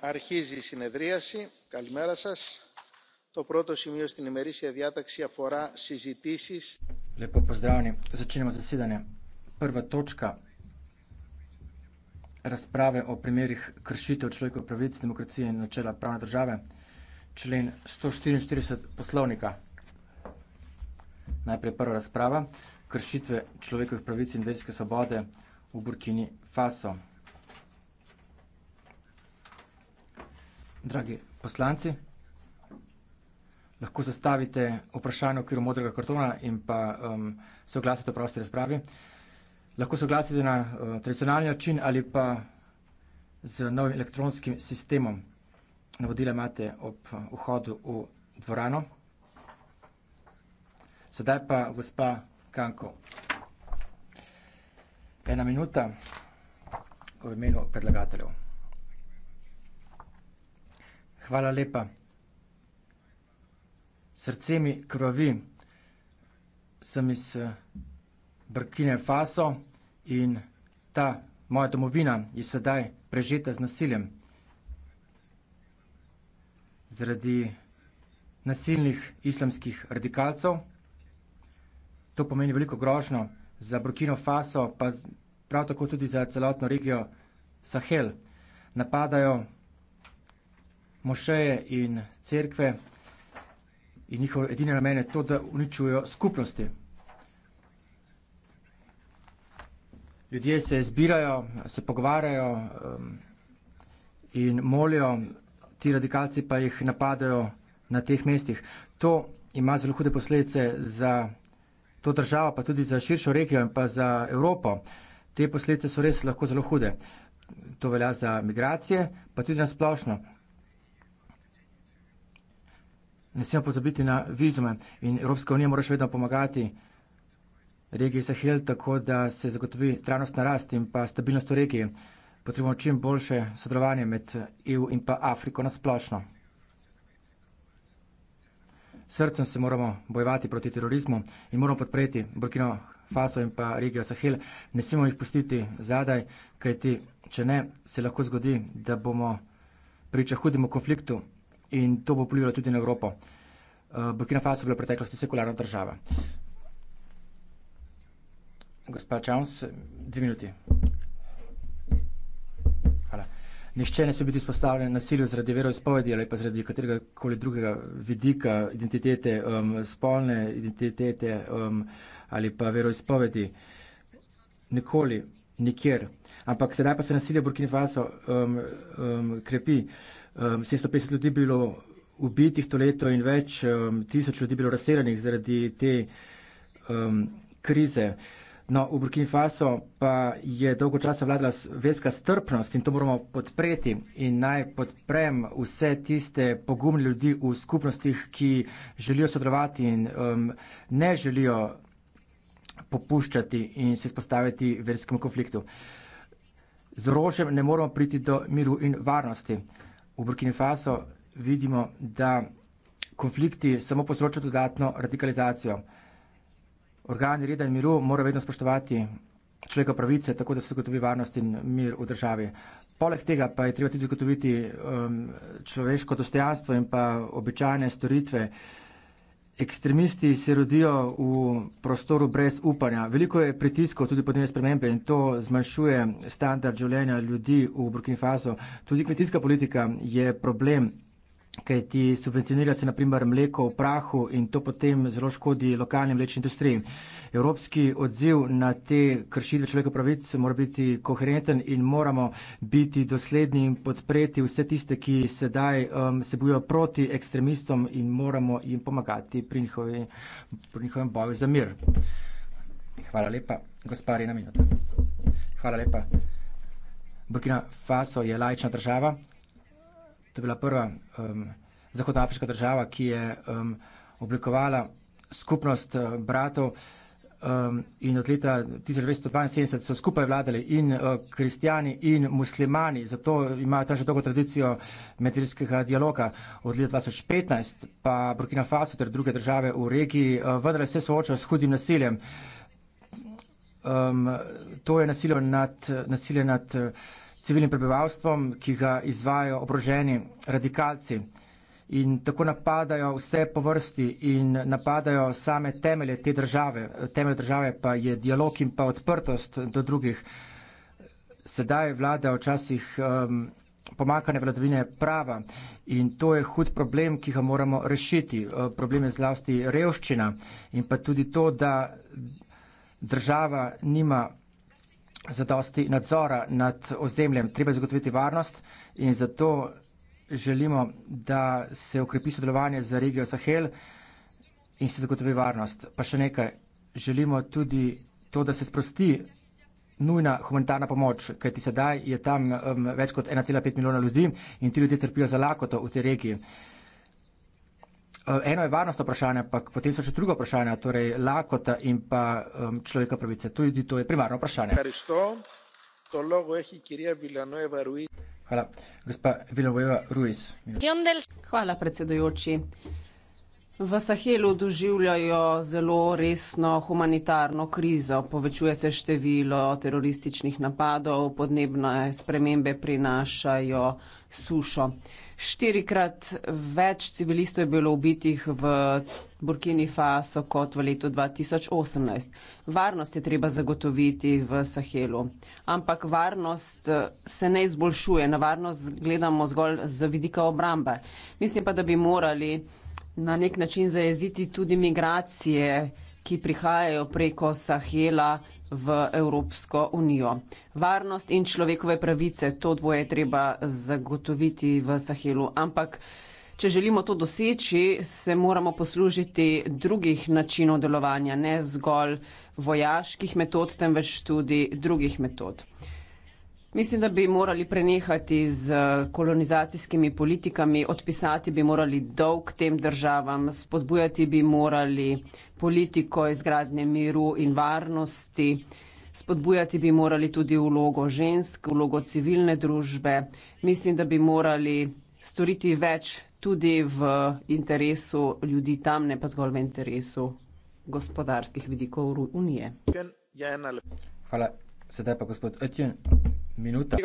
αρχίζει η συνεδρίαση. Καλημέρα σας. Το πρώτο σημείο στην ημερήσια διάταξη αφορά συζητήσεις. Λοιπόν, поздравни. Зачинаме заседание. Първа точка. Разправе о примерих кршител човекови правици, демокрация и начала права държава. Член 144 Пословника. Najprej prva razprava, kršitve človekovih pravic in verske svobode v Burkini Faso. Dragi poslanci, lahko zastavite vprašanje v okviru modrega kartona in pa um, se oglasite v prosti razpravi. Lahko se oglasite na uh, tradicionalni način ali pa z novim elektronskim sistemom. Navodila imate ob uh, vhodu v dvorano. Sedaj pa gospa Kanko. Ena minuta v imenu predlagateljev. Hvala lepa. Srce mi krvavi. Sem iz, Burkine Faso in ta moja domovina je sedaj prežeta z nasiljem. Zaradi nasilnih islamskih radikalcev. To pomeni veliko grožnjo za Burkino Faso pa prav tako tudi za celotno regijo Sahel. Napadajo mošeje in cerkve in njihov edini namen je to, da uničujo skupnosti. Ljudje se zbirajo, se pogovarjajo um, in molijo, ti radikalci pa jih napadajo na teh mestih. To ima zelo hude posledice za to državo, pa tudi za širšo regijo in pa za Evropo. Te posledice so res lahko zelo hude. To velja za migracije, pa tudi nasplošno. Ne smemo pozabiti na vizume in Evropska unija mora še vedno pomagati regiji Sahel, tako da se zagotovi trajnostna rast in pa stabilnost v regiji. Potrebujemo čim boljše sodelovanje med EU in pa Afriko na splošno. Srcem se moramo bojevati proti terorizmu in moramo podpreti Burkino Faso in pa regijo Sahel. Ne smemo jih pustiti zadaj, kajti če ne, se lahko zgodi, da bomo priča hudemu konfliktu in to bo vplivalo tudi na Evropo. Uh, Burkina Faso je bila v preteklosti sekularna država. Gospa Čavns, dve minuti. Hvala. Nihče ne sme biti izpostavljen nasilju zaradi veroizpovedi ali pa zaradi katerega koli drugega vidika identitete, um, spolne identitete um, ali pa veroizpovedi. Nikoli, nikjer. Ampak sedaj pa se nasilje v Burkina Faso um, um, krepi. Uh, Ehm, sedemsto petdeset ljudi bilo ubitih to leto in več um, tisoč ljudi bilo razseljenih zaradi te um, krize. No, v Burkini Faso pa je dolgo časa vladala veska strpnost in to moramo podpreti in naj podprem vse tiste pogumne ljudi v skupnostih, ki želijo sodelovati in um, ne želijo popuščati in se spostaviti verskemu konfliktu. Z orožjem ne moramo priti do miru in varnosti v Burkina Faso vidimo, da konflikti samo povzročajo dodatno radikalizacijo. Organi reda in miru morajo vedno spoštovati človekove pravice, tako da se zagotovi varnost in mir v državi. Poleg tega pa je treba tudi zagotoviti um, človeško dostojanstvo in pa običajne storitve, uh, ekstremisti se rodijo v prostoru brez upanja. Veliko je pritiskov tudi podnebne spremembe in to zmanjšuje standard življenja ljudi v Burkina Faso. Tudi kmetijska politika je problem, kaj ti subvencionira se naprimer mleko v prahu in to potem zelo škodi lokalni mlečni industriji evropski odziv na te kršitve človekovih pravic mora biti koherenten in moramo biti dosledni in podpreti vse tiste, ki sedaj um, se bojijo proti ekstremistom in moramo jim pomagati pri, njihovi, pri njihovem boju za mir. Hvala lepa. Gospari na minuto. Hvala lepa. Burkina Faso je lajična država. To je bila prva um, zahodnoafriška država, ki je um, oblikovala skupnost uh, bratov. Um, in od leta 1972 so skupaj vladali in uh, kristijani in muslimani, zato imajo tam že dolgo tradicijo medijskega dialoga. Od leta 2015 pa Burkina Faso ter druge države v regiji uh, vendar se soočajo s hudim nasiljem. Um, to je nasilje nad, nasilje nad uh, civilnim prebivalstvom, ki ga izvajo obroženi radikalci in tako napadajo vse po vrsti in napadajo same temelje te države. Temelj države pa je dialog in pa odprtost do drugih. Sedaj vlada včasih um, pomakane vladavine prava in to je hud problem, ki ga moramo rešiti. Uh, problem je zlasti revščina in pa tudi to, da država nima zadosti nadzora nad ozemljem. Treba zagotoviti varnost in zato želimo, da se okrepi sodelovanje za regijo Sahel in se zagotovi varnost. Pa še nekaj, želimo tudi to, da se sprosti nujna humanitarna pomoč, kaj ti sedaj je tam um, več kot 1,5 milijona ljudi in ti ljudje trpijo za lakoto v tej regiji. Uh, eno je varnost vprašanja, pa potem so še druga vprašanja, torej lakota in pa um, človeka pravice. Tudi to je primarno vprašanje. Hvala. Gospa Vilovojeva Ruiz. Hvala, predsedujoči. V Sahelu doživljajo zelo resno humanitarno krizo. Povečuje se število terorističnih napadov, podnebne spremembe prinašajo sušo. Štirikrat več civilistov je bilo ubitih v Burkini Faso kot v letu 2018. Varnost je treba zagotoviti v Sahelu. Ampak varnost eh, se ne izboljšuje. Na varnost gledamo zgolj z vidika obrambe. Mislim pa, da bi morali na nek način zajeziti tudi migracije, ki prihajajo preko Sahela v Evropsko unijo. Varnost in človekove pravice, to dvoje je treba zagotoviti v Sahelu. Ampak, če želimo to doseči, se moramo poslužiti drugih načinov delovanja, ne zgolj vojaških metod, temveč tudi drugih metod. Mislim, da bi morali prenehati z eh, kolonizacijskimi politikami, odpisati bi morali dolg tem državam, spodbujati bi morali politiko izgradnje miru in varnosti, spodbujati bi morali tudi vlogo žensk, vlogo civilne družbe. Mislim, da bi morali storiti več tudi v interesu ljudi tam, ne pa zgolj v interesu gospodarskih vidikov Unije. Hvala. Sedaj pa gospod Etjen. Minuta.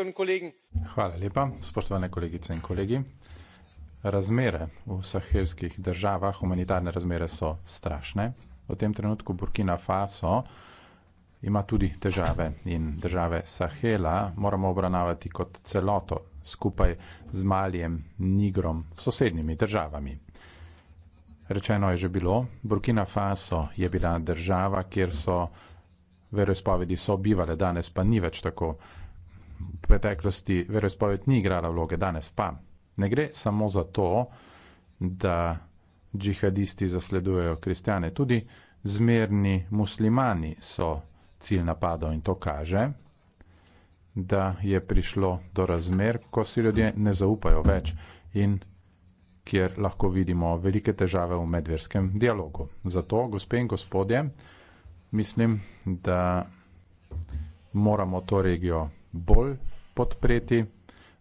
Hvala lepa, spoštovane kolegice in kolegi. Razmere v sahelskih državah, humanitarne razmere so strašne. V tem trenutku Burkina Faso ima tudi težave in države Sahela moramo obravnavati kot celoto skupaj z Malijem, Nigrom, sosednjimi državami. Rečeno je že bilo, Burkina Faso je bila država, kjer so veroizpovedi sobivale, danes pa ni več tako v preteklosti verospoved ni igrala vloge, danes pa. Ne gre samo za to, da džihadisti zasledujejo kristjane, tudi zmerni muslimani so cilj napadov in to kaže, da je prišlo do razmer, ko si ljudje ne zaupajo več in kjer lahko vidimo velike težave v medverskem dialogu. Zato, gospe in gospodje, mislim, da moramo to regijo bolj podpreti,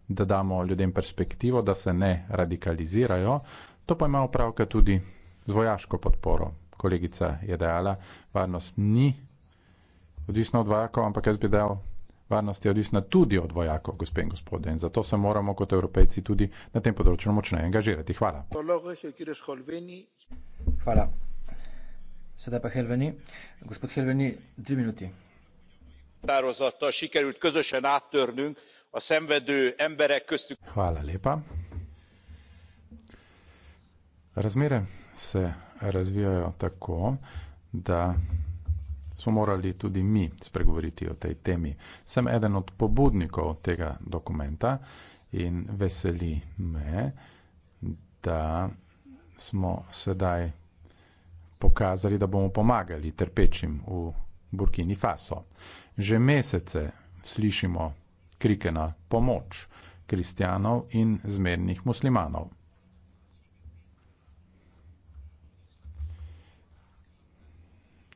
da damo ljudem perspektivo, da se ne radikalizirajo. To pa ima opravka tudi z vojaško podporo. Kolegica je dejala, varnost ni odvisna od vojakov, ampak jaz bi dejal, varnost je odvisna tudi od vojakov, gospe in gospode. In zato se moramo kot evropejci tudi na tem področju močneje angažirati. Hvala. Hvala. Sedaj pa Helveni. Gospod Helveni, dve minuti határozattal sikerült közösen áttörnünk a szenvedő emberek köztük. Hvala lepa. Razmere se razvijajo tako, da smo morali tudi mi spregovoriti o tej temi. Sem eden od pobudnikov tega dokumenta in veseli me, da smo sedaj pokazali, da bomo pomagali trpečim v Burkini Faso. Že mesece slišimo krike na pomoč kristjanov in zmernih muslimanov.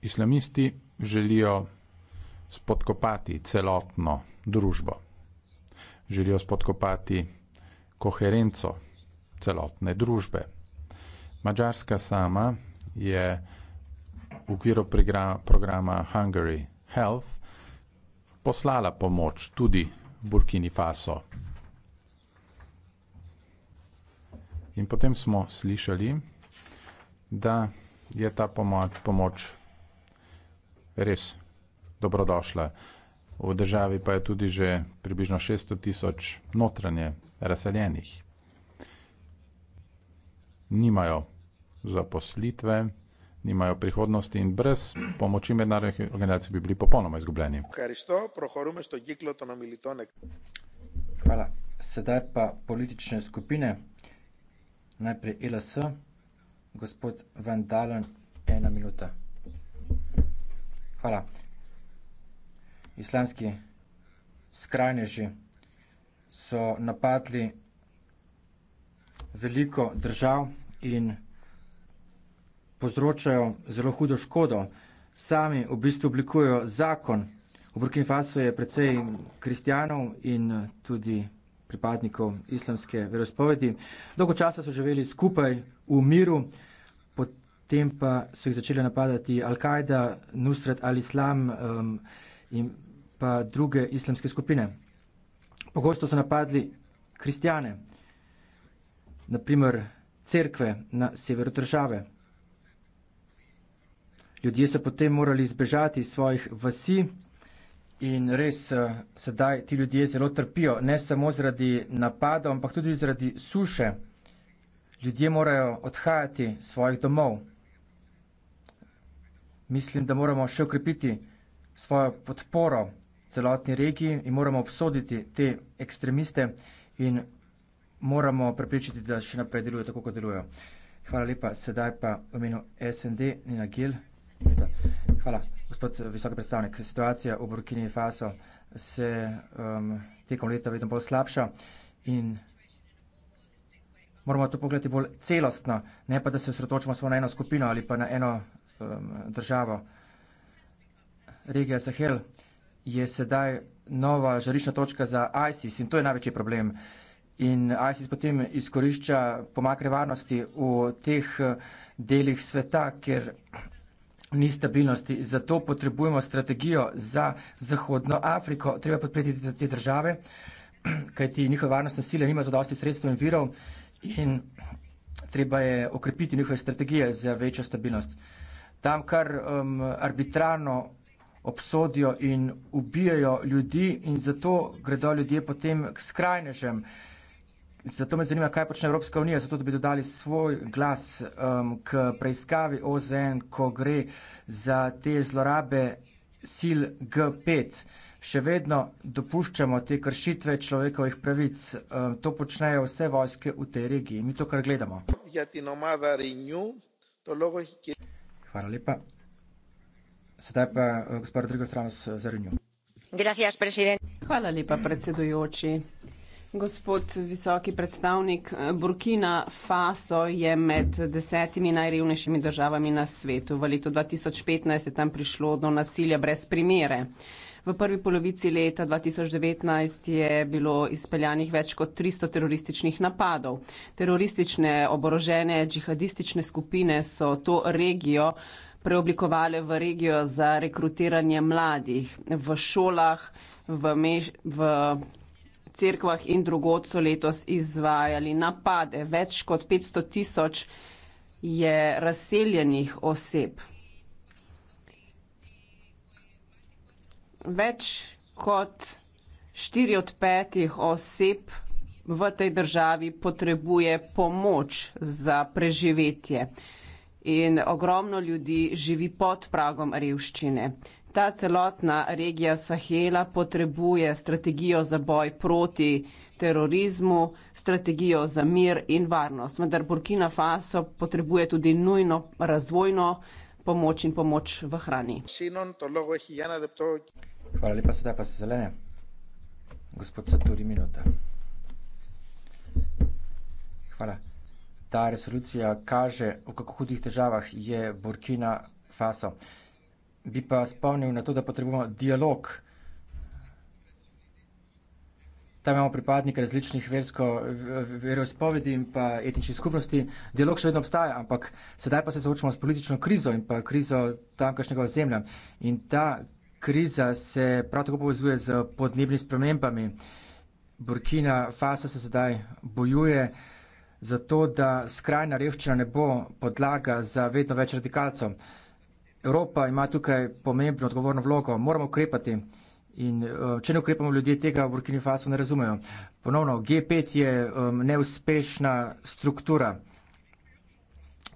Islamisti želijo spodkopati celotno družbo. Želijo spodkopati koherenco celotne družbe. Mačarska sama je v okviru programa Hungary Health poslala pomoč tudi Burkini Faso. In potem smo slišali, da je ta pomoč res dobrodošla. V državi pa je tudi že približno 600 tisoč notranje razseljenih. Nimajo zaposlitve nimajo prihodnosti in brez pomoči mednarodnih organizacij bi bili popolnoma izgubljeni. Hvala. Sedaj pa politične skupine. Najprej LS, gospod Van Dalen, ena minuta. Hvala. Islamski skrajneži so napadli veliko držav in povzročajo zelo hudo škodo, sami v bistvu oblikujejo zakon. V Burkini Faso je precej kristijanov in eh, tudi pripadnikov islamske verospovedi. Dolgo časa so živeli skupaj v miru, potem pa so jih začeli napadati Al-Kaida, Nusrat al-Islam um, in pa druge islamske skupine. Pogosto so napadli kristijane, naprimer cerkve na severu države. Ljudje so potem morali zbežati iz svojih vasi in res eh, sedaj ti ljudje zelo trpijo, ne samo zaradi napadov, ampak tudi zaradi suše. Ljudje morajo odhajati svojih domov. Mislim, da moramo še ukrepiti svojo podporo celotni regiji in moramo obsoditi te ekstremiste in moramo prepričati, da še naprej delujejo tako, kot delujejo. Hvala lepa. Sedaj pa v imenu SND Nina Gill. Hvala. Gospod, eh, visoki predstavnik, situacija v Burkini Faso se, um, tekom leta vedno bolj slabša in moramo to pogledati bolj celostno, ne pa da se osredotočimo samo na eno skupino ali pa na eno, um, državo. Regija Sahel je sedaj nova žariščna točka za ISIS in to je največji problem. In ISIS potem izkorišča pomanjkanje varnosti v teh eh, delih sveta, kjer ni stabilnosti. Zato potrebujemo strategijo za Zahodno Afriko. Treba podpreti te države, kajti njihove varnostne sile nima zadosti sredstv in virov in treba je okrepiti njihove strategije za večjo stabilnost. Tam, kar um, arbitrarno obsodijo in ubijajo ljudi in zato gredo ljudje potem k skrajnežem, uh, Zato me zanima, kaj počne Evropska unija, zato da bi dodali svoj glas um, k preiskavi OZN, ko gre za te zlorabe sil G5. Še vedno dopuščamo te kršitve človekovih pravic. Um, to počnejo vse vojske v tej regiji. Mi to kar gledamo. Ja, Hvala lepa. Sedaj pa uh, gospod Rodrigo Stranos uh, za Renju. Hvala lepa, predsedujoči. Gospod visoki predstavnik, eh, Burkina Faso je med desetimi najrevnejšimi državami na svetu. V letu 2015 je tam prišlo do nasilja brez primere. V prvi polovici leta 2019 je bilo izpeljanih več kot 300 terorističnih napadov. Teroristične oborožene džihadistične skupine so to regijo preoblikovali v regijo za rekrutiranje mladih v šolah, v, mež, v cerkvah in drugod so letos izvajali napade. Več kot 500 tisoč je razseljenih oseb. Več kot 4 od 5 oseb v tej državi potrebuje pomoč za preživetje. In ogromno ljudi živi pod pragom revščine. Ta celotna regija Sahela potrebuje strategijo za boj proti terorizmu, strategijo za mir in varnost. Vendar Burkina Faso potrebuje tudi nujno razvojno pomoč in pomoč v hrani. Hvala lepa, sedaj pa se zelene. Gospod Saturi, minuta. Hvala. Ta resolucija kaže, v kako hudih težavah je Burkina Faso bi pa spomnil na to, da potrebujemo dialog. Tam imamo pripadnike različnih verovizpovedi in pa etničnih skupnosti. Dialog še vedno obstaja, ampak sedaj pa se soočamo s politično krizo in pa krizo tamkajšnjega ozemlja. In ta kriza se prav tako povezuje z podnebnimi spremembami. Burkina Faso se sedaj bojuje za to, da skrajna revščina ne bo podlaga za vedno več radikalcev. Evropa ima tukaj pomembno, odgovorno vlogo, moramo ukrepati. In eh, če ne ukrepamo, ljudje tega v Burkini Faso ne razumejo. Ponovno, G5 je um, neuspešna struktura.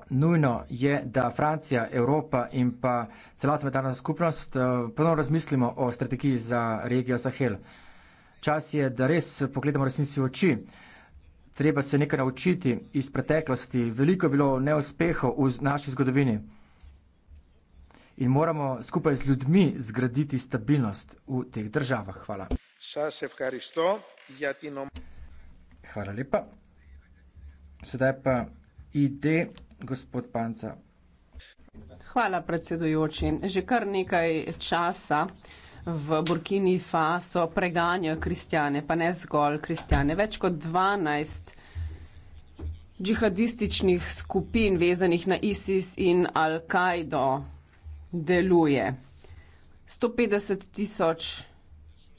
Nujno je, da Francija, Evropa in pa celotna mednarodna skupnost uh, ponovno razmislimo o strategiji za regijo Sahel. Čas je, da res pogledamo resnici v oči. Treba se nekaj naučiti iz preteklosti. Veliko je bilo neuspehov v naši zgodovini in moramo skupaj z ljudmi zgraditi stabilnost v teh državah. Hvala. Hvala lepa. Sedaj pa ide gospod Panca. Hvala, predsedujoči. Že kar nekaj časa v Burkini Faso preganjajo kristjane, pa ne zgolj kristjane. Več kot 12 džihadističnih skupin vezanih na ISIS in Al-Kaido deluje. 150 tisoč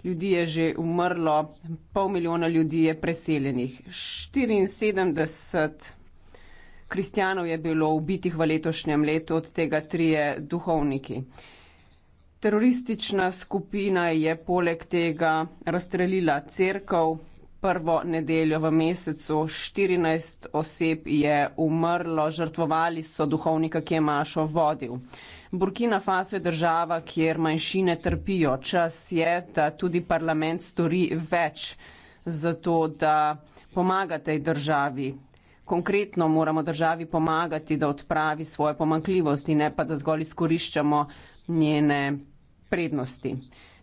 ljudi je že umrlo, pol milijona ljudi je preseljenih. 74 kristjanov je bilo ubitih v letošnjem letu, od tega trije duhovniki. Teroristična skupina je poleg tega razstrelila crkav prvo nedeljo v mesecu, 14 oseb je umrlo, žrtvovali so duhovnika, ki je Mašo vodil. Burkina Faso je država, kjer manjšine trpijo. Čas je, da tudi parlament stori več za to, da pomaga tej državi. Konkretno moramo državi pomagati, da odpravi svoje pomankljivosti, ne pa da zgolj izkoriščamo njene prednosti.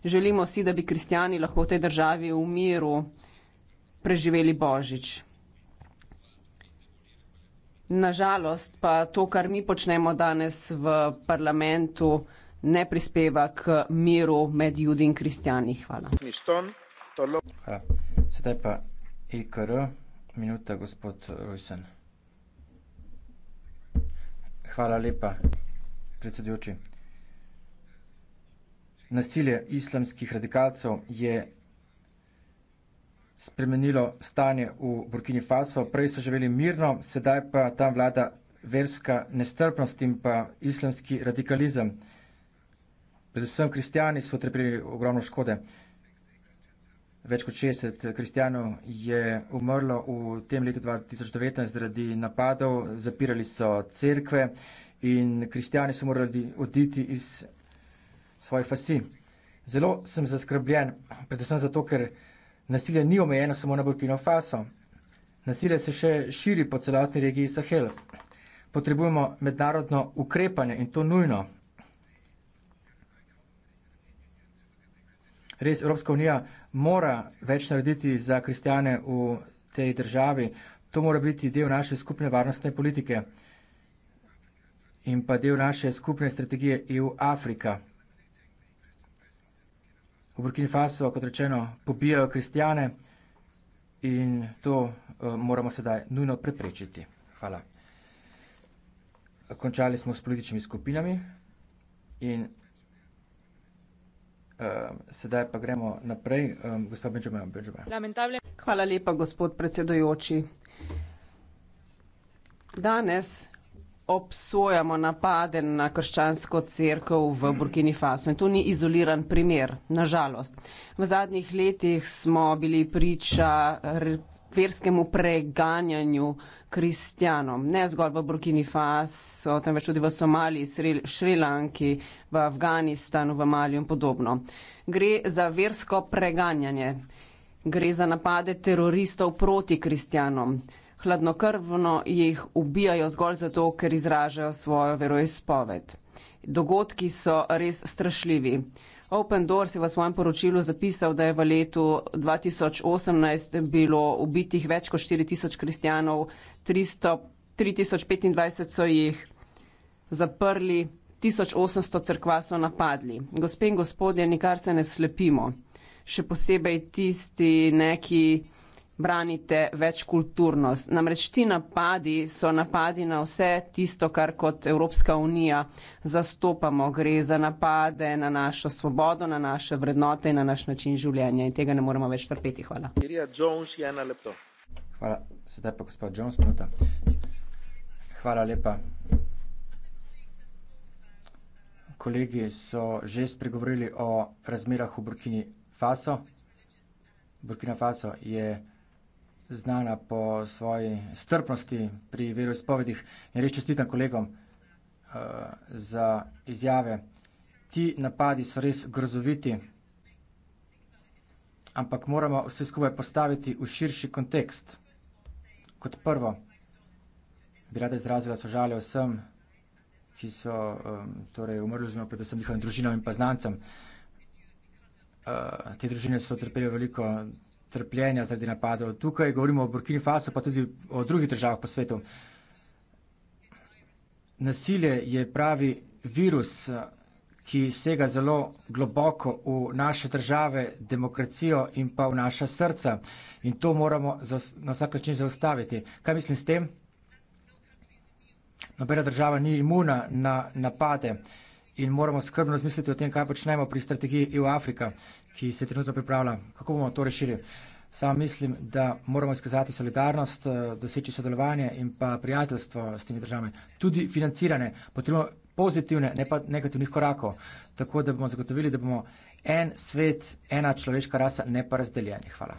Želimo si, da bi kristijani lahko v tej državi v miru preživeli božič. Nažalost pa to, kar mi počnemo danes v parlamentu, ne prispeva k miru med ljudi in kristijani. Hvala. Hvala. Sedaj pa IKR, e minuta gospod Rojsen. Hvala lepa, predsedujoči. Nasilje islamskih radikalcev je spremenilo stanje v Burkini Faso. Prej so živeli mirno, sedaj pa tam vlada verska nestrpnost in pa islamski radikalizem. Predvsem kristijani so trpeli ogromno škode. Več kot 60 kristijanov je umrlo v tem letu 2019 zaradi napadov, zapirali so cerkve in kristijani so morali oditi iz svojih fasi. Zelo sem zaskrbljen, predvsem zato, ker Nasilje ni omejeno samo na Burkino Faso. Nasilje se še širi po celotni regiji Sahel. Potrebujemo mednarodno ukrepanje in to nujno. Res Evropska unija mora več narediti za kristjane v tej državi. To mora biti del naše skupne varnostne politike in pa del naše skupne strategije EU-Afrika v Burkini Faso, kot rečeno, pobijajo kristijane in to uh, moramo sedaj nujno preprečiti. Hvala. Končali smo s političnimi skupinami in uh, sedaj pa gremo naprej. Um, gospa Benjamin, Benjamin. Hvala lepa, gospod predsedojoči. Danes obsojamo napade na krščansko crkvo v Burkini Faso in to ni izoliran primer, nažalost. V zadnjih letih smo bili priča verskemu preganjanju kristjanom, ne zgolj v Burkini Faso, temveč tudi v Somaliji, Šrilanki, v Afganistanu, v Maliju in podobno. Gre za versko preganjanje, gre za napade teroristov proti kristjanom hladnokrvno jih ubijajo zgolj zato, ker izražajo svojo veroizpoved. Dogodki so res strašljivi. Open Doors je v svojem poročilu zapisal, da je v letu 2018 bilo ubitih več kot 4000 kristijanov, 3025 so jih zaprli, 1800 crkva so napadli. Gospe in gospodje, nikar se ne slepimo. Še posebej tisti neki, branite večkulturnost. Namreč ti napadi so napadi na vse tisto, kar kot Evropska unija zastopamo. Gre za napade na našo svobodo, na naše vrednote in na naš način življenja in tega ne moremo več trpeti. Hvala. Hvala. Sedaj pa gospod Jones, minuta. Hvala lepa. Kolegi so že spregovorili o razmerah v Burkini Faso. Burkina Faso je znana po svoji strpnosti pri veroizpovedih. In res čestitam kolegom uh, za izjave. Ti napadi so res grozoviti, ampak moramo vse skupaj postaviti v širši kontekst. Kot prvo, bi rada izrazila sožalje vsem, ki so um, torej umrli, oziroma predvsem njihovim družinam in pa znancem. Uh, eh, te družine so trpele veliko trpljenja zaradi napadov. Tukaj govorimo o Burkini Faso, pa tudi o drugih državah po svetu. Nasilje je pravi virus, ki sega zelo globoko v naše države, demokracijo in pa v naša srca. In to moramo na vsak način zaustaviti. Kaj mislim s tem? Nobena država ni imuna na napade in moramo skrbno razmisliti o tem, kaj počnemo pri strategiji EU-Afrika ki se trenutno pripravlja. Kako bomo to rešili? Sam mislim, da moramo izkazati solidarnost, eh, doseči sodelovanje in pa prijateljstvo s temi državami. Tudi financiranje. Potrebujemo pozitivne, ne pa negativnih korakov. Tako da bomo zagotovili, da bomo en svet, ena človeška rasa, ne pa razdeljeni. Hvala.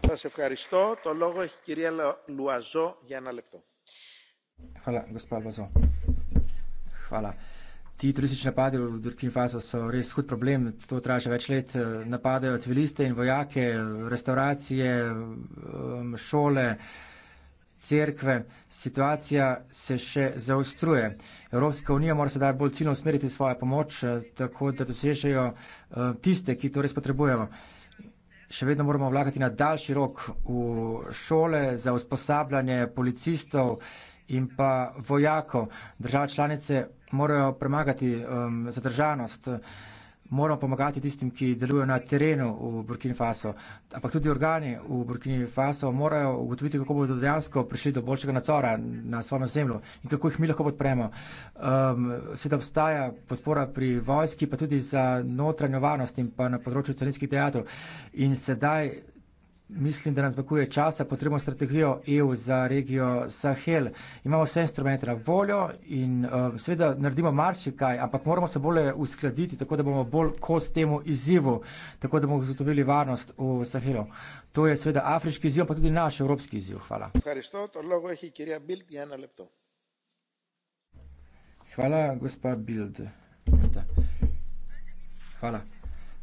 Hvala, gospod Loazo. Hvala ti turistični napadi v Burkina Faso so res hud problem. To traja že več let. Napadajo civiliste in vojake, restauracije, um, šole, cerkve. Situacija se še zaostruje. Evropska unija mora sedaj bolj ciljno usmeriti svojo pomoč, eh, tako da dosežejo eh, tiste, ki to res potrebujemo. Še vedno moramo vlagati na daljši rok v šole za usposabljanje policistov in pa vojakov. Država članice morajo premagati um, zadržanost, moramo pomagati tistim, ki delujejo na terenu v Burkini Faso. Ampak tudi organi v Burkini Faso morajo ugotoviti, kako bodo dejansko prišli do boljšega nadzora na svojo zemljo in kako jih mi lahko podpremo. Um, Sedaj obstaja podpora pri vojski, pa tudi za notranjo varnost in pa na področju carinskih dejatov. In sedaj Mislim, da nam zbakuje časa, potrebno strategijo EU za regijo Sahel. Imamo vse instrumente na voljo in um, seveda naredimo marsikaj, ampak moramo se bolje uskladiti, tako da bomo bolj kos temu izzivu, tako da bomo zagotovili varnost v Sahelu. To je seveda afriški izziv, pa tudi naš evropski izziv. Hvala. Hvala, gospa Bild. Hvala.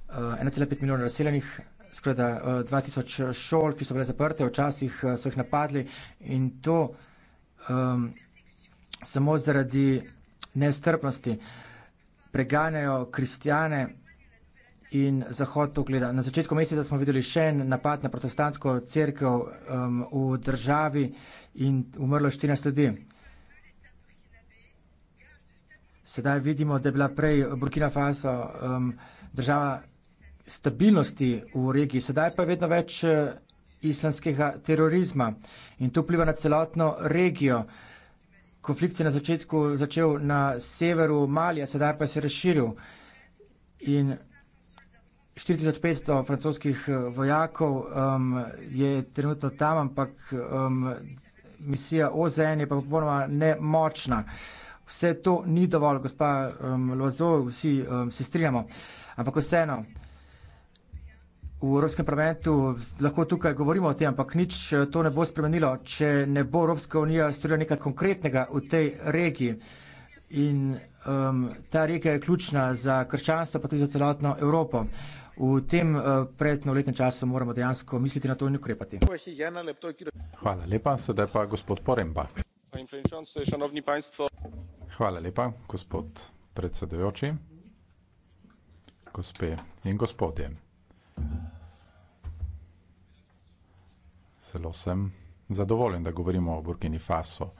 1,5 eh, milijona razseljenih, skrata, 2000 eh, eh, šol, ki so bile zaprte, včasih eh, so jih napadli in to um, samo zaradi nestrpnosti preganjajo kristjane in Zahod to gleda. Na začetku meseca smo videli še en napad na protestantsko crkvo um, ehm, v državi in umrlo je 14 ljudi. Sedaj vidimo, da je bila prej Burkina Faso um, država stabilnosti v regiji, sedaj pa je vedno več eh, islamskega terorizma in to vpliva na celotno regijo. Konflikt se je na začetku začel na severu Malija, sedaj pa se je razširil in 4500 francoskih eh, vojakov um, je trenutno tam, ampak um, misija OZN je pa popolnoma nemočna. Vse to ni dovolj, gospa um, Loazo, vsi um, se strinjamo. Ampak vseeno, v Evropskem parlamentu, lahko tukaj govorimo o tem, ampak nič eh, to ne bo spremenilo, če ne bo Evropska unija storila nekaj konkretnega v tej regiji. In um, ta regija je ključna za krščanstvo, pa tudi za celotno Evropo. V tem uh, prednoletnem času moramo dejansko misliti na to in ukrepati. Hvala lepa, sedaj pa gospod Poremba. Hvala lepa, gospod predsedujoči, gospe in gospodje zelo sem zadovoljen, da govorimo o Burkini Faso.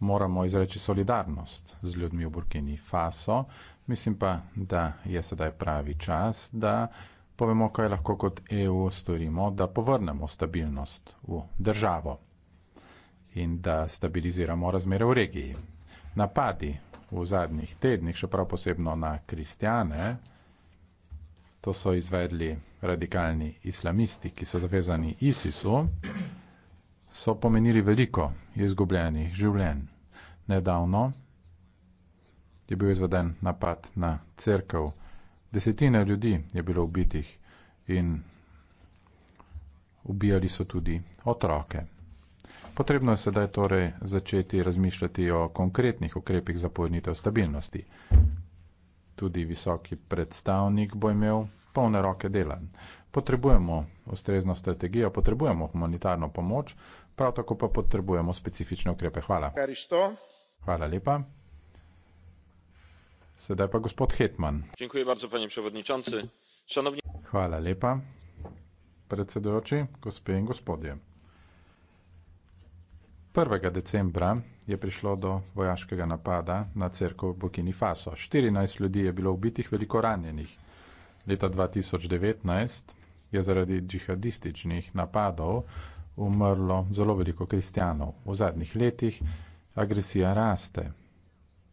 Moramo izreči solidarnost z ljudmi v Burkini Faso. Mislim pa, da je sedaj pravi čas, da povemo, kaj lahko kot EU storimo, da povrnemo stabilnost v državo in da stabiliziramo razmere v regiji. Napadi v zadnjih tednih, še prav posebno na kristjane, to so izvedli radikalni islamisti, ki so zavezani ISIS-u, so pomenili veliko izgubljenih življenj. Nedavno je bil izveden napad na crkv. Desetine ljudi je bilo ubitih in ubijali so tudi otroke. Potrebno je sedaj torej začeti razmišljati o konkretnih ukrepih za povrnitev stabilnosti tudi visoki predstavnik bo imel polne roke dela. Potrebujemo ustrezno strategijo, potrebujemo humanitarno pomoč, prav tako pa potrebujemo specifične ukrepe. Hvala. Hvala lepa. Sedaj pa gospod Hetman. Bardzo, Szanowni... Hvala lepa, predsedujoči, gospe in gospodje. 1. decembra je prišlo do vojaškega napada na crkvo v Bukini Faso. 14 ljudi je bilo ubitih, veliko ranjenih. Leta 2019 je zaradi džihadističnih napadov umrlo zelo veliko kristijanov. V zadnjih letih agresija raste.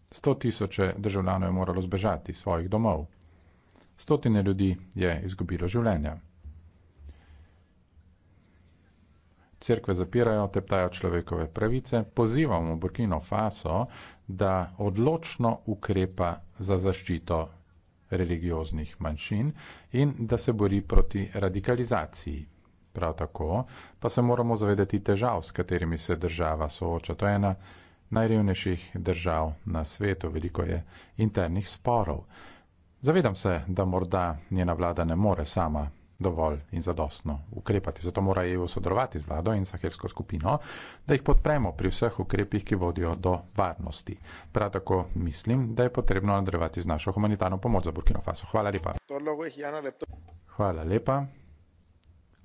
100 tisoče državljanov je moralo zbežati svojih domov. Stotine ljudi je izgubilo življenja. crkve zapirajo, teptajo človekove pravice, pozivamo Burkino Faso, da odločno ukrepa za zaščito religioznih manjšin in da se bori proti radikalizaciji. Prav tako pa se moramo zavedati težav, s katerimi se država sooča. To je ena najrevnejših držav na svetu, veliko je internih sporov. Zavedam se, da morda njena vlada ne more sama dovolj in zadostno ukrepati. Zato mora EU sodelovati z vlado in sahelsko skupino, da jih podpremo pri vseh ukrepih, ki vodijo do varnosti. Prav tako mislim, da je potrebno nadrevati z našo humanitarno pomoč za Burkino Faso. Hvala lepa. Hvala lepa.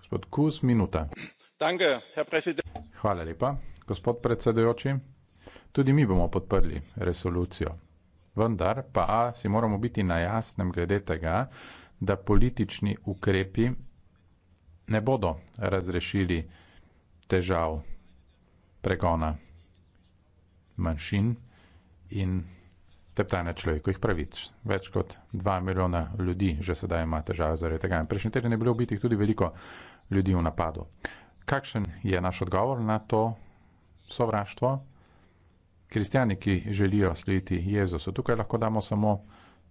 Gospod Kus, minuta. Hvala lepa, gospod predsedujoči. Tudi mi bomo podprli resolucijo. Vendar pa si moramo biti na jasnem glede tega, da politični ukrepi ne bodo razrešili težav pregona manjšin in teptanja človekovih pravic. Več kot dva milijona ljudi že sedaj ima težave zaradi tega. Prejšnji teden je bilo ubitih tudi veliko ljudi v napadu. Kakšen je naš odgovor na to sovraštvo? Kristjani, ki želijo slediti Jezusu, tukaj lahko damo samo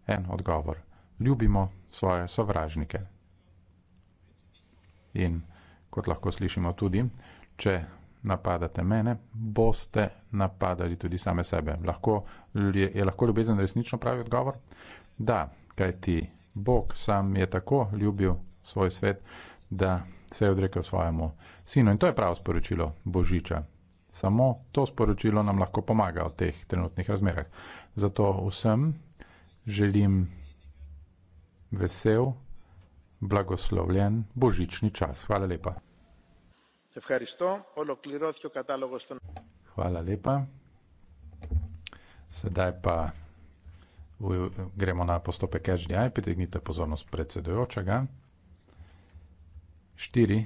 en odgovor ljubimo svoje sovražnike. In kot lahko slišimo tudi, če napadate mene, boste napadali tudi same sebe. Lahko, je lahko ljubezen resnično pravi odgovor? Da, kaj ti Bog sam je tako ljubil svoj svet, da se je odrekel svojemu sinu. In to je pravo sporočilo Božiča. Samo to sporočilo nam lahko pomaga v teh trenutnih razmerah. Zato vsem želim vesel, blagoslovljen božični čas. Hvala lepa. Hvala lepa. Sedaj pa gremo na postopek HDI, pritegnite pozornost predsedojočega. Štiri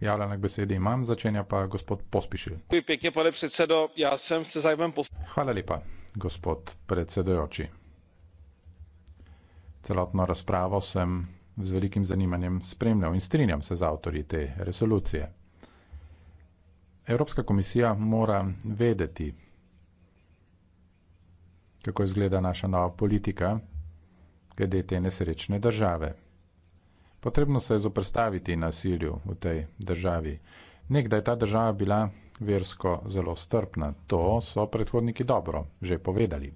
javljanja k besedi imam, začenja pa gospod Pospišil. Hvala lepa, gospod predsedojoči celotno razpravo sem z velikim zanimanjem spremljal in strinjam se z avtorji te resolucije. Evropska komisija mora vedeti, kako izgleda naša nova politika glede te nesrečne države. Potrebno se je zoprstaviti nasilju v tej državi. Nekdaj je ta država bila versko zelo strpna. To so predhodniki dobro že povedali.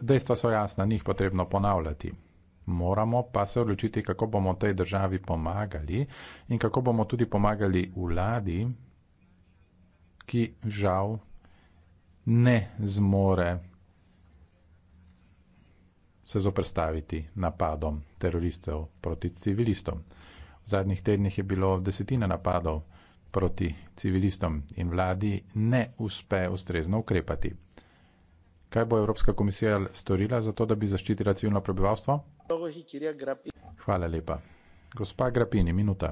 Dejstva so jasna, njih potrebno ponavljati. Moramo pa se odločiti, kako bomo tej državi pomagali in kako bomo tudi pomagali vladi, ki žal ne zmore se zoprstaviti napadom teroristov proti civilistom. V zadnjih tednih je bilo desetine napadov proti civilistom in vladi ne uspe ustrezno ukrepati. Kaj bo Evropska komisija storila za to, da bi zaščitila civilno prebivalstvo? Hvala lepa. Gospa Grapini, minuta.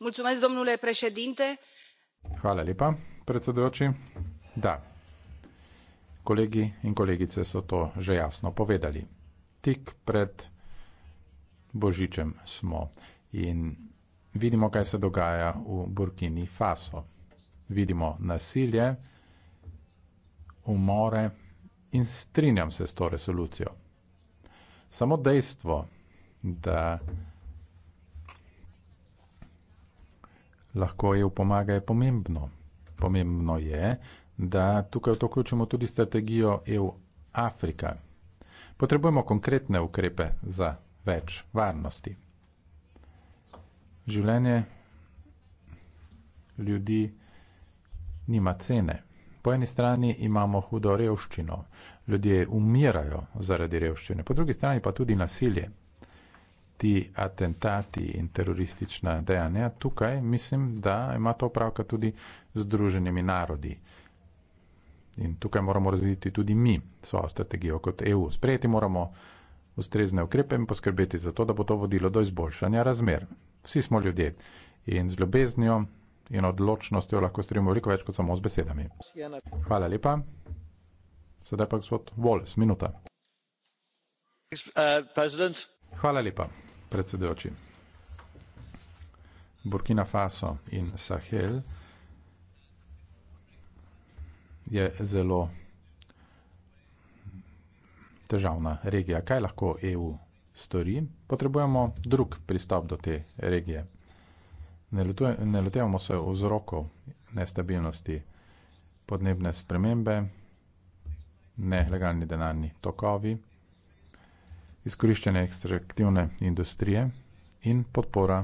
Mulțumesc, domnule președinte. Hvala lepa, predsedujoči. Da, kolegi in kolegice so to že jasno povedali. Tik pred Božičem smo in vidimo, kaj se dogaja v Burkini Faso. Vidimo nasilje, umore, in strinjam se s to resolucijo. Samo dejstvo, da lahko EU pomaga, je pomembno. Pomembno je, da tukaj v to vključimo tudi strategijo EU-Afrika. Potrebujemo konkretne ukrepe za več varnosti. Življenje ljudi nima cene. Po eni strani imamo hudo revščino, ljudje umirajo zaradi revščine, po drugi strani pa tudi nasilje. Ti atentati in teroristična dejanja tukaj mislim, da ima to opravka tudi z druženimi narodi. In tukaj moramo razviditi tudi mi svojo strategijo kot EU. Sprejeti moramo ustrezne ukrepe in poskrbeti za to, da bo to vodilo do izboljšanja razmer. Vsi smo ljudje in z ljubeznijo in odločnostjo lahko storimo veliko več kot samo z besedami. Hvala lepa. Sedaj pa gospod Voles, minuta. Hvala lepa, predsedujoči. Burkina Faso in Sahel je zelo težavna regija. Kaj lahko EU stori? Potrebujemo drug pristop do te regije ne lotevamo se vzrokov nestabilnosti, podnebne spremembe, nelegalni denarni tokovi, izkoriščene ekstraktivne industrije in podpora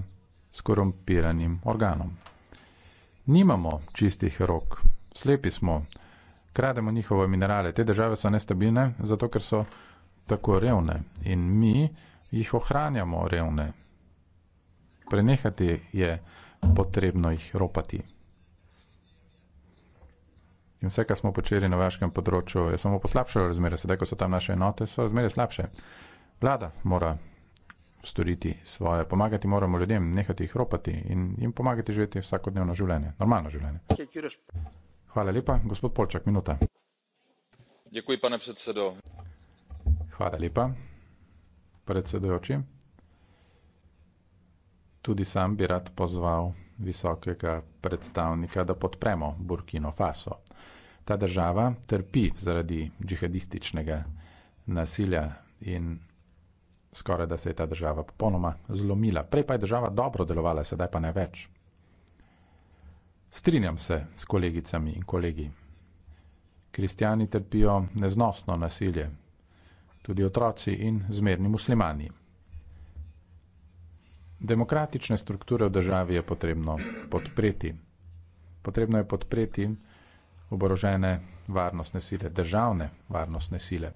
skorumpiranim organom. Nimamo čistih rok, slepi smo, krademo njihove minerale. Te države so nestabilne, zato ker so tako revne in mi jih ohranjamo revne. Prenehati je, da potrebno jih ropati. In vse, kar smo počeli na vaškem področju, je samo poslabšalo razmere. Sedaj, ko so tam naše enote, so razmere slabše. Vlada mora storiti svoje, pomagati moramo ljudem, nehati jih ropati in jim pomagati živeti vsakodnevno življenje, normalno življenje. Hvala lepa, gospod Polčak, minuta. Děkuji, pane predsedo. Hvala lepa, predsedujoči. Tudi sam bi rad pozval visokega predstavnika, da podpremo Burkino Faso. Ta država trpi zaradi džihadističnega nasilja in skoraj da se je ta država popolnoma zlomila. Prej pa je država dobro delovala, sedaj pa ne več. Strinjam se s kolegicami in kolegi. Kristijani trpijo neznosno nasilje, tudi otroci in zmerni muslimani. Demokratične strukture v državi je potrebno podpreti. Potrebno je podpreti oborožene varnostne sile, državne varnostne sile.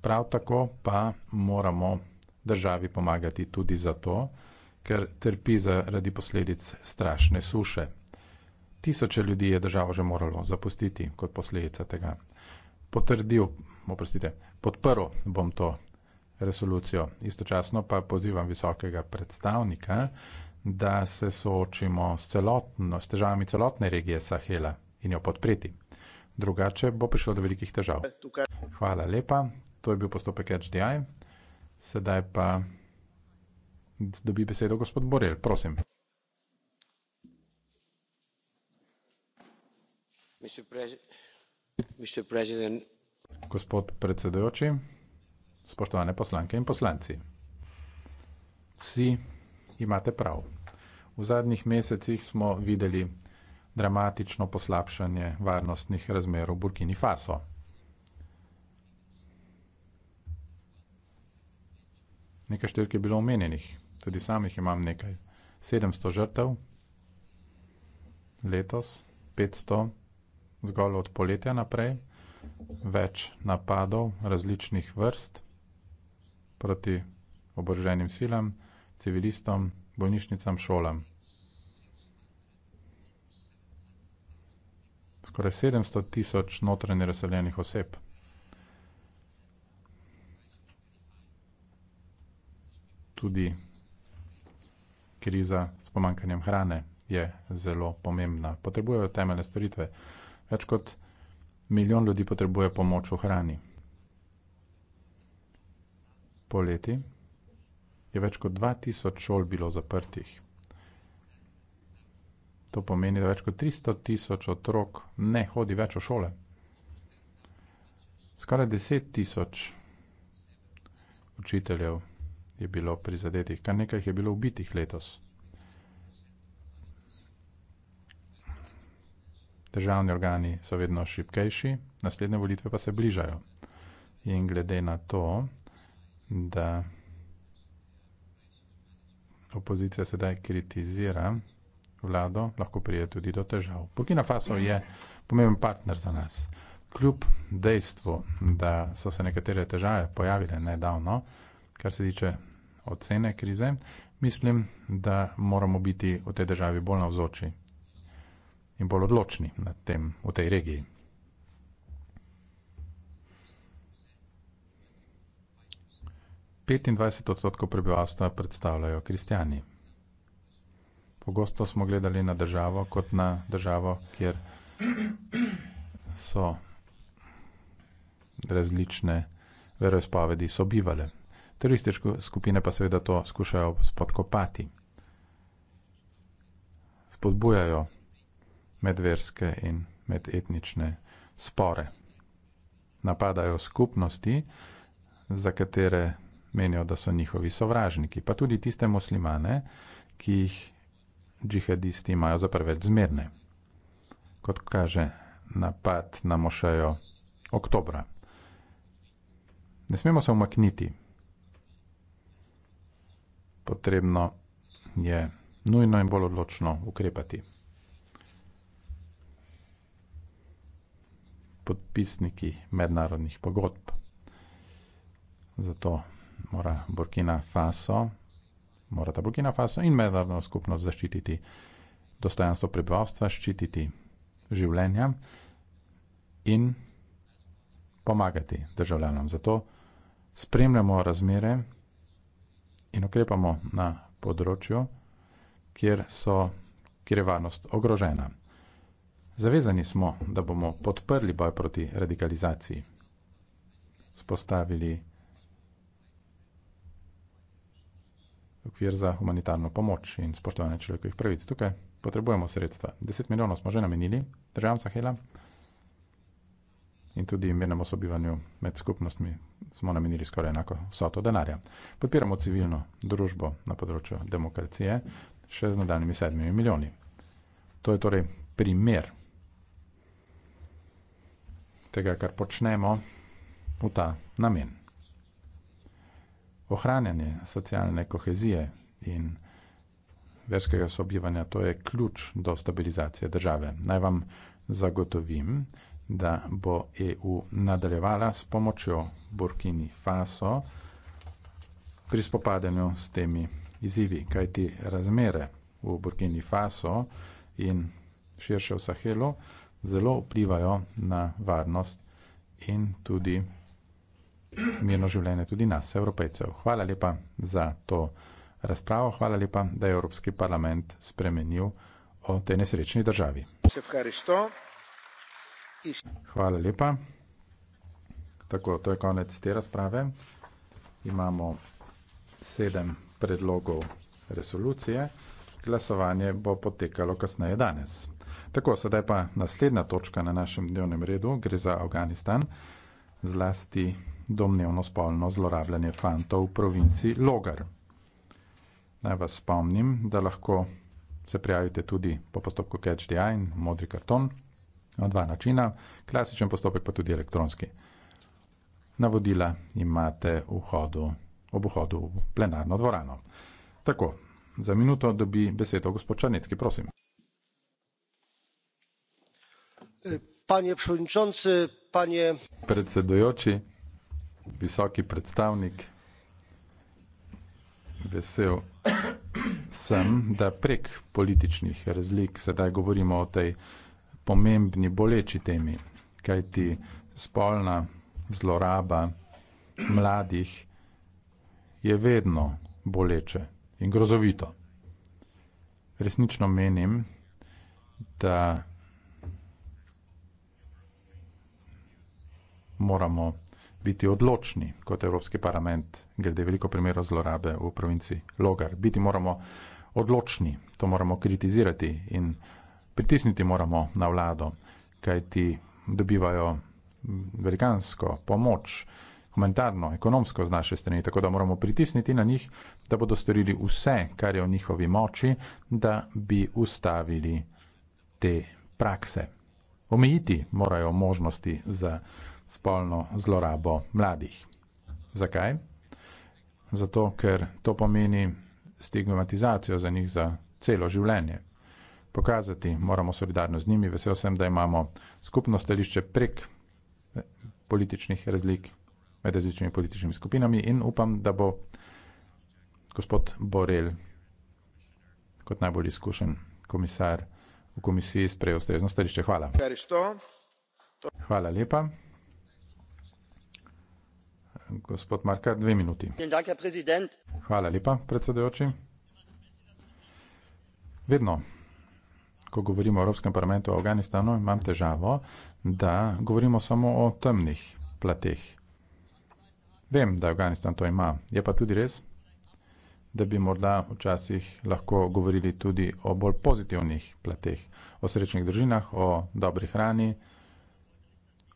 Prav tako pa moramo državi pomagati tudi zato, ker trpi zaradi posledic strašne suše. Tisoče ljudi je državo že moralo zapustiti kot posledica tega. Potrdil, oprostite, podprl bom to resolucijo. Istočasno pa pozivam visokega predstavnika, da se soočimo s, celotno, s težavami celotne regije Sahela in jo podpreti. Drugače bo prišlo do velikih težav. Hvala lepa. To je bil postopek HDI. Sedaj pa dobi besedo gospod Borel. Prosim. Mr. President. Gospod predsedujoči spoštovane poslanke in poslanci. Vsi imate prav. V zadnjih mesecih smo videli dramatično poslabšanje varnostnih razmer v Burkini Faso. Nekaj številk je bilo omenjenih, tudi sam jih imam nekaj. 700 žrtev letos, 500 zgolj od poletja naprej, več napadov različnih vrst proti oboroženim silam, civilistom, bolnišnicam, šolam. Skoraj 700 tisoč notranje razseljenih oseb. Tudi kriza s pomankanjem hrane je zelo pomembna. Potrebujejo temeljne storitve. Več kot milijon ljudi potrebuje pomoč v hrani poleti je več kot 2000 šol bilo zaprtih. To pomeni, da več kot 300 tisoč otrok ne hodi več v šole. Skoraj 10 tisoč učiteljev je bilo prizadetih, kar nekaj je bilo ubitih letos. Državni organi so vedno šipkejši, naslednje volitve pa se bližajo. In glede na to, da opozicija sedaj kritizira vlado, lahko prije tudi do težav. Burkina Faso je pomemben partner za nas. Kljub dejstvu, da so se nekatere težave pojavile nedavno, kar se tiče ocene krize, mislim, da moramo biti v tej državi bolj navzoči in bolj odločni na tem, v tej regiji. 25 odstotkov prebivalstva predstavljajo kristijani. Pogosto smo gledali na državo kot na državo, kjer so različne veroizpovedi sobivale. Turistične skupine pa seveda to skušajo spodkopati. Spodbujajo medverske in medetnične spore. Napadajo skupnosti, za katere menijo, da so njihovi sovražniki, pa tudi tiste muslimane, ki jih džihadisti imajo za preveč zmerne. Kot kaže napad na mošejo oktobra. Ne smemo se umakniti. Potrebno je nujno in bolj odločno ukrepati. Podpisniki mednarodnih pogodb. Zato mora Burkina Faso, mora ta Burkina Faso in mednarodno skupnost zaščititi dostojanstvo prebivalstva, ščititi življenja in pomagati državljanom. Zato spremljamo razmere in ukrepamo na področju, kjer, so, kjer je varnost ogrožena. Zavezani smo, da bomo podprli boj proti radikalizaciji, spostavili okvir za humanitarno pomoč in spoštovanje človekovih pravic. Tukaj potrebujemo sredstva. 10 milijonov smo že namenili državam Sahela in tudi mirnemu sobivanju med skupnostmi smo namenili skoraj enako vso to denarja. Podpiramo civilno družbo na področju demokracije še z nadaljnimi 7 milijoni. To je torej primer tega, kar počnemo v ta namen ohranjanje socialne kohezije in verskega sobivanja, to je ključ do stabilizacije države. Naj vam zagotovim, da bo EU nadaljevala s pomočjo Burkini Faso pri spopadanju s temi izzivi, kajti razmere v Burkini Faso in širše v Sahelu zelo vplivajo na varnost in tudi mirno življenje tudi nas, evropejcev. Hvala lepa za to razpravo, hvala lepa, da je Evropski parlament spremenil o tej nesrečni državi. Hvala lepa. Tako, to je konec te razprave. Imamo sedem predlogov resolucije. Glasovanje bo potekalo kasneje danes. Tako, sedaj pa naslednja točka na našem dnevnem redu, gre za Afganistan, zlasti domnevno spolno zlorabljanje fantov v provinci Logar. Naj vas spomnim, da lahko se prijavite tudi po postopku CatchDI in modri karton na dva načina, klasičen postopek pa tudi elektronski. Navodila imate v hodu, ob vhodu v plenarno dvorano. Tako, za minuto dobi besedo gospod Črnecki, prosim. Panie przewodniczący, panie. Predsedujoči visoki predstavnik, vesel sem, da prek političnih razlik sedaj govorimo o tej pomembni, boleči temi, kajti spolna zloraba mladih je vedno boleče in grozovito. Resnično menim, da moramo biti odločni kot Evropski parlament glede veliko primerov zlorabe v provinci Logar. Biti moramo odločni, to moramo kritizirati in pritisniti moramo na vlado, kajti dobivajo velikansko pomoč, humanitarno, ekonomsko z naše strani, tako da moramo pritisniti na njih, da bodo storili vse, kar je v njihovi moči, da bi ustavili te prakse. Omejiti morajo možnosti za spolno zlorabo mladih. Zakaj? Zato, ker to pomeni stigmatizacijo za njih za celo življenje. Pokazati moramo solidarnost z njimi, vesel sem, da imamo skupno stališče prek eh, političnih razlik med različnimi političnimi skupinami in upam, da bo gospod Borel kot najbolj izkušen komisar v komisiji sprejel ustrezno stališče. Hvala. Hvala lepa. Gospod Markar, dve minuti. Hvala lepa, predsedujoči. Vedno, ko govorimo o Evropskem parlamentu v Afganistanu, imam težavo, da govorimo samo o temnih plateh. Vem, da Afganistan to ima. Je pa tudi res, da bi morda včasih lahko govorili tudi o bolj pozitivnih plateh, o srečnih družinah, o dobri hrani,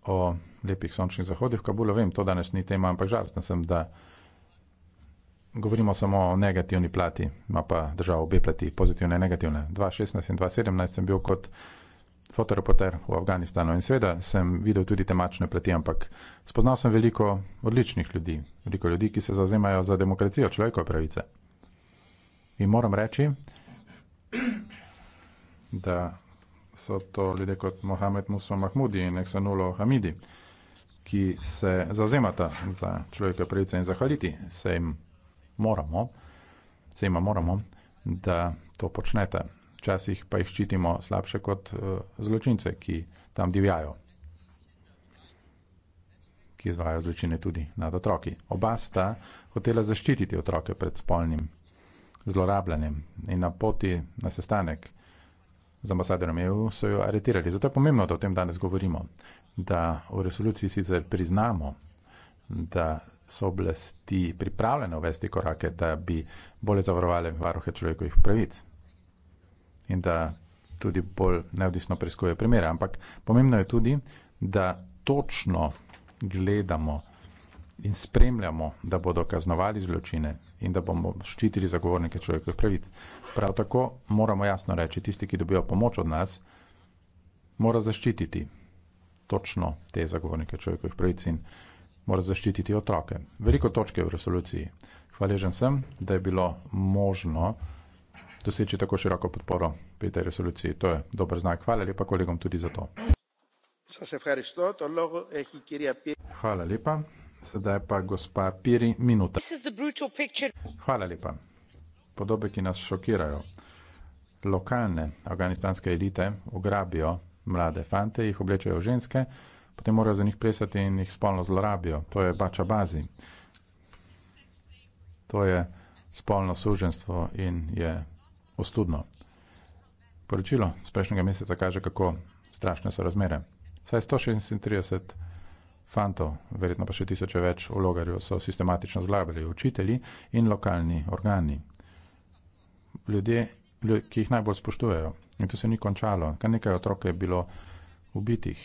o lepih sončnih zahodih v Kabulu. Vem, to danes ni tema, ampak žalostna sem, da govorimo samo o negativni plati, ima pa država obe plati, pozitivne in negativne. 2016 in 2017 sem bil kot fotoreporter v Afganistanu in seveda sem videl tudi temačne plati, ampak spoznal sem veliko odličnih ljudi, veliko ljudi, ki se zauzemajo za demokracijo, človekove pravice. In moram reči, da so to ljudje kot Mohamed Musa Mahmudi in Eksanulo Hamidi ki se zauzemata za človekove pravice in zahvaliti se jim moramo, se jim moramo, da to počnete. Včasih pa jih ščitimo slabše kot eh, zločince, ki tam divjajo, ki izvajo zločine tudi nad otroki. Oba sta hotela zaščititi otroke pred spolnim zlorabljanjem in na poti na sestanek z ambasadorom EU so jo aretirali. Zato je pomembno, da o tem danes govorimo da v resoluciji sicer priznamo, da so oblasti pripravljene uvesti korake, da bi bolje zavarovali varohe človekovih pravic in da tudi bolj neodvisno preiskuje primere. Ampak pomembno je tudi, da točno gledamo in spremljamo, da bodo kaznovali zločine in da bomo ščitili zagovornike človekovih pravic. Prav tako moramo jasno reči, tisti, ki dobijo pomoč od nas, mora zaščititi točno te zagovornike človekovih pravic in mora zaščititi otroke. Veliko točke v resoluciji. Hvaležen sem, da je bilo možno doseči tako široko podporo pri tej resoluciji. To je dober znak. Hvala lepa kolegom tudi za to. Hvala lepa. Sedaj pa gospa Piri, minuta. Hvala lepa. Podobe, ki nas šokirajo. Lokalne afganistanske elite ugrabijo mlade fante, jih oblečajo ženske, potem morajo za njih plesati in jih spolno zlorabijo. To je bača bazi. To je spolno suženstvo in je ostudno. Poročilo z prejšnjega meseca kaže, kako strašne so razmere. Saj 136 fantov, verjetno pa še tisoče več vlogarjev, so sistematično zlorabili učitelji in lokalni organi. Ljudje, ki jih najbolj spoštujejo, In to se ni končalo. Kar nekaj otrok je bilo ubitih,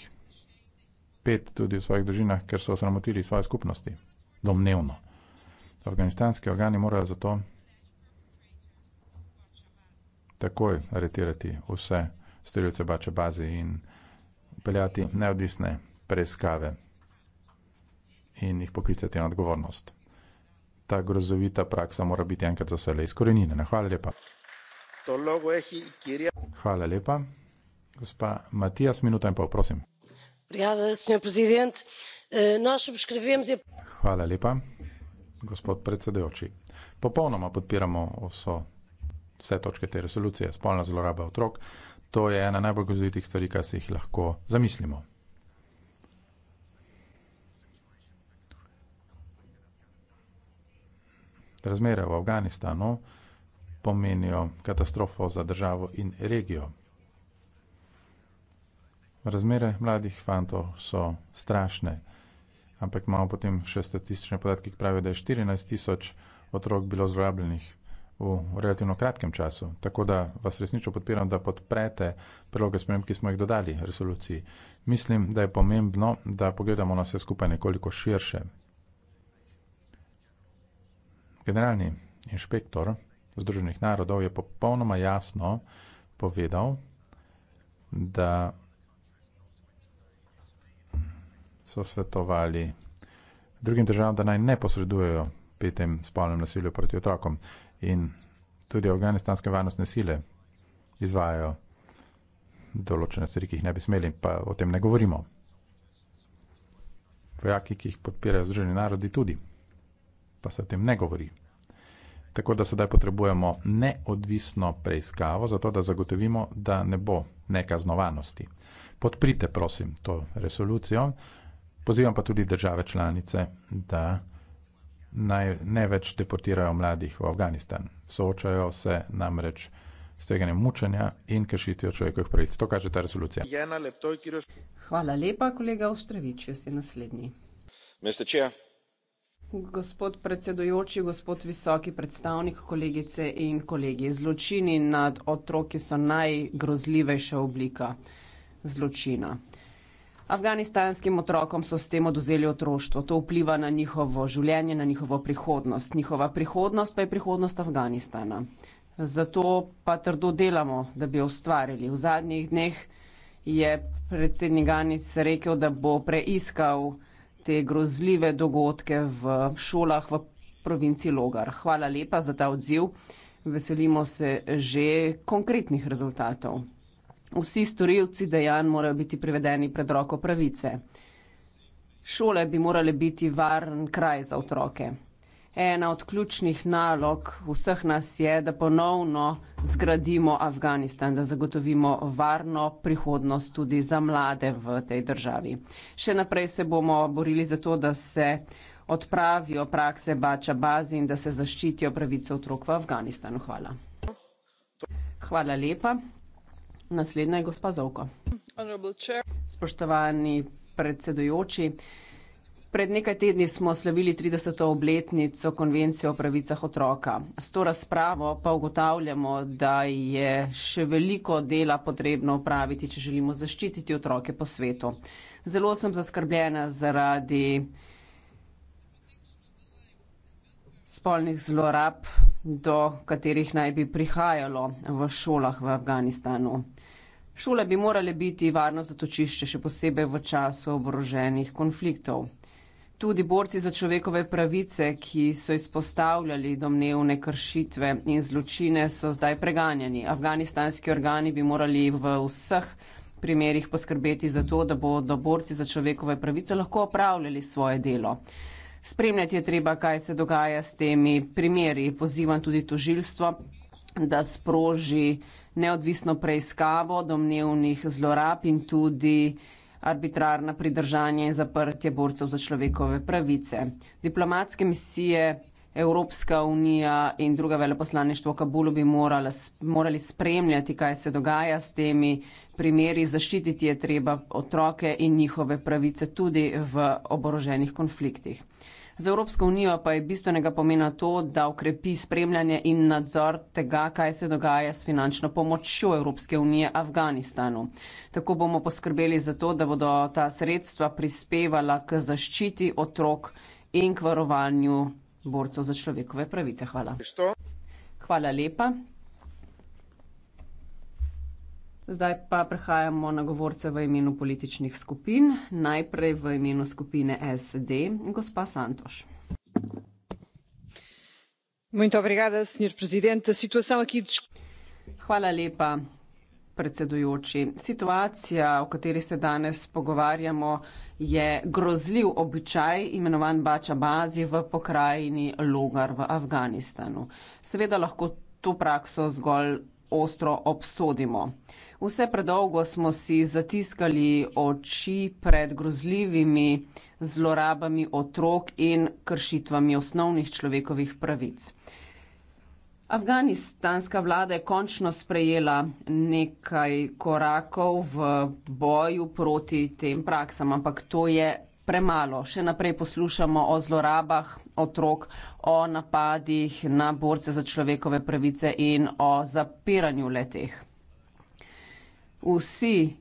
pet tudi v svojih družinah, ker so osramotili svoje skupnosti, domnevno. Afganistanski organi morajo zato takoj aretirati vse storilce bače bazi in peljati neodvisne preiskave in jih poklicati na odgovornost. Ta grozovita praksa mora biti enkrat za vse izkorenjena. Hvala lepa. Eh, Hvala lepa. Gospa Matijas, minuta in pol, prosim. Eh, e- Hvala lepa, gospod predsedujoči. Popolnoma podpiramo vso, vse točke te resolucije. Spolna zloraba otrok, to je ena najbolj grozitih stvari, kar si jih lahko zamislimo. Razmere v Afganistanu. No? pomenijo katastrofo za državo in regijo. Razmere mladih fantov so strašne, ampak imamo potem še statistične podatke, ki pravijo, da je 14 tisoč otrok bilo zlorabljenih v relativno kratkem času. Tako da vas resnično podpiram, da podprete predloge sprememb, ki smo jih dodali resoluciji. Mislim, da je pomembno, da pogledamo na vse skupaj nekoliko širše. Generalni inšpektor Združenih narodov je popolnoma jasno povedal, da so svetovali drugim državam, da naj ne posredujejo petem spolnem nasilju proti otrokom. In tudi afganistanske varnostne sile izvajajo določene stvari, ki jih ne bi smeli, pa o tem ne govorimo. Vojaki, ki jih podpirajo Združeni narodi, tudi, pa se o tem ne govori. Tako da sedaj potrebujemo neodvisno preiskavo, zato da zagotovimo, da ne bo nekaznovanosti. Podprite, prosim, to resolucijo. Pozivam pa tudi države članice, da naj ne več deportirajo mladih v Afganistan. Soočajo se namreč s tveganjem mučenja in kršitvijo človekovih pravic. To kaže ta resolucija. Hvala lepa, kolega Ostrevič, jaz je naslednji. Mr. Chair, Gospod predsedujoči, gospod visoki predstavnik, kolegice in kolegi. Zločini nad otroki so najgrozljivejša oblika zločina. Afganistanskim otrokom so s tem oduzeli otroštvo. To vpliva na njihovo življenje, na njihovo prihodnost. Njihova prihodnost pa je prihodnost Afganistana. Zato pa trdo delamo, da bi jo ustvarili. V zadnjih dneh je predsednik Ganic rekel, da bo preiskal te grozljive dogodke v šolah v provinci Logar. Hvala lepa za ta odziv. Veselimo se že konkretnih rezultatov. Vsi storilci dejanj morajo biti privedeni pred roko pravice. Šole bi morale biti varen kraj za otroke. Ena od ključnih nalog vseh nas je, da ponovno zgradimo Afganistan, da zagotovimo varno prihodnost tudi za mlade v tej državi. Še naprej se bomo borili za to, da se odpravijo prakse bača bazi in da se zaščitijo pravice otrok v Afganistanu. Hvala. Hvala lepa. Naslednja je gospa Zovko. Spoštovani predsedujoči. Pred nekaj tedni smo slavili 30. obletnico konvencije o pravicah otroka. S to razpravo pa ugotavljamo, da je še veliko dela potrebno upraviti, če želimo zaščititi otroke po svetu. Zelo sem zaskrbljena zaradi spolnih zlorab, do katerih naj bi prihajalo v šolah v Afganistanu. Šole bi morale biti varno zatočišče, še posebej v času oboroženih konfliktov. Tudi borci za človekove pravice, ki so izpostavljali domnevne kršitve in zločine, so zdaj preganjani. Afganistanski organi bi morali v vseh primerih poskrbeti za to, da bodo borci za človekove pravice lahko opravljali svoje delo. Spremljati je treba, kaj se dogaja s temi primeri. Pozivam tudi tožilstvo, da sproži neodvisno preiskavo domnevnih zlorab in tudi arbitrarna pridržanja in zaprtje borcev za človekove pravice. Diplomatske misije Evropska unija in druga veleposlaništva v Kabulu bi morala, morali spremljati, kaj se dogaja s temi primeri. Zaščititi je treba otroke in njihove pravice tudi v oboroženih konfliktih. Za Evropsko unijo pa je bistvenega pomena to, da ukrepi spremljanje in nadzor tega, kaj se dogaja s finančno pomočjo Evropske unije Afganistanu. Tako bomo poskrbeli za to, da bodo ta sredstva prispevala k zaščiti otrok in k varovanju borcev za človekove pravice. Hvala. Hvala lepa. Zdaj pa prehajamo na govorce v imenu političnih skupin. Najprej v imenu skupine SD, gospa Santoš. Hvala lepa, predsedujoči. Situacija, o kateri se danes pogovarjamo, je grozljiv običaj imenovan Bača Bazi v pokrajini Logar v Afganistanu. Seveda lahko to prakso zgolj ostro obsodimo. Vse predolgo smo si zatiskali oči pred grozljivimi zlorabami otrok in kršitvami osnovnih človekovih pravic. Afganistanska vlada je končno sprejela nekaj korakov v boju proti tem praksam, ampak to je premalo. Še naprej poslušamo o zlorabah otrok, o napadih na borce za človekove pravice in o zapiranju leteh vsi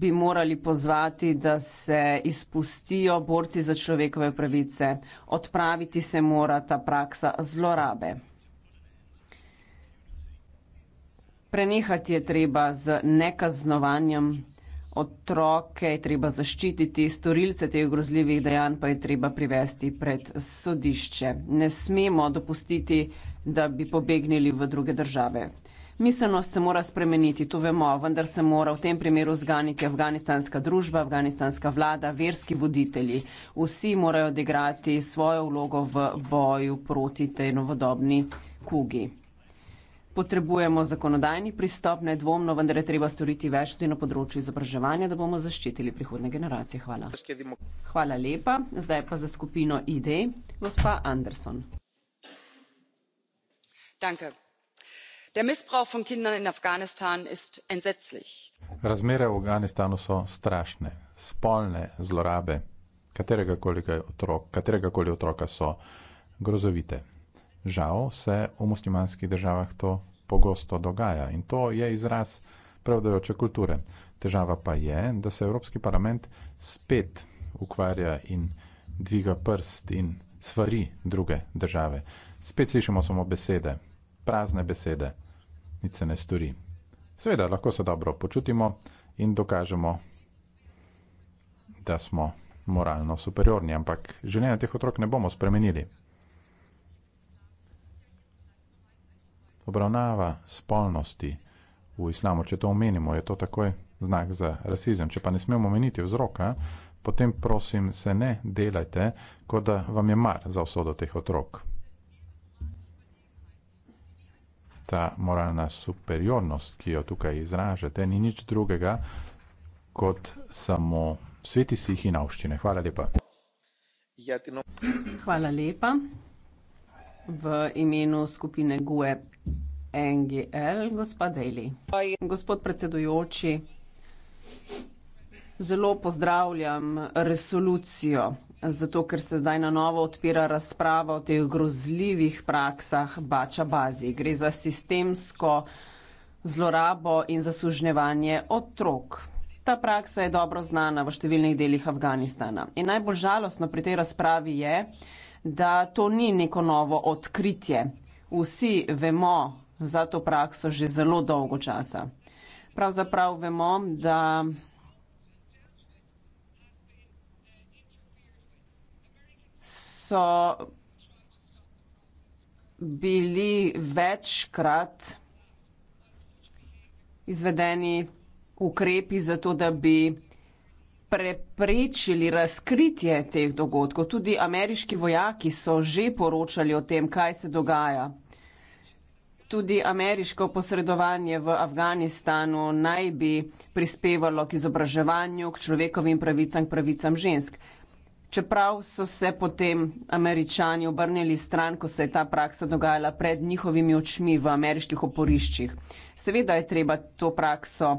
bi morali pozvati, da se izpustijo borci za človekove pravice. Odpraviti se mora ta praksa zlorabe. Prenehati je treba z nekaznovanjem, otroke je treba zaščititi, storilce teh grozljivih dejanj pa je treba privesti pred sodišče. Ne smemo dopustiti, da bi pobegnili v druge države. Miselnost se mora spremeniti, to vemo, vendar se mora v tem primeru zganiti afganistanska družba, afganistanska vlada, verski voditelji. Vsi morajo odigrati svojo vlogo v boju proti tej novodobni kugi. Potrebujemo zakonodajni pristop, nedvomno, vendar je treba storiti več tudi na področju izobraževanja, da bomo zaščitili prihodne generacije. Hvala. Hvala lepa. Zdaj pa za skupino ID, gospa Anderson. Danke der missbrauch von kindern in afghanistan ist entsetzlich. razmere v afganistanu so strašne spolne zlorabe kateregakoli otrok, katerega otroka so grozovite žal se v muslimanskih državah to pogosto dogaja in to je izraz prevladujoče kulture težava pa je da se evropski parlament spet ukvarja in dviga prst in svari druge države spet slišimo samo besede prazne besede nič se ne stori. Seveda, lahko se dobro počutimo in dokažemo, da smo moralno superiorni, ampak življenja teh otrok ne bomo spremenili. Obravnava spolnosti v islamu, če to omenimo, je to takoj znak za rasizem. Če pa ne smemo omeniti vzroka, potem prosim se ne delajte, kot da vam je mar za usodo teh otrok. ta moralna superiornost, ki jo tukaj izražate, ni nič drugega kot samo sveti sih in avščine. Hvala lepa. Hvala lepa. V imenu skupine GUE NGL, gospod Dejli. Gospod predsedujoči, zelo pozdravljam resolucijo zato ker se zdaj na novo odpira razprava o teh grozljivih praksah bača bazi. Gre za sistemsko zlorabo in zasužnevanje otrok. Ta praksa je dobro znana v številnih delih Afganistana. In najbolj žalostno pri tej razpravi je, da to ni neko novo odkritje. Vsi vemo za to prakso že zelo dolgo časa. Pravzaprav vemo, da so bili večkrat izvedeni ukrepi za to, da bi preprečili razkritje teh dogodkov. Tudi ameriški vojaki so že poročali o tem, kaj se dogaja. Tudi ameriško posredovanje v Afganistanu naj bi prispevalo k izobraževanju, k človekovim pravicam, k pravicam žensk čeprav so se potem američani obrnili stran, ko se je ta praksa dogajala pred njihovimi očmi v ameriških oporiščih. Seveda je treba to prakso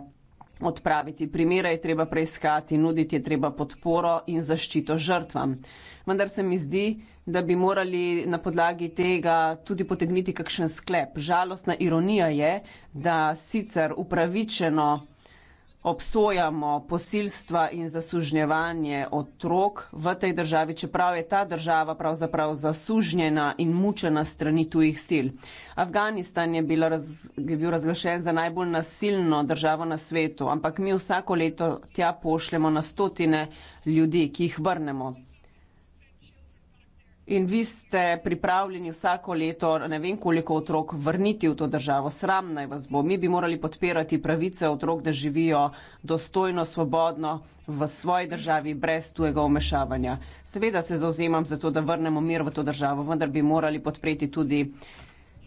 odpraviti, primere je treba preiskati, nuditi je treba podporo in zaščito žrtvam. Vendar se mi zdi, da bi morali na podlagi tega tudi potegniti kakšen sklep. Žalostna ironija je, da sicer upravičeno obsojamo posilstva in zasužnjevanje otrok v tej državi, čeprav je ta država pravzaprav zasužnjena in mučena strani tujih sil. Afganistan je bil, raz, je bil razglašen za najbolj nasilno državo na svetu, ampak mi vsako leto tja pošljemo na stotine ljudi, ki jih vrnemo. In vi ste pripravljeni vsako leto, ne vem koliko otrok, vrniti v to državo. Sram naj vas bo. Mi bi morali podpirati pravice otrok, da živijo dostojno, svobodno v svoji državi, brez tujega omešavanja. Seveda se zauzemam za to, da vrnemo mir v to državo, vendar bi morali podpreti tudi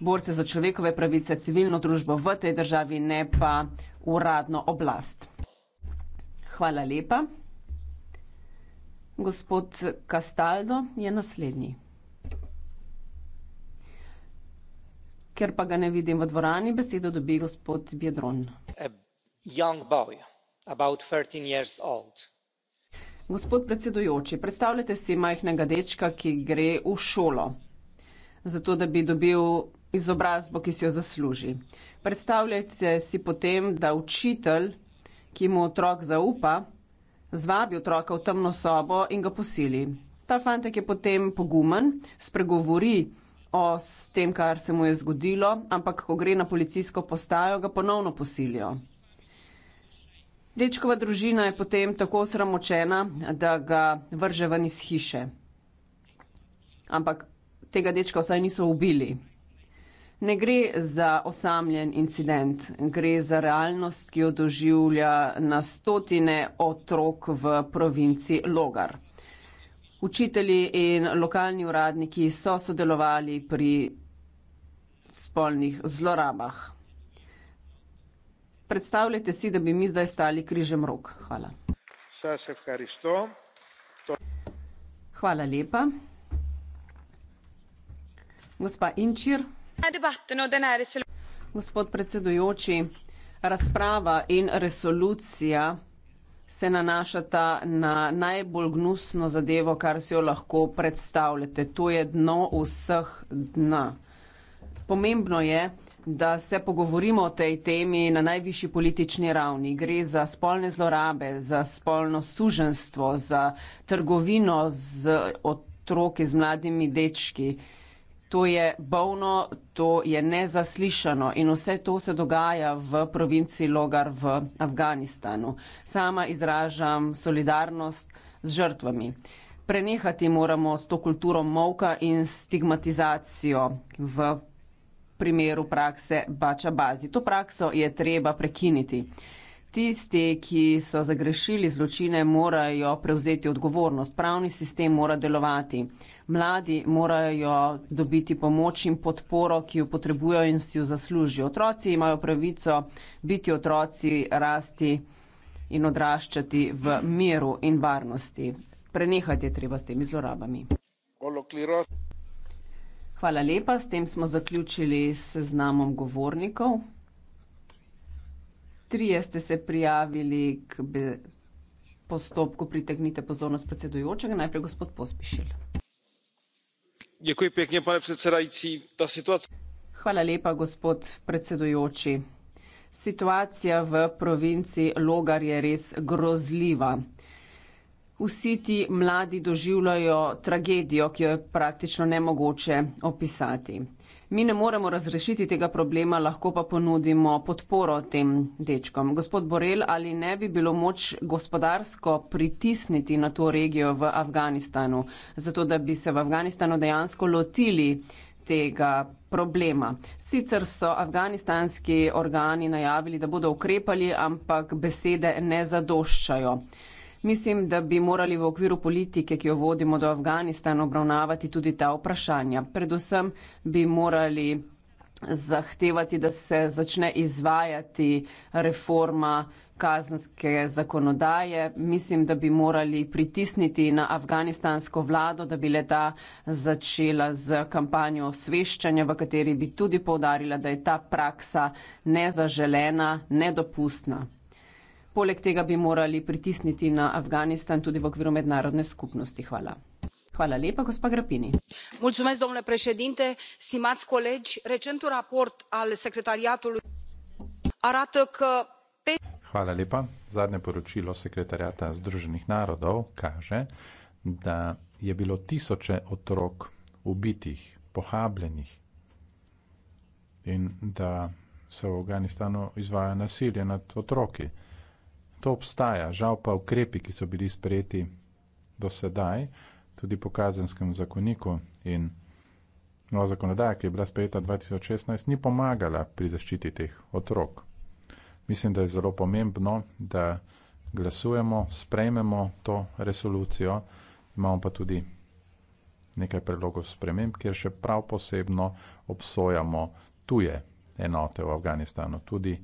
borce za človekove pravice, civilno družbo v tej državi, ne pa uradno oblast. Hvala lepa. Gospod Castaldo je naslednji. Ker pa ga ne vidim v dvorani, besedo dobi gospod Biedron. Gospod predsedujoči, predstavljate si majhnega dečka, ki gre v šolo, zato da bi dobil izobrazbo, ki si jo zasluži. Predstavljajte si potem, da učitelj, ki mu otrok zaupa, Zvabi otroka v temno sobo in ga posili. Ta fantek je potem pogumen, spregovori o tem, kar se mu je zgodilo, ampak ko gre na policijsko postajo, ga ponovno posilijo. Dečkova družina je potem tako sramočena, da ga vrže ven iz hiše. Ampak tega dečka vsaj niso ubili. Ne gre za osamljen incident, gre za realnost, ki jo doživlja na stotine otrok v provinci Logar. Učitelji in lokalni uradniki so sodelovali pri spolnih zlorabah. Predstavljajte si, da bi mi zdaj stali križem rok. Hvala. Hvala lepa. Gospa Inčir gospod predsedujoči razprava in resolucija se nanašata na najbolj gnusno zadevo kar si jo lahko predstavljate to je dno vseh dna pomembno je da se pogovorimo o tej temi na najvišji politični ravni. Gre za spolne zlorabe, za spolno suženstvo, za trgovino z otroki, z mladimi dečki. Uh, To je bovno, to je nezaslišano in vse to se dogaja v provinci Logar v Afganistanu. Sama izražam solidarnost z žrtvami. Prenehati moramo s to kulturo molka in stigmatizacijo v primeru prakse Bača Bazi. To prakso je treba prekiniti tisti, ki so zagrešili zločine, morajo prevzeti odgovornost. Pravni sistem mora delovati. Mladi morajo dobiti pomoč in podporo, ki jo potrebujo in si jo zaslužijo. Otroci imajo pravico biti otroci, rasti in odraščati v miru in varnosti. Prenehati je treba s temi zlorabami. Hvala lepa. S tem smo zaključili s znamom govornikov trije ste se prijavili k be, postopku pritegnite pozornost predsedujočega. Najprej gospod Pospišil. Děkuji pěkně, pane předsedající. Ta situace... Hvala lepa, gospod predsedujoči. Situacija v provinci Logar je res grozljiva. Vsi ti mladi doživljajo tragedijo, ki jo je praktično nemogoče opisati. Mi ne moremo razrešiti tega problema, lahko pa ponudimo podporo tem dečkom. Gospod Borel, ali ne bi bilo moč gospodarsko pritisniti na to regijo v Afganistanu, zato da bi se v Afganistanu dejansko lotili tega problema? Sicer so afganistanski organi najavili, da bodo ukrepali, ampak besede ne zadoščajo. Mislim, da bi morali v okviru politike, ki jo vodimo do Afganistana, obravnavati tudi ta vprašanja. Predvsem bi morali zahtevati, da se začne izvajati reforma kazenske zakonodaje. Mislim, da bi morali pritisniti na afganistansko vlado, da bi leta začela z kampanjo osveščanja, v kateri bi tudi povdarila, da je ta praksa nezaželena, nedopustna. Poleg tega bi morali pritisniti na Afganistan tudi v okviru mednarodne skupnosti. Hvala. Hvala lepa, gospa Grapini. Mulțumesc, domnule președinte, stimați colegi. Recentul raport al secretariatului arată că... Hvala lepa. Zadnje poročilo sekretarjata Združenih narodov kaže, da je bilo tisoče otrok ubitih, pohabljenih in da se v Afganistanu izvaja nasilje nad otroki. To obstaja, žal pa ukrepi, ki so bili sprejeti do sedaj, tudi po kazenskem zakoniku in nova zakonodaja, ki je bila sprejeta 2016, ni pomagala pri zaščiti teh otrok. Mislim, da je zelo pomembno, da glasujemo, sprejmemo to resolucijo, imamo pa tudi nekaj predlogov sprememb, kjer še prav posebno obsojamo tuje enote v Afganistanu. Tudi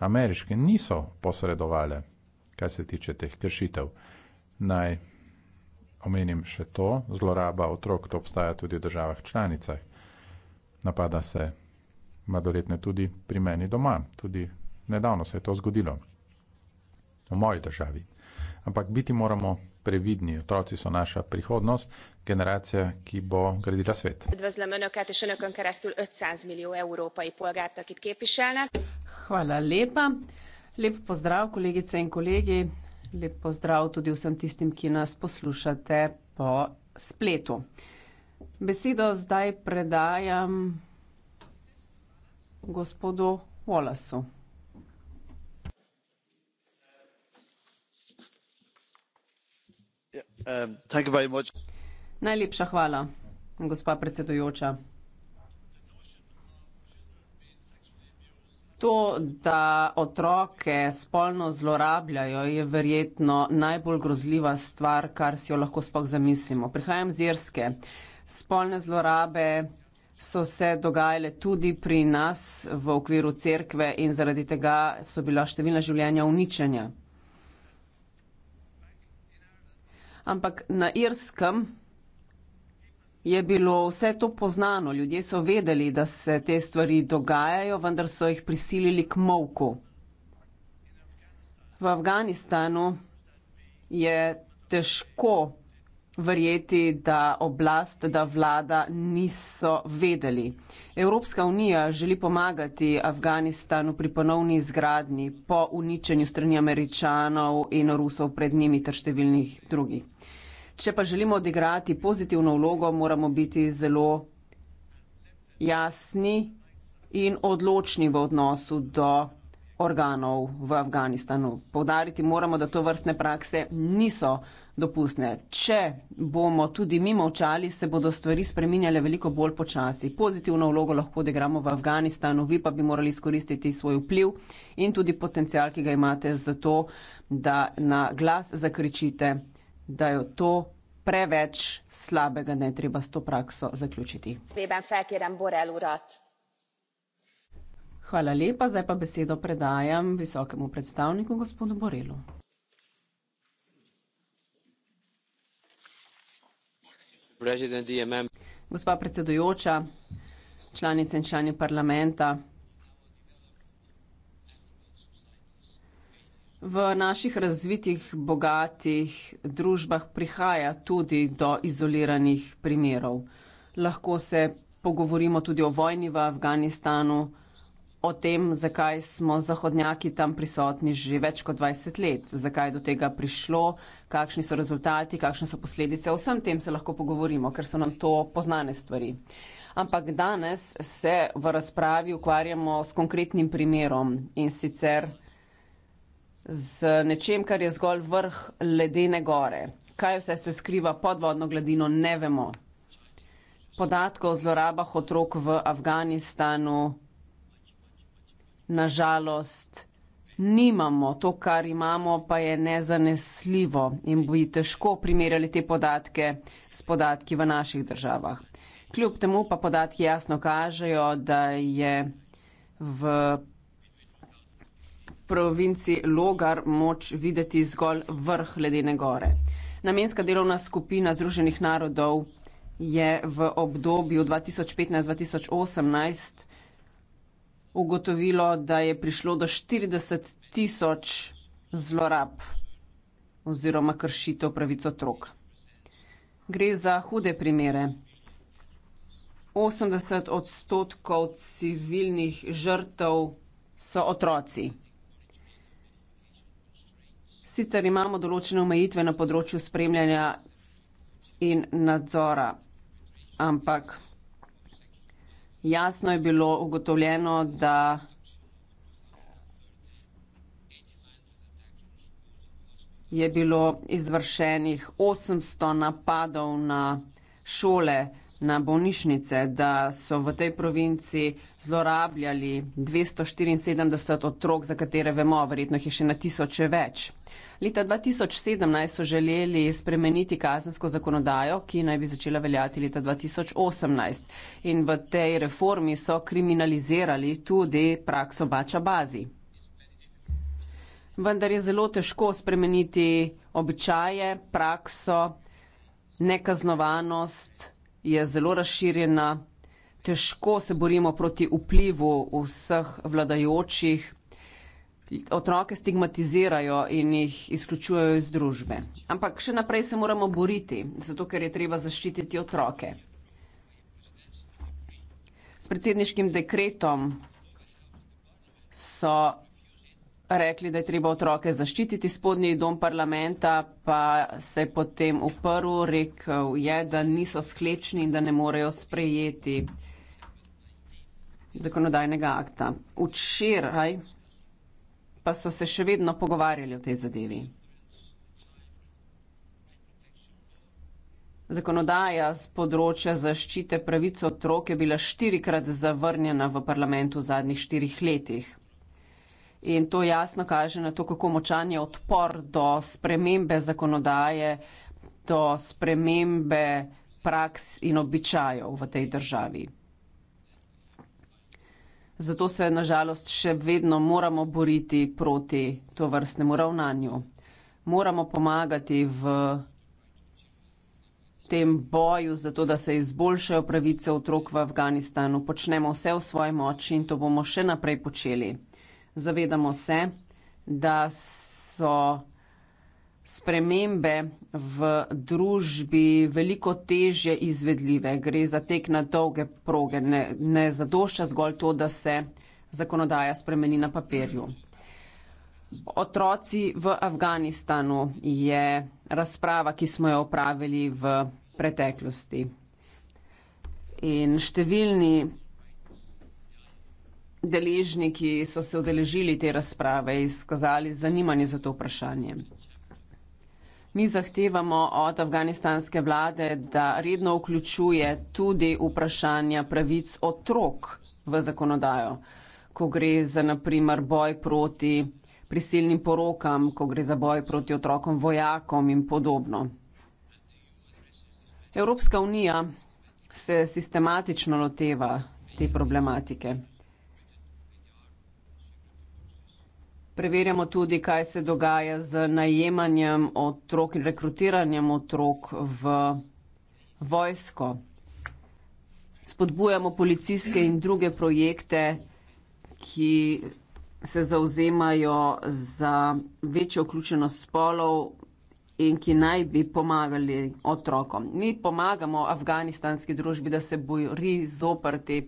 ameriške niso posredovale kar se tiče teh kršitev. Naj omenim še to, zloraba otrok, to obstaja tudi v državah članicah. Napada se mladoletne tudi pri meni doma, tudi nedavno se je to zgodilo v moji državi. Ampak biti moramo previdni. Otroci so naša prihodnost, generacija, ki bo gradila svet. Hvala lepa. Lep pozdrav, kolegice in kolegi. Lep pozdrav tudi vsem tistim, ki nas poslušate po spletu. Besedo zdaj predajam gospodu Wallasu. Um, Najlepša hvala, gospa predsedujoča. To, da otroke spolno zlorabljajo, je verjetno najbolj grozljiva stvar, kar si jo lahko spoh zamislimo. Prihajam z Irske. Spolne zlorabe so se dogajale tudi pri nas v okviru cerkve in zaradi tega so bila številna življenja uničenja. Ampak na Irskem je bilo vse to poznano, ljudje so vedeli, da se te stvari dogajajo, vendar so jih prisilili k mavku. V Afganistanu je težko verjeti, da oblast, da vlada niso vedeli. Evropska unija želi pomagati Afganistanu pri ponovni izgradnji po uničenju strani američanov in rusov pred njimi ter številnih drugih. Če pa želimo odigrati pozitivno vlogo, moramo biti zelo jasni in odločni v odnosu do organov v Afganistanu. Povdariti moramo, da to vrstne prakse niso dopustne. Če bomo tudi mi močali, se bodo stvari spreminjale veliko bolj počasi. Pozitivno vlogo lahko odigramo v Afganistanu, vi pa bi morali izkoristiti svoj vpliv in tudi potencial, ki ga imate za to, da na glas zakričite da jo to preveč slabega ne treba s to prakso zaključiti. Hvala lepa, zdaj pa besedo predajam visokemu predstavniku gospodu Borelu. Gospa predsedujoča, članice in člani parlamenta. V naših razvitih, bogatih družbah prihaja tudi do izoliranih primerov. Lahko se pogovorimo tudi o vojni v Afganistanu, o tem, zakaj smo zahodnjaki tam prisotni že več kot 20 let, zakaj je do tega prišlo, kakšni so rezultati, kakšne so posledice. O vsem tem se lahko pogovorimo, ker so nam to poznane stvari. Ampak danes se v razpravi ukvarjamo s konkretnim primerom in sicer z nečem, kar je zgolj vrh ledene gore. Kaj vse se skriva pod vodno gladino, ne vemo. Podatke o zlorabah otrok v Afganistanu, nažalost, nimamo. To, kar imamo, pa je nezanesljivo in bi težko primerjali te podatke s podatki v naših državah. Kljub temu pa podatki jasno kažejo, da je v provinci Logar moč videti zgolj vrh ledene gore. Namenska delovna skupina Združenih narodov je v obdobju 2015-2018 ugotovilo, da je prišlo do 40 tisoč zlorab oziroma kršitev pravico otrok. Gre za hude primere. 80 odstotkov civilnih žrtev so otroci. Sicer imamo določene omejitve na področju spremljanja in nadzora, ampak jasno je bilo ugotovljeno, da je bilo izvršenih 800 napadov na šole na bolnišnice, da so v tej provinci zlorabljali 274 otrok, za katere vemo, verjetno jih je še na tisoče več. Leta 2017 so želeli spremeniti kazensko zakonodajo, ki naj bi začela veljati leta 2018. In v tej reformi so kriminalizirali tudi prakso bača bazi. Vendar je zelo težko spremeniti običaje, prakso, nekaznovanost, je zelo razširjena, težko se borimo proti vplivu vseh vladajočih, otroke stigmatizirajo in jih izključujejo iz družbe. Ampak še naprej se moramo boriti, zato ker je treba zaščititi otroke. S predsedniškim dekretom so rekli, da je treba otroke zaščititi, spodnji dom parlamenta pa se je potem uprl, rekel je, da niso sklečni in da ne morejo sprejeti zakonodajnega akta. Včeraj pa so se še vedno pogovarjali o tej zadevi. Zakonodaja z področja zaščite pravico otroke je bila štirikrat zavrnjena v parlamentu v zadnjih štirih letih. In to jasno kaže na to, kako močan je odpor do spremembe zakonodaje, do spremembe praks in običajev v tej državi. Zato se nažalost še vedno moramo boriti proti to vrstnemu ravnanju. Moramo pomagati v tem boju, zato da se izboljšajo pravice otrok v Afganistanu. Počnemo vse v svoji moči in to bomo še naprej počeli. Zavedamo se, da so spremembe v družbi veliko težje izvedljive. Gre za tek na dolge proge. Ne, ne zadošča zgolj to, da se zakonodaja spremeni na papirju. Otroci v Afganistanu je razprava, ki smo jo opravili v preteklosti. In številni deležniki so se udeležili te razprave in izkazali zanimanje za to vprašanje. Mi zahtevamo od afganistanske vlade, da redno vključuje tudi vprašanja pravic otrok v zakonodajo, ko gre za naprimer boj proti prisilnim porokam, ko gre za boj proti otrokom vojakom in podobno. Evropska unija se sistematično loteva te problematike. Preverjamo tudi, kaj se dogaja z najemanjem otrok in rekrutiranjem otrok v vojsko. Spodbujamo policijske in druge projekte, ki se zauzemajo za večjo vključenost spolov in ki naj bi pomagali otrokom. Mi pomagamo afganistanski družbi, da se bori zoper te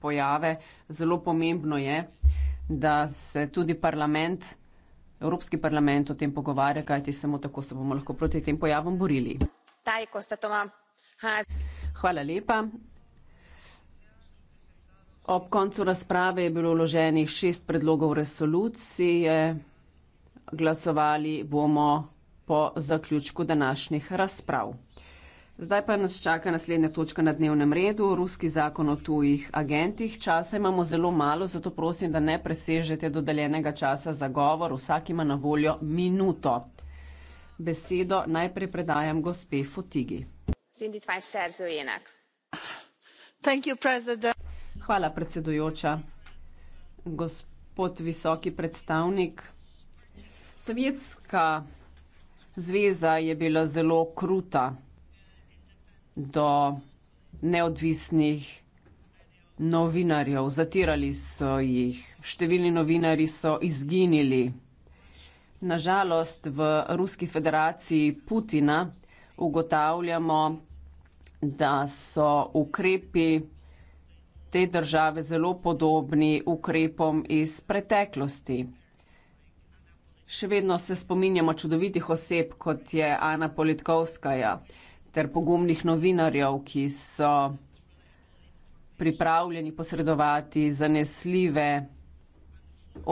pojave. Zelo pomembno je, da se tudi parlament, Evropski parlament o tem pogovarja, kajti samo tako se bomo lahko proti tem pojavom borili. Hvala lepa. Ob koncu razprave je bilo vloženih šest predlogov resolucije. Glasovali bomo po zaključku današnjih razprav. Zdaj pa nas čaka naslednja točka na dnevnem redu, ruski zakon o tujih agentih. Časa imamo zelo malo, zato prosim, da ne presežete dodeljenega časa za govor. Vsak ima na voljo minuto. Besedo najprej predajam gospe Fotigi. Hvala, predsedujoča. Gospod visoki predstavnik. Sovjetska zveza je bila zelo kruta do neodvisnih novinarjev. Zatirali so jih, številni novinari so izginili. Nažalost, v Ruski federaciji Putina ugotavljamo, da so ukrepi te države zelo podobni ukrepom iz preteklosti. Še vedno se spominjamo čudovitih oseb, kot je Ana Politkovskaja ter pogumnih novinarjev, ki so pripravljeni posredovati zanesljive,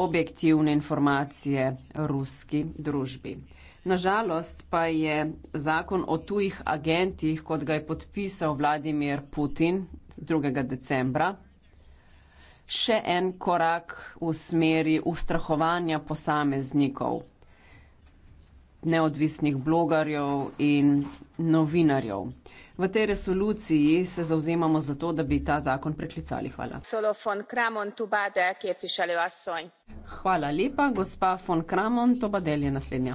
objektivne informacije ruski družbi. Nažalost pa je zakon o tujih agentih, kot ga je podpisal Vladimir Putin 2. decembra, še en korak v smeri ustrahovanja posameznikov neodvisnih blogarjev in novinarjev. V tej resoluciji se zauzemamo za to, da bi ta zakon preklicali. Hvala. Hvala lepa. Gospa von Kramon Tobadel je naslednja.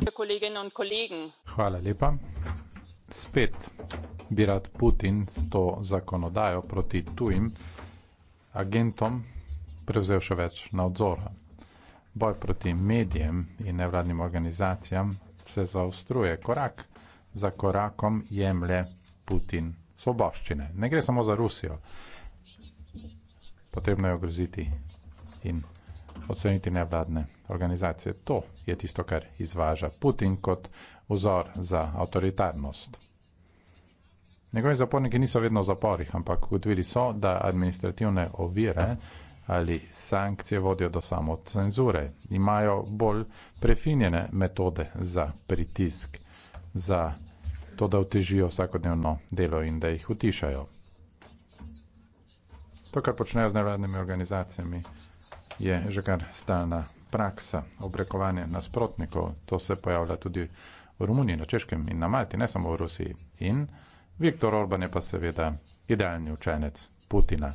Hvala lepa. Spet bi rad Putin s to zakonodajo proti tujim agentom prevzel še več nadzora. Boj proti medijem in nevladnim organizacijam se zaostruje. Korak za korakom jemlje Putin svoboščine. Ne gre samo za Rusijo. Potrebno je ogroziti in oceniti nevladne organizacije. To je tisto, kar izvaža Putin kot vzor za avtoritarnost. Njegovi zaporniki niso vedno v zaporih, ampak ugotovili so, da administrativne ovire ali sankcije vodijo do samocenzure. Imajo bolj prefinjene metode za pritisk, za to, da otežijo vsakodnevno delo in da jih utišajo. To, kar počnejo z nevladnimi organizacijami, je že kar stalna praksa obrekovanja nasprotnikov. To se pojavlja tudi v Romuniji, na Češkem in na Malti, ne samo v Rusiji. In Viktor Orban je pa seveda idealni učenec Putina.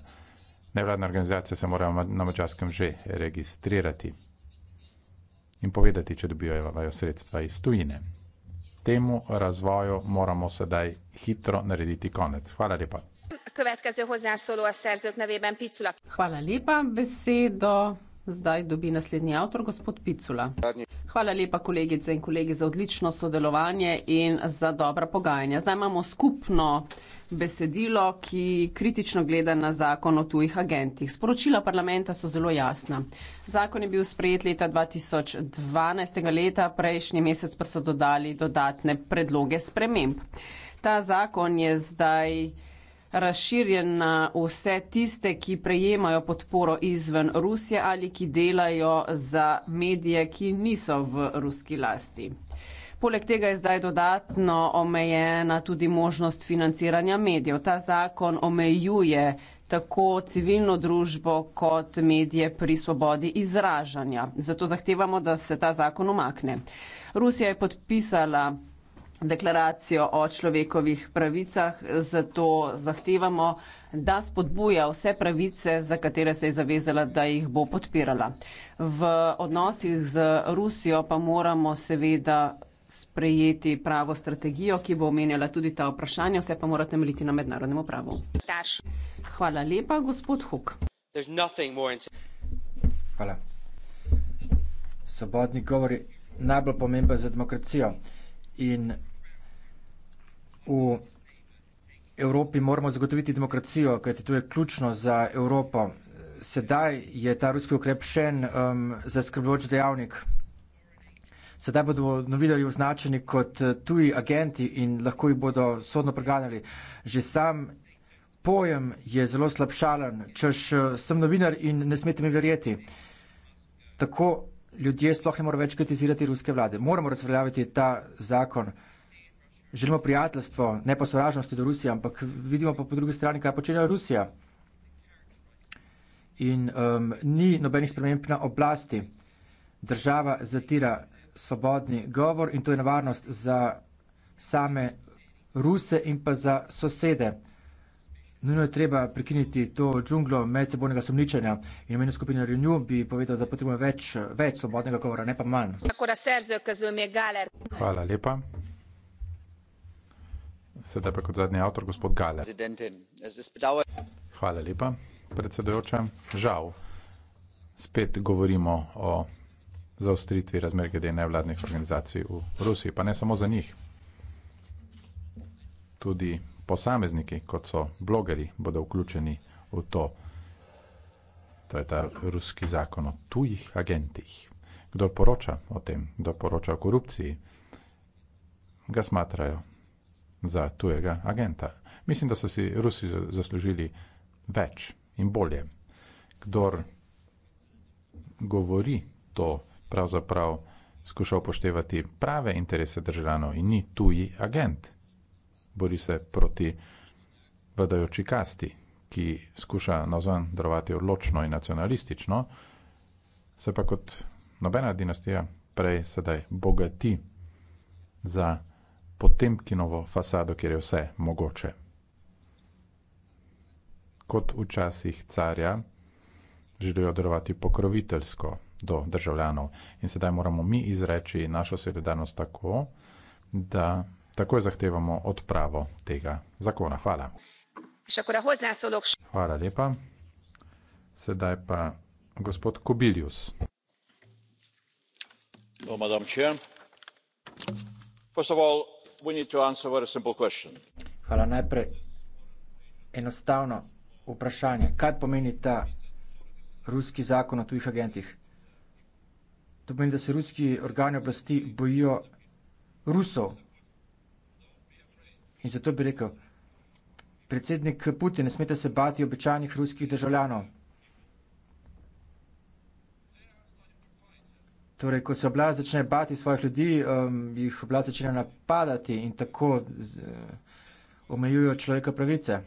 Nevladna organizacija se mora na mačarskem že registrirati in povedati, če dobivajo sredstva iz tujine. Temu razvoju moramo sedaj hitro narediti konec. Hvala lepa. Hvala lepa. Besedo zdaj dobi naslednji avtor, gospod Picula. Hvala lepa, kolegice in kolegi, za odlično sodelovanje in za dobra pogajanja. Zdaj imamo skupno besedilo, ki kritično gleda na zakon o tujih agentih. Sporočila parlamenta so zelo jasna. Zakon je bil sprejet leta 2012, leta, prejšnji mesec pa so dodali dodatne predloge sprememb. Ta zakon je zdaj razširjen na vse tiste, ki prejemajo podporo izven Rusije ali ki delajo za medije, ki niso v ruski lasti. Poleg tega je zdaj dodatno omejena tudi možnost financiranja medijev. Ta zakon omejuje tako civilno družbo kot medije pri svobodi izražanja. Zato zahtevamo, da se ta zakon omakne. Rusija je podpisala deklaracijo o človekovih pravicah, zato zahtevamo, da spodbuja vse pravice, za katere se je zavezala, da jih bo podpirala. V odnosih z Rusijo pa moramo seveda sprejeti pravo strategijo, ki bo omenjala tudi ta vprašanja, vse pa mora temeljiti na mednarodnem pravu. Hvala lepa, gospod Huk. Hvala. Svobodni govor je najbolj pomemben za demokracijo in v Evropi moramo zagotoviti demokracijo, kajti to je ključno za Evropo. Sedaj je ta ruski ukrep še en um, zaskrbljujoč dejavnik. Sedaj bodo novinarji označeni kot eh, tuji agenti in lahko jih bodo sodno preganjali. Že sam pojem je zelo slabšalen. Češ, eh, sem novinar in ne smete mi verjeti. Tako ljudje sploh ne morejo več kritizirati ruske vlade. Moramo razveljaviti ta zakon. Želimo prijateljstvo, ne pa sovražnosti do Rusije, ampak vidimo pa po drugi strani, kaj počenja Rusija. In um, ni nobenih sprememb na oblasti. Država zatira svobodni govor in to je nevarnost za same Ruse in pa za sosede. Nujno je treba prekiniti to džunglo medsebojnega sumničenja. In meni skupina Renew bi povedal, da potrebujemo več, več svobodnega govora, ne pa manj. Hvala lepa. Sedaj pa kot zadnji avtor, gospod Galer. Hvala lepa, predsedujoča. Žal, spet govorimo o zaostritvi razmer glede nevladnih organizacij v Rusiji, pa ne samo za njih. Tudi posamezniki, kot so blogeri, bodo vključeni v to. To je ta ruski zakon o tujih agentih. Kdo poroča o tem, kdo poroča o korupciji, ga smatrajo za tujega agenta. Mislim, da so si Rusi zaslužili več in bolje. Kdor govori to, pravzaprav skušal poštevati prave interese državljanov in ni tuji agent. Bori se proti vladajoči kasti, ki skuša nazven drvati odločno in nacionalistično, se pa kot nobena dinastija prej sedaj bogati za potemkinovo fasado, kjer je vse mogoče. Kot včasih carja, želijo drvati pokroviteljsko, do državljanov. In sedaj moramo mi izreči našo solidarnost tako, da takoj zahtevamo odpravo tega zakona. Hvala. Hvala lepa. Sedaj pa gospod Kobilius. No, Hvala najprej. Enostavno vprašanje, kaj pomeni ta ruski zakon o tujih agentih? To pomeni, da se ruski organi oblasti bojijo Rusov. In zato bi rekel, predsednik Putin, ne smete se bati običajnih ruskih državljanov. Torej, ko se oblast začne bati svojih ljudi, um, jih oblast začne napadati in tako z, eh, omejujo človeka pravice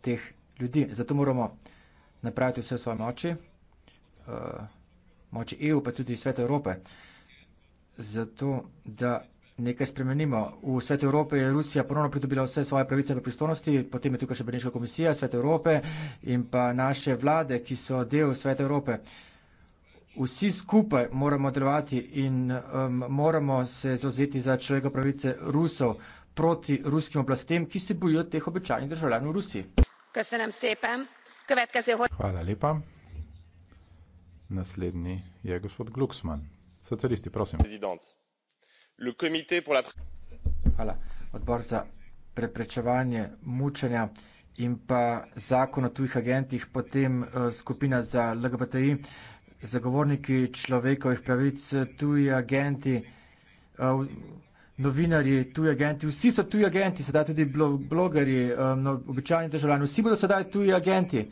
teh ljudi. Zato moramo napraviti vse v svoji moči. Uh, moči EU, pa tudi Sveta Evrope, zato da nekaj spremenimo. V Svetu Evrope je Rusija ponovno pridobila vse svoje pravice in pristojnosti, potem je tukaj še Beneška komisija, Svet Evrope in pa naše vlade, ki so del Sveta Evrope. Vsi skupaj moramo delovati in um, moramo se zauzeti za človekove pravice Rusov proti ruskim oblastem, ki se bojijo teh običajnih državljanov v Rusiji. Hvala lepa. Naslednji je gospod Glucksmann. Socialisti, prosim. Hvala. Odbor za preprečevanje mučenja in pa zakon o tujih agentih, potem eh, skupina za LGBTI, zagovorniki človekovih pravic, tuji agenti, eh, novinarji, tuji agenti, vsi so tuji agenti, sedaj tudi blogerji, eh, no, običajni državljani, vsi bodo sedaj tuji agenti.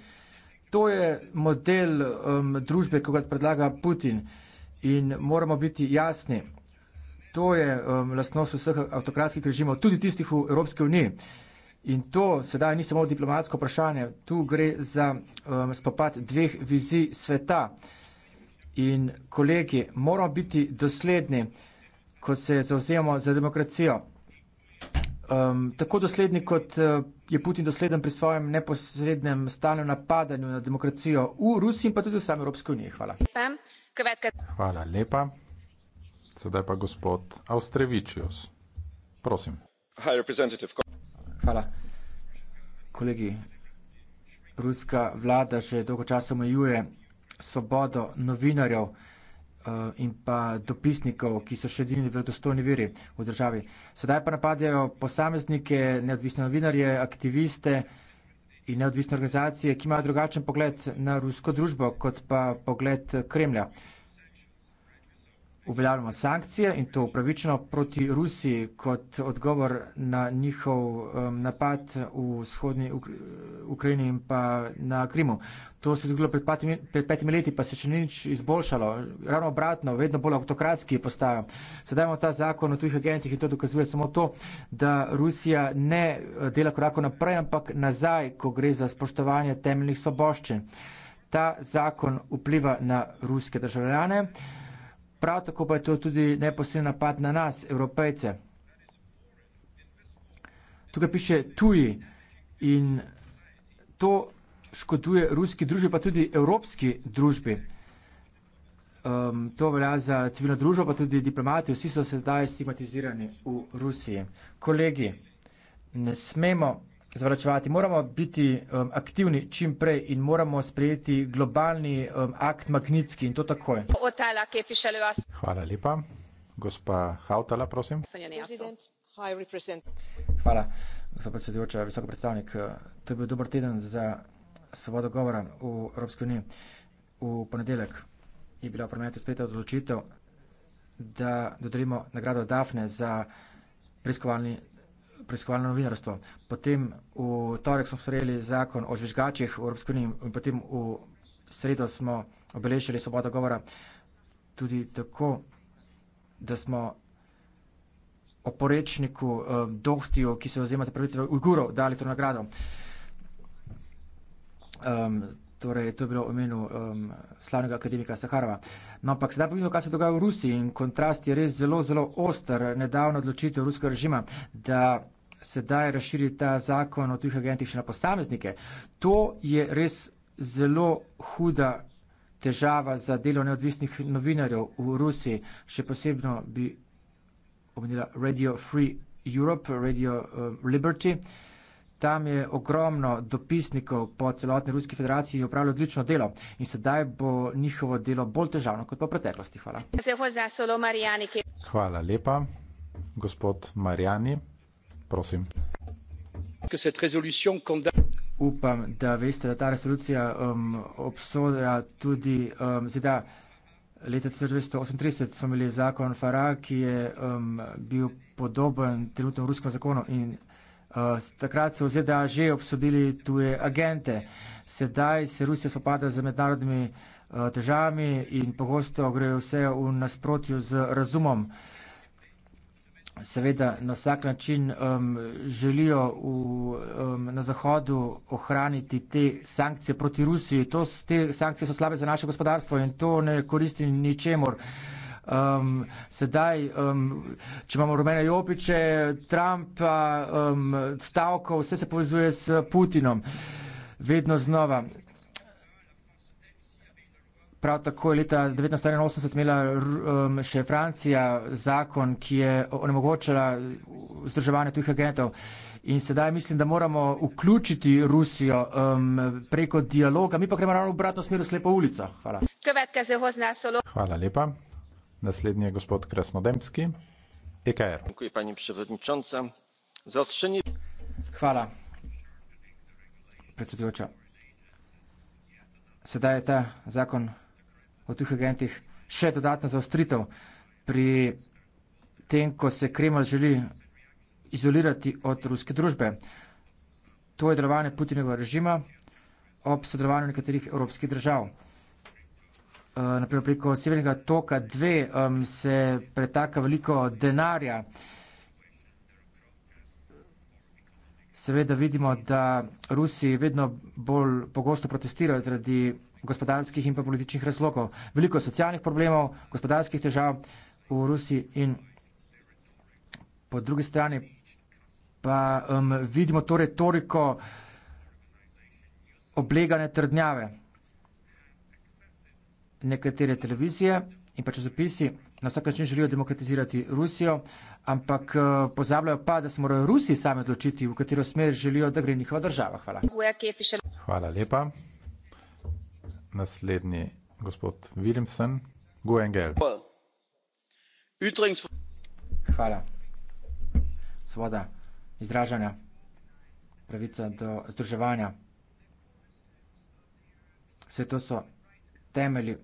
To je model um, družbe, ki ga predlaga Putin in moramo biti jasni. To je um, lastnost vseh avtokratskih režimov, tudi tistih v Evropski uniji. In to sedaj ni samo diplomatsko vprašanje, tu gre za um, spopad dveh vizij sveta. In kolegi, moramo biti dosledni, ko se zauzemamo za demokracijo. Um, tako dosledni, kot eh, je Putin dosleden pri svojem neposrednem stanju napadanju na demokracijo v Rusiji in pa tudi v sami Evropski uniji. Hvala. Hvala lepa. Sedaj pa gospod Avstrevičius. Prosim. Hvala. Kolegi, ruska vlada že dolgo časa omejuje svobodo novinarjev. Eh, in pa dopisnikov, ki so še edini verodostojni viri v državi. Sedaj pa napadajo posameznike, neodvisne novinarje, aktiviste in neodvisne organizacije, ki imajo drugačen pogled na rusko družbo kot pa pogled Kremlja uveljavljamo sankcije in to upravičeno proti Rusiji kot odgovor na njihov um, napad v vzhodni Ukrajini in pa na Krimu. To se je zgodilo pred, pred petimi leti, pa se še ni nič izboljšalo. Ravno obratno, vedno bolj avtokratski je postajal. Sedaj imamo ta zakon o tujih agentih in to dokazuje samo to, da Rusija ne eh, dela korako naprej, ampak nazaj, ko gre za spoštovanje temeljnih svoboščin. Ta zakon vpliva na ruske državljane. Prav tako pa je to tudi neposreden napad na nas, evropejce. Tukaj piše tuji in to škoduje ruski družbi, pa tudi evropski družbi. Um, to velja za civilno družbo, pa tudi diplomati. Vsi so se zdaj stigmatizirani v Rusiji. Kolegi, ne smemo zvračevati. Moramo biti um, aktivni čim prej in moramo sprejeti globalni um, akt Magnitski in to takoj. Hvala lepa. Gospa Hautala, prosim. Hvala, gospod predsedujoča, visoko predstavnik. To je bil dober teden za svobodo govora v Evropski uniji. V ponedeljek je bila v parlamentu sprejeta odločitev, da dodelimo nagrado Dafne za preiskovalni preiskovalno novinarstvo. Potem v torek smo sprejeli zakon o žvižgačih v Evropsko uniji in potem v sredo smo obeležili svobodo govora tudi tako, da smo oporečniku, eh, dohtiju, ki se vzema za pravice Ujgurov, dali to nagrado. Um, torej, to je bilo v imenu um, slavnega akademika Saharova. No, ampak sedaj povedo, kaj se dogaja v Rusiji in kontrast je res zelo, zelo oster nedavno odločitev ruskega režima, da sedaj razširi ta zakon o tujih agentih še na posameznike. To je res zelo huda težava za delo neodvisnih novinarjev v Rusiji. Še posebno bi omenila Radio Free Europe, Radio uh, Liberty. Tam je ogromno dopisnikov po celotni Ruski federaciji opravljalo odlično delo in sedaj bo njihovo delo bolj težavno kot po preteklosti. Hvala. Hvala lepa, gospod Marjani prosim. Upam, da veste, da ta resolucija um, obsoja tudi um, ZDA. Leta 1938 smo imeli zakon Fara, ki je um, bil podoben trenutno ruskemu zakonu in uh, takrat so v ZDA že obsodili tuje agente. Sedaj se Rusija spopada z mednarodnimi uh, težavami in pogosto gre vse v nasprotju z razumom. Uh, seveda na vsak način um, želijo v, um, na Zahodu ohraniti te sankcije proti Rusiji. To, te sankcije so slabe za naše gospodarstvo in to ne koristi ničemor. Um, sedaj, um, če imamo rumene jopiče, Trumpa, um, stavko, vse se povezuje s Putinom. Vedno znova. Prav tako je leta 1981 imela um, še Francija zakon, ki je onemogočala združevanje tujih agentov. In sedaj mislim, da moramo vključiti Rusijo um, preko dialoga. Mi pa gremo ravno v obratno smer, slepa ulica. Hvala. Hvala lepa. Naslednji je gospod Krasnodemski, EKR. Hvala. Predsedujoča. Sedaj je ta zakon o tujih agentih še dodatna zaostritev pri tem, ko se Kreml želi izolirati od ruske družbe. To je delovanje Putinjega režima ob sodelovanju nekaterih evropskih držav. Eh, Naprimer preko Severnega toka 2 se pretaka veliko denarja. Seveda vidimo, da Rusi vedno bolj pogosto protestirajo zaradi gospodarskih in pa političnih razlogov. Veliko socialnih problemov, gospodarskih težav v Rusiji in po drugi strani pa um, vidimo to retoriko oblegane trdnjave. Nekatere televizije in pa časopisi na vsak način želijo demokratizirati Rusijo, ampak eh, pozabljajo pa, da se morajo Rusi sami odločiti, v katero smer želijo, da gre njihova država. Hvala. Hvala lepa naslednji gospod Willemsen, Guengel. Hvala. Svoboda izražanja, pravica do združevanja. Vse to so temelji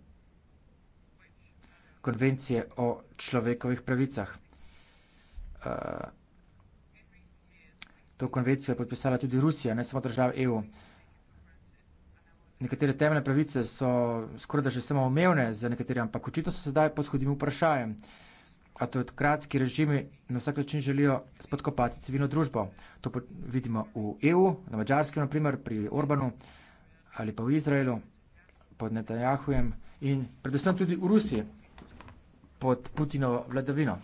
konvencije o človekovih pravicah. Eh, to konvencijo je podpisala tudi Rusija, ne samo država EU. Nekatere temeljne pravice so skoraj da že samo omejene za nekatere, ampak očitno so sedaj pod hudim vprašanjem. Avtokratski režimi na vsak način želijo spodkopati civilno družbo. To vidimo v EU, na Mačarskem, naprimer, pri Orbanu ali pa v Izraelu pod Netanjahujem in predvsem tudi v Rusiji pod Putinovo vladavino.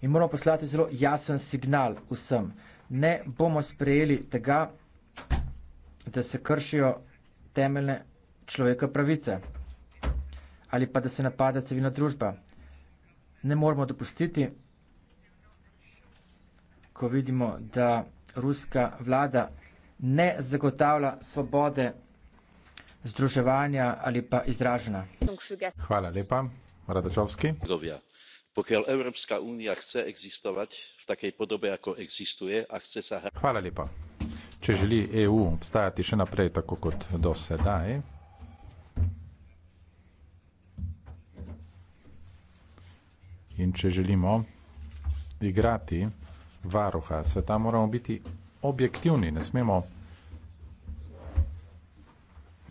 In moramo poslati zelo jasen signal vsem. Ne bomo sprejeli tega, da se kršijo temeljne človeka pravice ali pa da se napada civilna družba. Ne moramo dopustiti, ko vidimo, da ruska vlada ne zagotavlja svobode združevanja ali pa izražena. Hvala lepa. Radačovski. Pokiaľ Európska únia chce existovať v takej podobe, ako existuje a chce sa... Hvala lepa če želi EU obstajati še naprej tako kot do sedaj. In če želimo igrati varuha sveta, moramo biti objektivni, ne smemo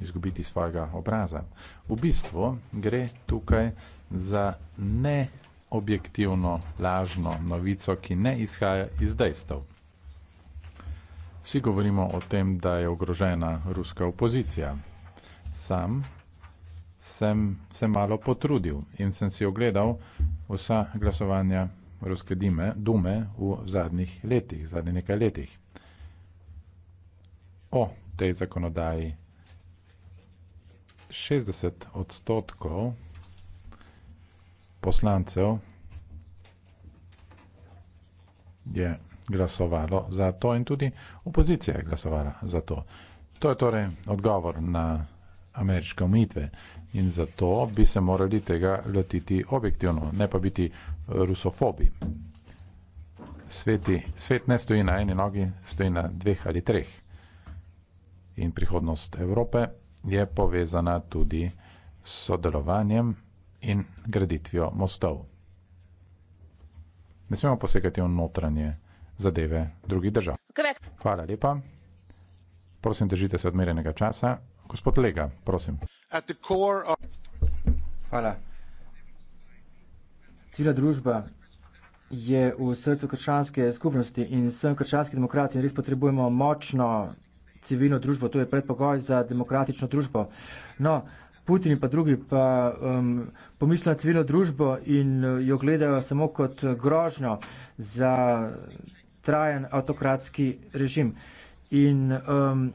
izgubiti svojega obraza. V bistvu gre tukaj za neobjektivno lažno novico, ki ne izhaja iz dejstev. Vsi govorimo o tem, da je ogrožena ruska opozicija. Sam sem se malo potrudil in sem si ogledal vsa glasovanja ruske dime, dume v zadnjih letih, zadnjih nekaj letih. O tej zakonodaji 60 odstotkov poslancev je glasovalo za to in tudi opozicija je glasovala za to. To je torej odgovor na ameriške omejitve in zato bi se morali tega lotiti objektivno, ne pa biti rusofobi. Sveti, svet ne stoji na eni nogi, stoji na dveh ali treh. In prihodnost Evrope je povezana tudi s sodelovanjem in graditvijo mostov. Ne smemo posegati v notranje zadeve drugih držav. Hvala lepa. Prosim, držite se odmerenega časa. Gospod Lega, prosim. Hvala. Cila družba je v srcu krščanske skupnosti in vsem krščanskim demokratom res potrebujemo močno civilno družbo. To je predpogoj za demokratično družbo. No, Putin in pa drugi pa um, pomislijo na civilno družbo in uh, jo gledajo samo kot grožno za trajen avtokratski režim. In um,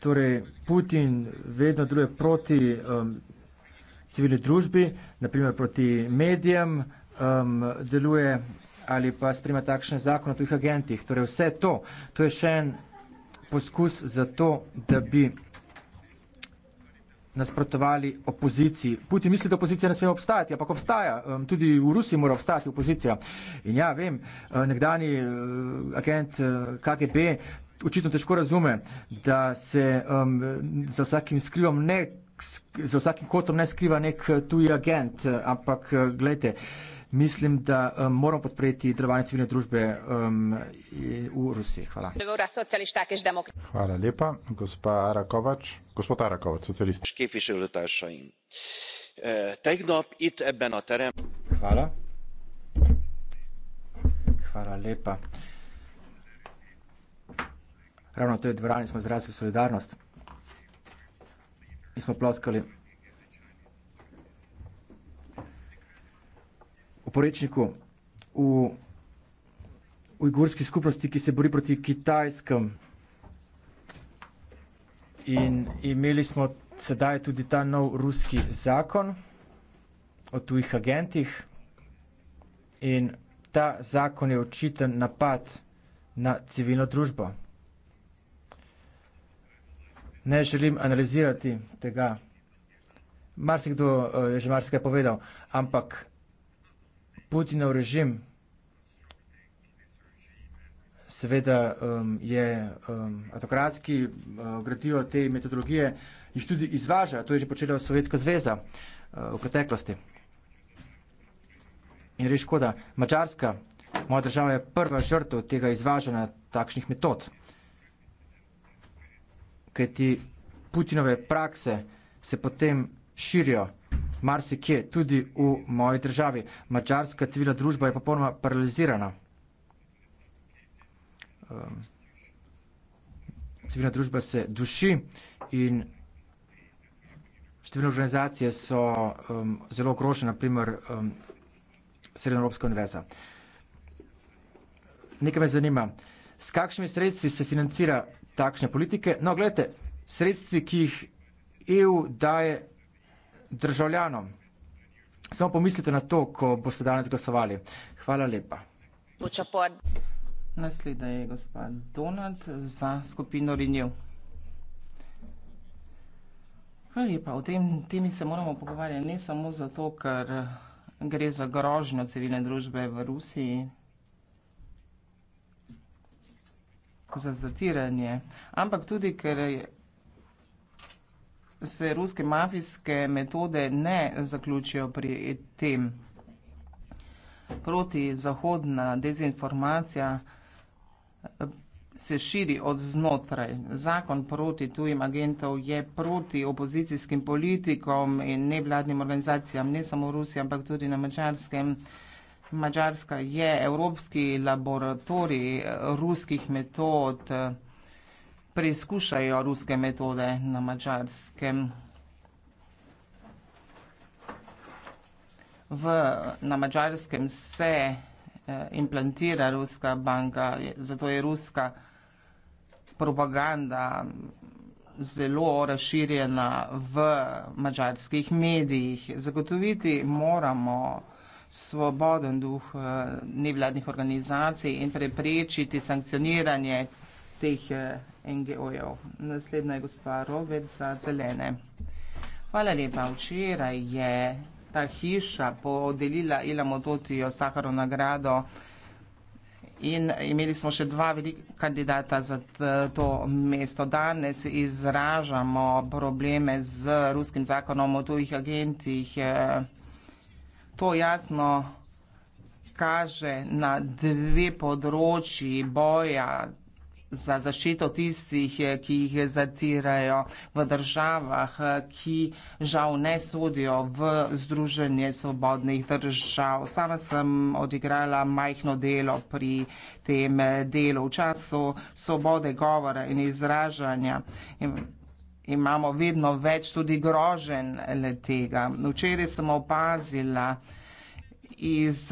torej Putin vedno druge proti um, civilni družbi, naprimer proti medijem, um, deluje ali pa sprema takšne zakone o tujih agentih. Torej vse to, to je še en poskus za to, da bi nasprotovali opoziciji. Putin misli, da opozicija ne sme obstajati, ampak obstaja. Tudi v Rusiji mora obstajati opozicija. In ja, vem, eh, nekdani eh, agent eh, KGB očitno težko razume, da se um, za vsakim skrivom ne, za vsakim kotom ne skriva nek tuji agent, ampak gledajte, mislim, da um, moramo podpreti delovanje civilne družbe um, v Rusiji. Hvala. Hvala lepa, gospa Arakovač. Gospod Arakovač, socialist. Eh, Hvala. Hvala lepa. Ravno v tej dvorani smo izrazili solidarnost in smo ploskali. v porečniku v ujgurski skupnosti, ki se bori proti Kitajskem. In imeli smo sedaj tudi ta nov ruski zakon o tujih agentih. In ta zakon je očiten napad na civilno družbo. Ne želim analizirati tega. Marsikdo eh, je že marsikaj povedal, ampak Putinov režim seveda um, je um, autokratski, uh, gradijo te metodologije, jih tudi izvaža, to je že počela Sovjetska zveza uh, v preteklosti. In reč škoda, Mačarska, moja država je prva žrtev tega izvažanja takšnih metod, kajti Putinove prakse se potem širijo marsikje, tudi v moji državi. Mačarska civilna družba je popolnoma paralizirana. Ehm, civilna družba se duši in številne organizacije so ehm, zelo ogrožene, naprimer ehm, Sredna Evropska univerza. Nekaj me zanima, s kakšnimi sredstvi se financira takšne politike? No, gledajte, sredstvi, ki jih EU daje državljanom. Samo pomislite na to, ko boste danes glasovali. Hvala lepa. Počapor. Naslednja je gospa Donald za skupino Renew. Hvala lepa. O tem temi se moramo pogovarjati ne samo zato, ker gre za grožnjo civilne družbe v Rusiji, za zatiranje, ampak tudi, ker je se ruske mafijske metode ne zaključijo pri tem. Protizahodna dezinformacija eh, se širi od znotraj. Zakon proti tujim agentov je proti opozicijskim politikom in nevladnim organizacijam, ne samo v Rusiji, ampak tudi na Mačarskem. Mačarska je evropski laboratorij eh, ruskih metod. Eh, preizkušajo ruske metode na Madžarskem. V, na Madžarskem se eh, implantira ruska banka, zato je ruska propaganda zelo razširjena v mađarskih medijih. Zagotoviti moramo svoboden duh eh, nevladnih organizacij in preprečiti sankcioniranje teh eh, NGO-jev. Naslednja je gospa Roved za zelene. Hvala lepa. Včeraj je ta hiša podelila Ilamo Dutijo Saharo nagrado in imeli smo še dva velika kandidata za to mesto. Danes izražamo probleme z ruskim zakonom o tujih agentih. E, to jasno kaže na dve področji boja za zaščito tistih, eh, ki jih zatirajo v državah, eh, ki žal ne sodijo v Združenje svobodnih držav. Sama sem odigrala majhno delo pri tem eh, delu. V času svobode govora in izražanja imamo vedno več tudi grožen le tega. Včeraj sem opazila iz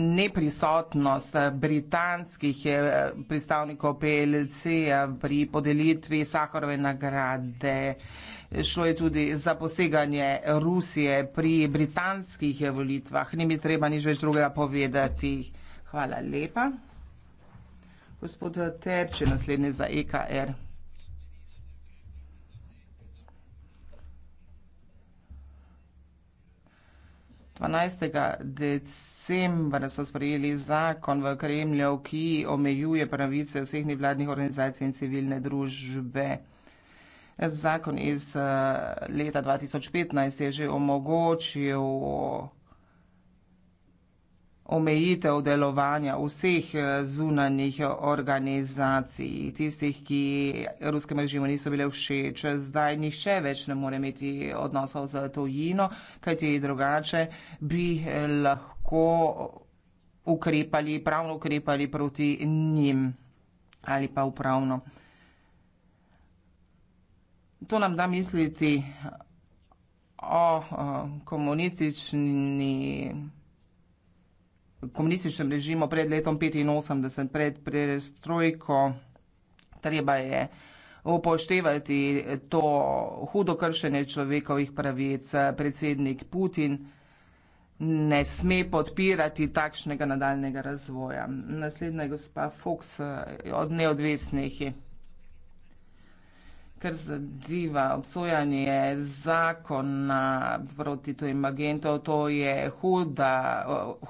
neprisotnost britanskih eh, predstavnikov PLC eh, pri podelitvi Sahorove nagrade. Šlo je tudi za poseganje Rusije pri britanskih eh, volitvah. Ni mi treba nič več drugega povedati. Hvala lepa. Gospod Terče, naslednji za EKR. 12. decembra so sprejeli zakon v Kremlju, ki omejuje pravice vseh nevladnih organizacij in civilne družbe. Zakon iz eh, leta 2015 je že omogočil omejitev delovanja vseh eh, zunanjih organizacij, tistih, ki ruskem režimu niso bile všeč. Zdaj nihče več ne more imeti odnosov z tojino, kajti drugače bi lahko ukrepali, pravno ukrepali proti njim ali pa upravno. To nam da misliti o, o eh, komunistični komunističnem režimu pred letom 85, pred prerestrojko, treba je upoštevati to hudo kršenje človekovih pravic. Predsednik Putin ne sme podpirati takšnega nadaljnega razvoja. Naslednja je gospa Fox od neodvisnih kar zadeva obsojanje zakona proti tujim agentom, to je huda,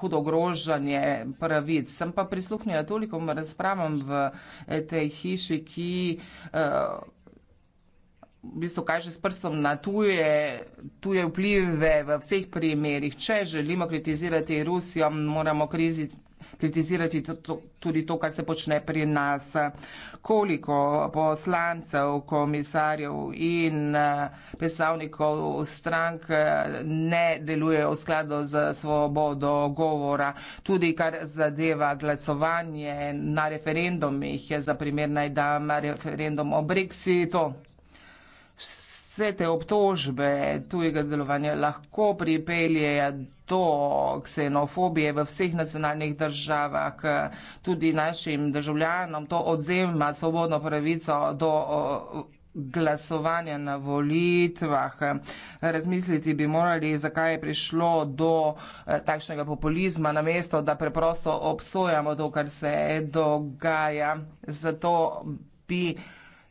hudo ogrožanje pravic. Sem pa prisluhnila toliko razpravam v eh, tej hiši, ki eh, v bistvu kaže s prstom na tuje, tuje vplive v vseh primerih. Če želimo kritizirati Rusijo, moramo kriziti kritizirati to, to, tudi to, kar se počne pri nas. Koliko poslancev, komisarjev in eh, predstavnikov strank eh, ne deluje v skladu z svobodo govora. Tudi kar zadeva glasovanje na referendumih, za primer naj dam referendum o Brexitu. Vse te obtožbe tujega delovanja lahko pripeljejo to ksenofobije v vseh nacionalnih državah, tudi našim državljanom, to odzema svobodno pravico do glasovanja na volitvah. Razmisliti bi morali, zakaj je prišlo do eh, takšnega populizma, namesto da preprosto obsojamo to, kar se dogaja. Zato bi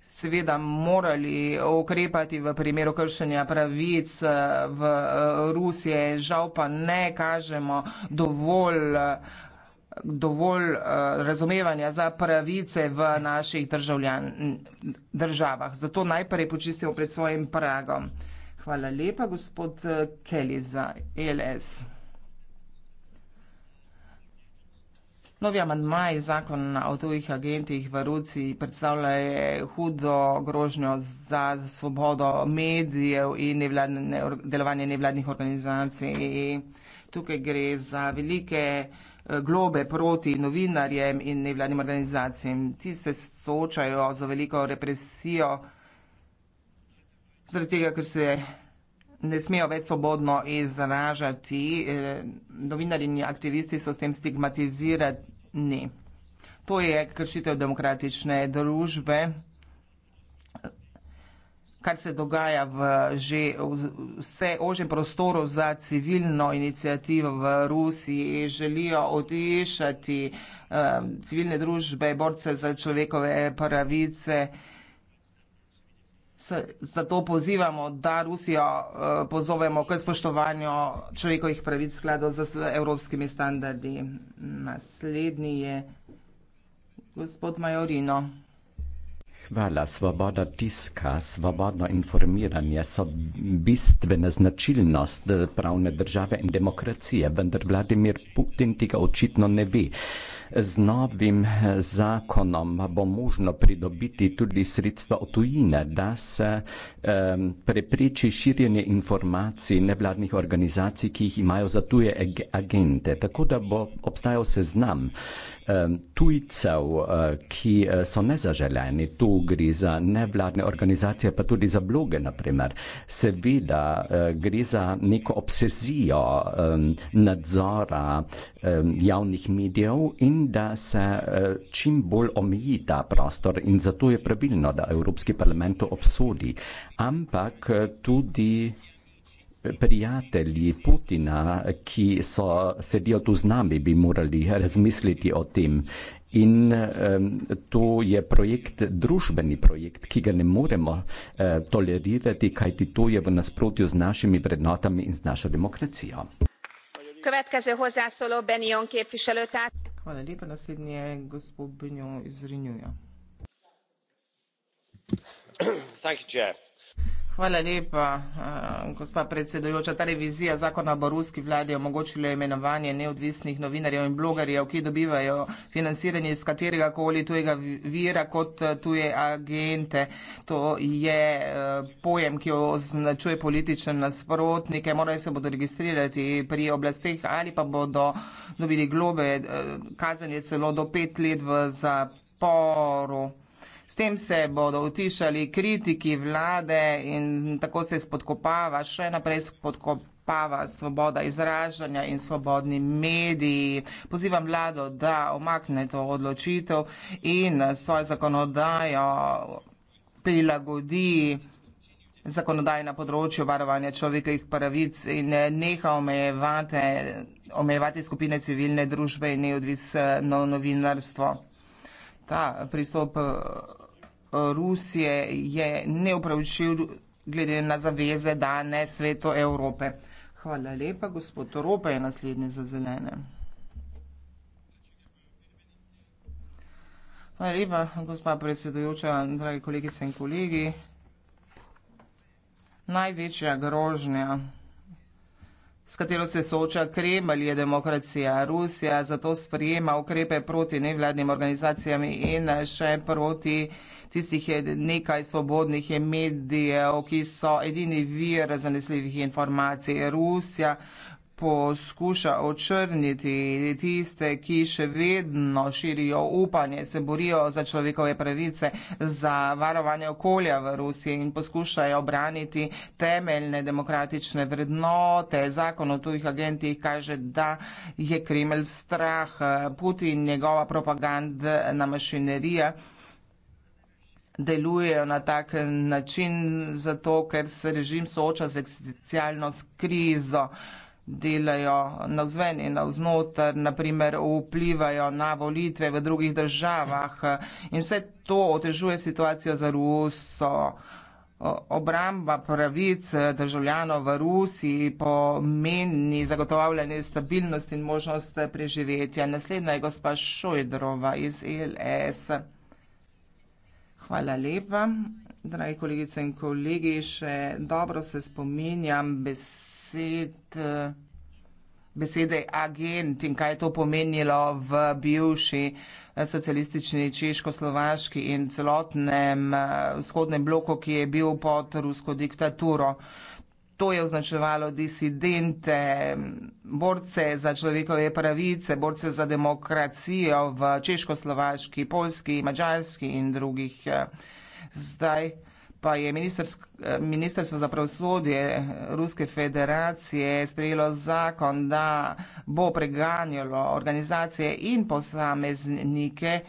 seveda morali ukrepati v primeru kršenja pravic eh, v eh, Rusije, žal pa ne kažemo dovolj eh, dovolj uh, razumevanja za pravice v naših državljan, državah. Zato najprej počistimo pred svojim pragom. Hvala lepa, gospod Kelly za LS. Novi amantmaj zakona o tujih agentih v Rusiji predstavlja hudo grožnjo za svobodo medijev in nevladne, delovanje nevladnih organizacij. Tukaj gre za velike eh, globe proti novinarjem in nevladnim organizacijam. Ti se soočajo z veliko represijo, zaradi tega, ker se ne smejo več svobodno izražati, eh, novinari in aktivisti so s tem stigmatizirani. To je kršitev demokratične družbe, kar se dogaja v že vse ožjem prostoru za civilno inicijativo v Rusiji. Želijo odišati eh, civilne družbe, borce za človekove pravice. Zato pozivamo, da Rusijo eh, pozovemo k spoštovanju človekovih pravic skladu z evropskimi standardi. Naslednji je gospod Majorino. Hvala. Svoboda tiska, svobodno informiranje so bistvena značilnost eh, pravne države in demokracije, vendar Vladimir Putin tega očitno ne ve z novim zakonom bo možno pridobiti tudi sredstva od tujine, da se um, prepreči širjenje informacij nevladnih organizacij, ki jih imajo za tuje agente. Tako da bo obstajal seznam tujcev, eh, ki eh, so nezaželeni, tu gre za nevladne organizacije, pa tudi za bloge, naprimer. Seveda eh, gre za neko obsezijo nadzora javnih medijev in da se čim bolj omeji ta prostor in zato je pravilno, da Evropski parlament to obsodi. Ampak tudi prijatelji Putina, ki so sedijo tu z nami, bi morali razmisliti o tem. In um, to je projekt, družbeni projekt, ki ga ne moremo uh, tolerirati, kajti to je v nasprotju z našimi vrednotami in z našo demokracijo. Hvala lepa, naslednji je gospod Benjo iz Renjuja. Hvala lepa, eh, gospa predsedujoča. Ta revizija zakona bo ruski vladi omogočila imenovanje neodvisnih novinarjev in blogerjev, ki dobivajo financiranje iz katerega koli tujega vira kot eh, tuje agente. To je eh, pojem, ki označuje politične nasprotnike. Morajo se bodo registrirati pri oblasteh ali pa bodo dobili globe, kazen je celo do pet let v zaporu. S tem se bodo utišali kritiki vlade in tako se spodkopava, še naprej spodkopava svoboda izražanja in svobodni mediji. Pozivam vlado, da omakne to odločitev in svojo zakonodajo prilagodi zakonodaj na področju varovanja človekovih pravic in neha omejevati, omejevati skupine civilne družbe in neodvisno novinarstvo. Ta pristop Rusije je neupravičljiv glede na zaveze dane svetu Evrope. Hvala lepa, gospod Torope je naslednji za zelene. Hvala lepa, gospa predsedujoča, dragi kolegice in kolegi. Največja grožnja, s katero se sooča Kremelj, je demokracija. Rusija zato sprejema ukrepe proti nevladnim organizacijam in še proti uh, tistih nekaj svobodnih medijev, ki so edini vir zanesljivih informacij. Rusija poskuša očrniti tiste, ki še vedno širijo upanje, se borijo za človekove pravice, za varovanje okolja v Rusiji in poskušajo obraniti temeljne demokratične vrednote. Zakon o tujih agentih kaže, da je Kremelj strah, Putin njegova propagandna mašinerija delujejo na tak način, zato ker se režim sooča z eksistencialno krizo. Delajo na vzven in na vznoter, naprimer vplivajo na volitve v drugih državah in vse to otežuje situacijo za Ruso. Obramba pravic državljanov v Rusiji pomeni zagotovljanje stabilnosti in možnost preživetja. Naslednja je gospa Šojdrova iz LS. Hvala lepa. Dragi kolegice in kolegi, še dobro se spominjam besed, besede agent in kaj je to pomenilo v bivši eh, socialistični Češko-Slovaški in celotnem eh, vzhodnem bloku, ki je bil pod rusko diktaturo. To je označevalo disidente, borce za človekove pravice, borce za demokracijo v češko-slovaški, polski, mađarski in drugih. Eh. Zdaj pa je eh, Ministrstvo za pravosodje Ruske federacije sprejelo zakon, da bo preganjalo organizacije in posameznike,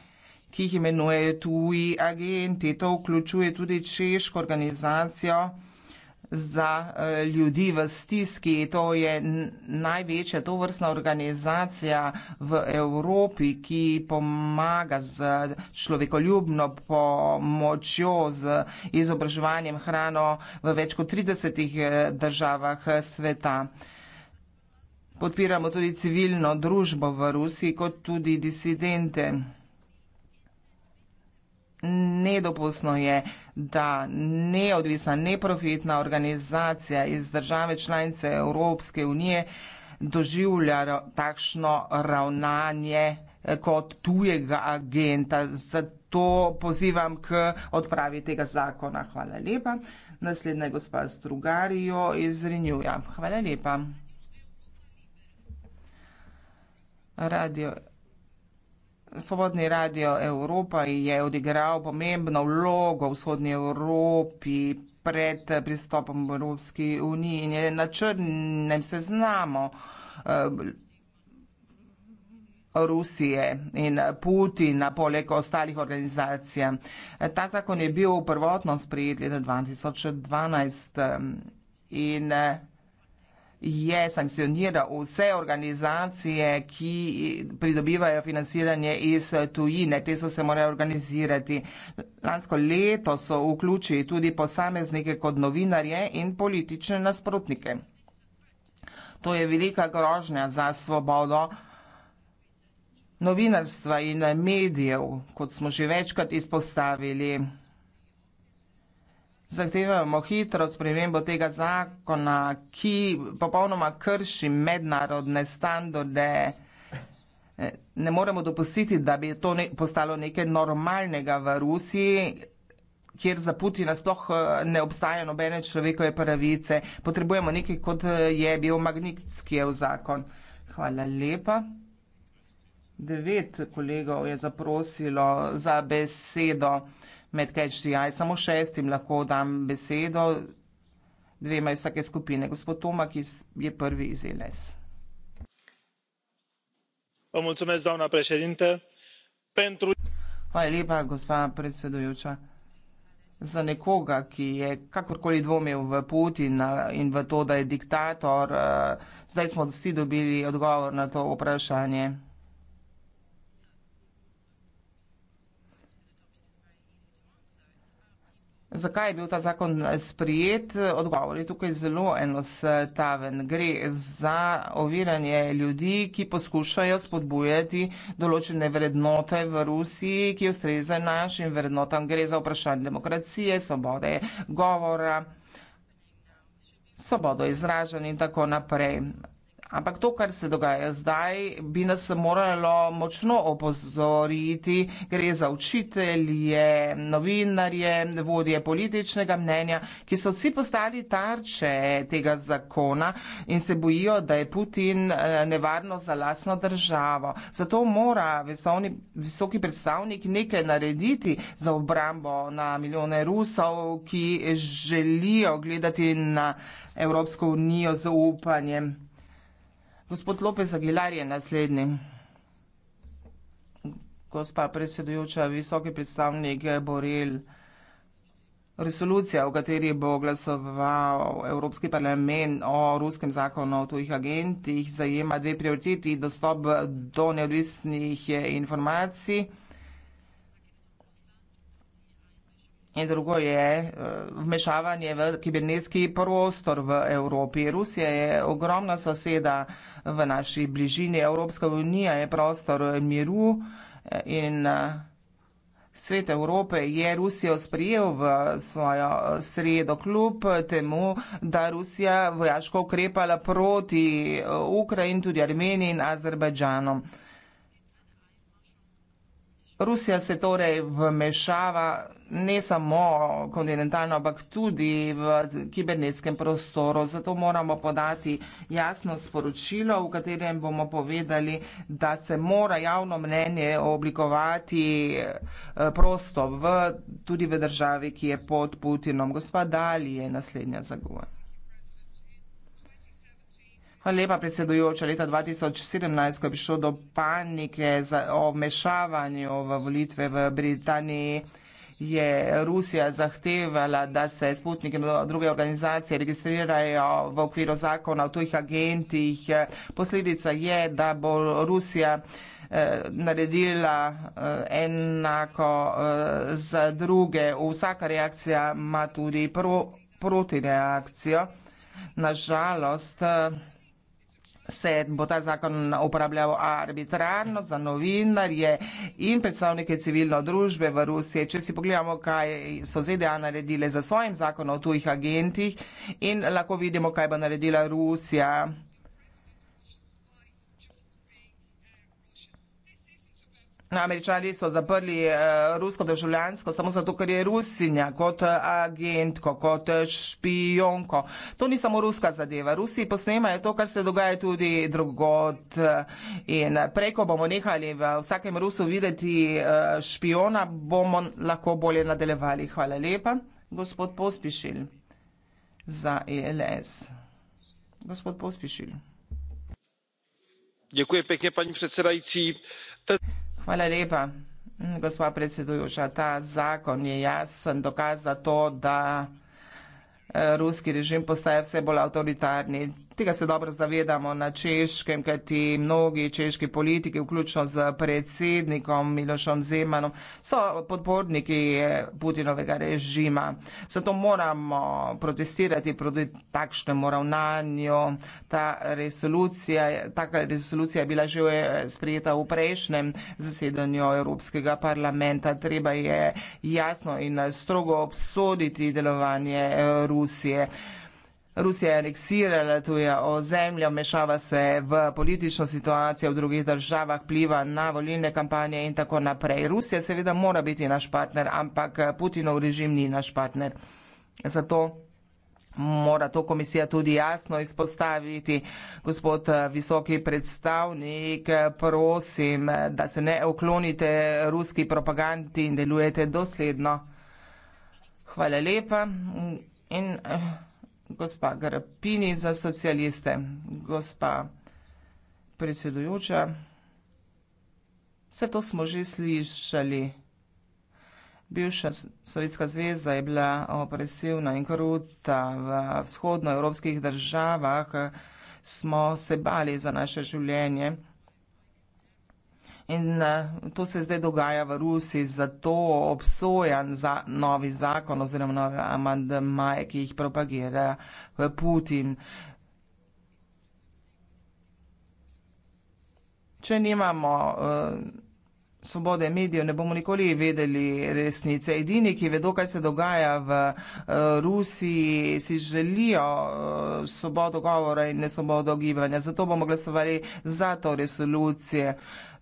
ki jih imenujejo tuji agenti. To vključuje tudi češko organizacijo za e, ljudi v stiski. To je največja tovrstna organizacija v Evropi, ki pomaga z človekoljubno pomočjo, z izobraževanjem hrano v več kot 30 e, državah e, sveta. Podpiramo tudi civilno družbo v Rusiji, kot tudi disidente. Nedopustno je, da neodvisna, neprofitna organizacija iz države članice Evropske unije doživlja takšno ravnanje eh, kot tujega agenta. Zato pozivam k odpravi tega zakona. Hvala lepa. Naslednja je gospa Strugarijo iz Renjuja. Hvala lepa. Radio. Svobodni radio Evropa je odigral pomembno vlogo v vzhodni Evropi pred pristopom v Evropski uniji in je na črnem seznamu eh, Rusije in Putina, poleg ostalih organizacij. Ta zakon je bil prvotno sprejet leta 2012 eh, in eh, je sankcioniral vse organizacije, ki pridobivajo financiranje iz tujine. Te so se morali organizirati. Lansko leto so vključili tudi posameznike kot novinarje in politične nasprotnike. To je velika grožnja za svobodo novinarstva in medijev, kot smo že večkrat izpostavili zahtevamo hitro spremembo tega zakona, ki popolnoma krši mednarodne standarde. E, ne moremo dopustiti, da bi to ne, postalo nekaj normalnega v Rusiji, kjer za Putina sploh e, ne obstaja nobene človekove pravice. Potrebujemo nekaj, kot e, je bil Magnitskijev zakon. Hvala lepa. Devet kolegov je zaprosilo za besedo med KHCI. Samo šestim lahko dam besedo, dvema iz vsake skupine. Gospod Toma, ki je prvi iz LS. Hvala lepa, gospa predsedujoča. Za nekoga, ki je kakorkoli dvomil v Putina in v to, da je diktator, zdaj smo vsi dobili odgovor na to vprašanje. Zakaj je bil ta zakon eh, sprijet? Odgovor je tukaj zelo enostaven. Gre za oviranje ljudi, ki poskušajo spodbujati določene vrednote v Rusiji, ki ustrezajo našim vrednotam. Gre za vprašanje demokracije, svobode govora, svobodo izražanja in tako naprej. Ampak to, kar se dogaja zdaj, bi nas moralo močno opozoriti. Gre za učitelje, novinarje, vodje političnega mnenja, ki so vsi postali tarče tega zakona in se bojijo, da je Putin eh, nevarno za lasno državo. Zato mora visovni, visoki predstavnik nekaj narediti za obrambo na milijone Rusov, ki želijo gledati na Evropsko unijo z upanjem. Gospod Lopez Aguilar je naslednji. Gospa predsedujoča, visoki predstavnik Borel, resolucija, v kateri bo glasoval Evropski parlament o ruskem zakonu o tujih agentih, zajema dve prioriteti, dostop do neodvisnih informacij. In drugo je eh, vmešavanje v kibernetski prostor v Evropi. Rusija je ogromna soseda v naši bližini, Evropska unija je prostor miru eh, in eh, svet Evrope je Rusijo sprijel v svojo sredo kljub temu, da Rusija vojaško ukrepala proti Ukrajini, tudi Armeniji in Azerbajdžanom. Rusija se torej vmešava ne samo kontinentalno, ampak tudi v kibernetskem prostoru. Zato moramo podati jasno sporočilo, v katerem bomo povedali, da se mora javno mnenje oblikovati eh, prosto v, tudi v državi, ki je pod Putinom. Gospa Dali je naslednja zagovornica. Hvala lepa, predsedujoča. Leta 2017, ko je prišlo do panike za, o vmešavanju v volitve v Britaniji, je Rusija zahtevala, da se Sputnik in druge organizacije registrirajo v okviru zakona o tujih agentih. Posledica je, da bo Rusija eh, naredila eh, enako eh, za druge. Vsaka reakcija ima tudi pro, protireakcijo. Nažalost, se bo ta zakon uporabljal arbitrarno za novinarje in predstavnike civilne družbe v Rusiji. Če si pogledamo, kaj so ZDA naredile za svojim zakonom o tujih agentih in lahko vidimo, kaj bo naredila Rusija. Američani so zaprli eh, rusko državljansko samo zato, ker je Rusinja kot eh, agentko, kot eh, špijonko. To ni samo ruska zadeva. Rusi posnemajo to, kar se dogaja tudi drugod. In preko bomo nehali v vsakem Rusu videti špijona, bomo lahko bolje nadaljevali. Hvala lepa, gospod Pospišil za ELS. Gospod Pospišil. Děkuji pekne, pani predsedajci. Ten... Hvala lepa. Gospa predsedujoča, ta zakon je jasen dokaz za to, da eh, ruski režim postaja vse bolj avtoritarni tega se dobro zavedamo na češkem, kajti mnogi češki politiki, vključno z predsednikom Milošom Zemanom, so podporniki eh, Putinovega režima. Zato moramo protestirati proti takšnemu ravnanju. Ta resolucija, taka resolucija je bila že eh, sprejeta v prejšnjem zasedanju Evropskega parlamenta. Treba je jasno in eh, strogo obsoditi delovanje Rusije. Rusija je aneksirala tuja ozemlja, mešava se v politično situacijo v drugih državah, pliva na volilne kampanje in tako naprej. Rusija seveda mora biti naš partner, ampak Putinov režim ni naš partner. Zato mora to komisija tudi jasno izpostaviti. Gospod eh, visoki predstavnik, eh, prosim, da se ne oklonite ruski propagandi in delujete dosledno. Hvala lepa. In, eh, gospa Grapini za socialiste. Gospa predsedujoča, vse to smo že slišali. Bivša Sovjetska zveza je bila opresivna in kruta v vzhodnoevropskih državah, smo se bali za naše življenje. In uh, to se zdaj dogaja v Rusiji, zato obsojan za novi zakon oziroma nove amandmaje, ki jih propagira v eh, Putin. Če nimamo uh, svobode medijev, ne bomo nikoli vedeli resnice. Edini, ki vedo, kaj se dogaja v eh, Rusiji, si želijo eh, svobodo govora in ne svobodo gibanja. Zato bomo glasovali za to resolucijo.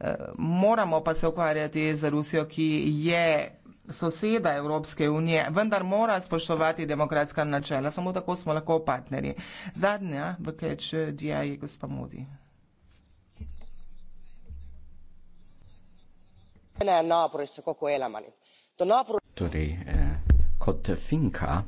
Eh, moramo pa se ukvarjati z Rusijo, ki je soseda Evropske unije, vendar mora spoštovati demokratska načela. Samo tako smo lahko partnerji. Zadnja, v kateri je gospod Modi. venäjän naapurissa koko elämäni. Tuo naapuri... Tuli torej, äh, eh, Kotte Finka.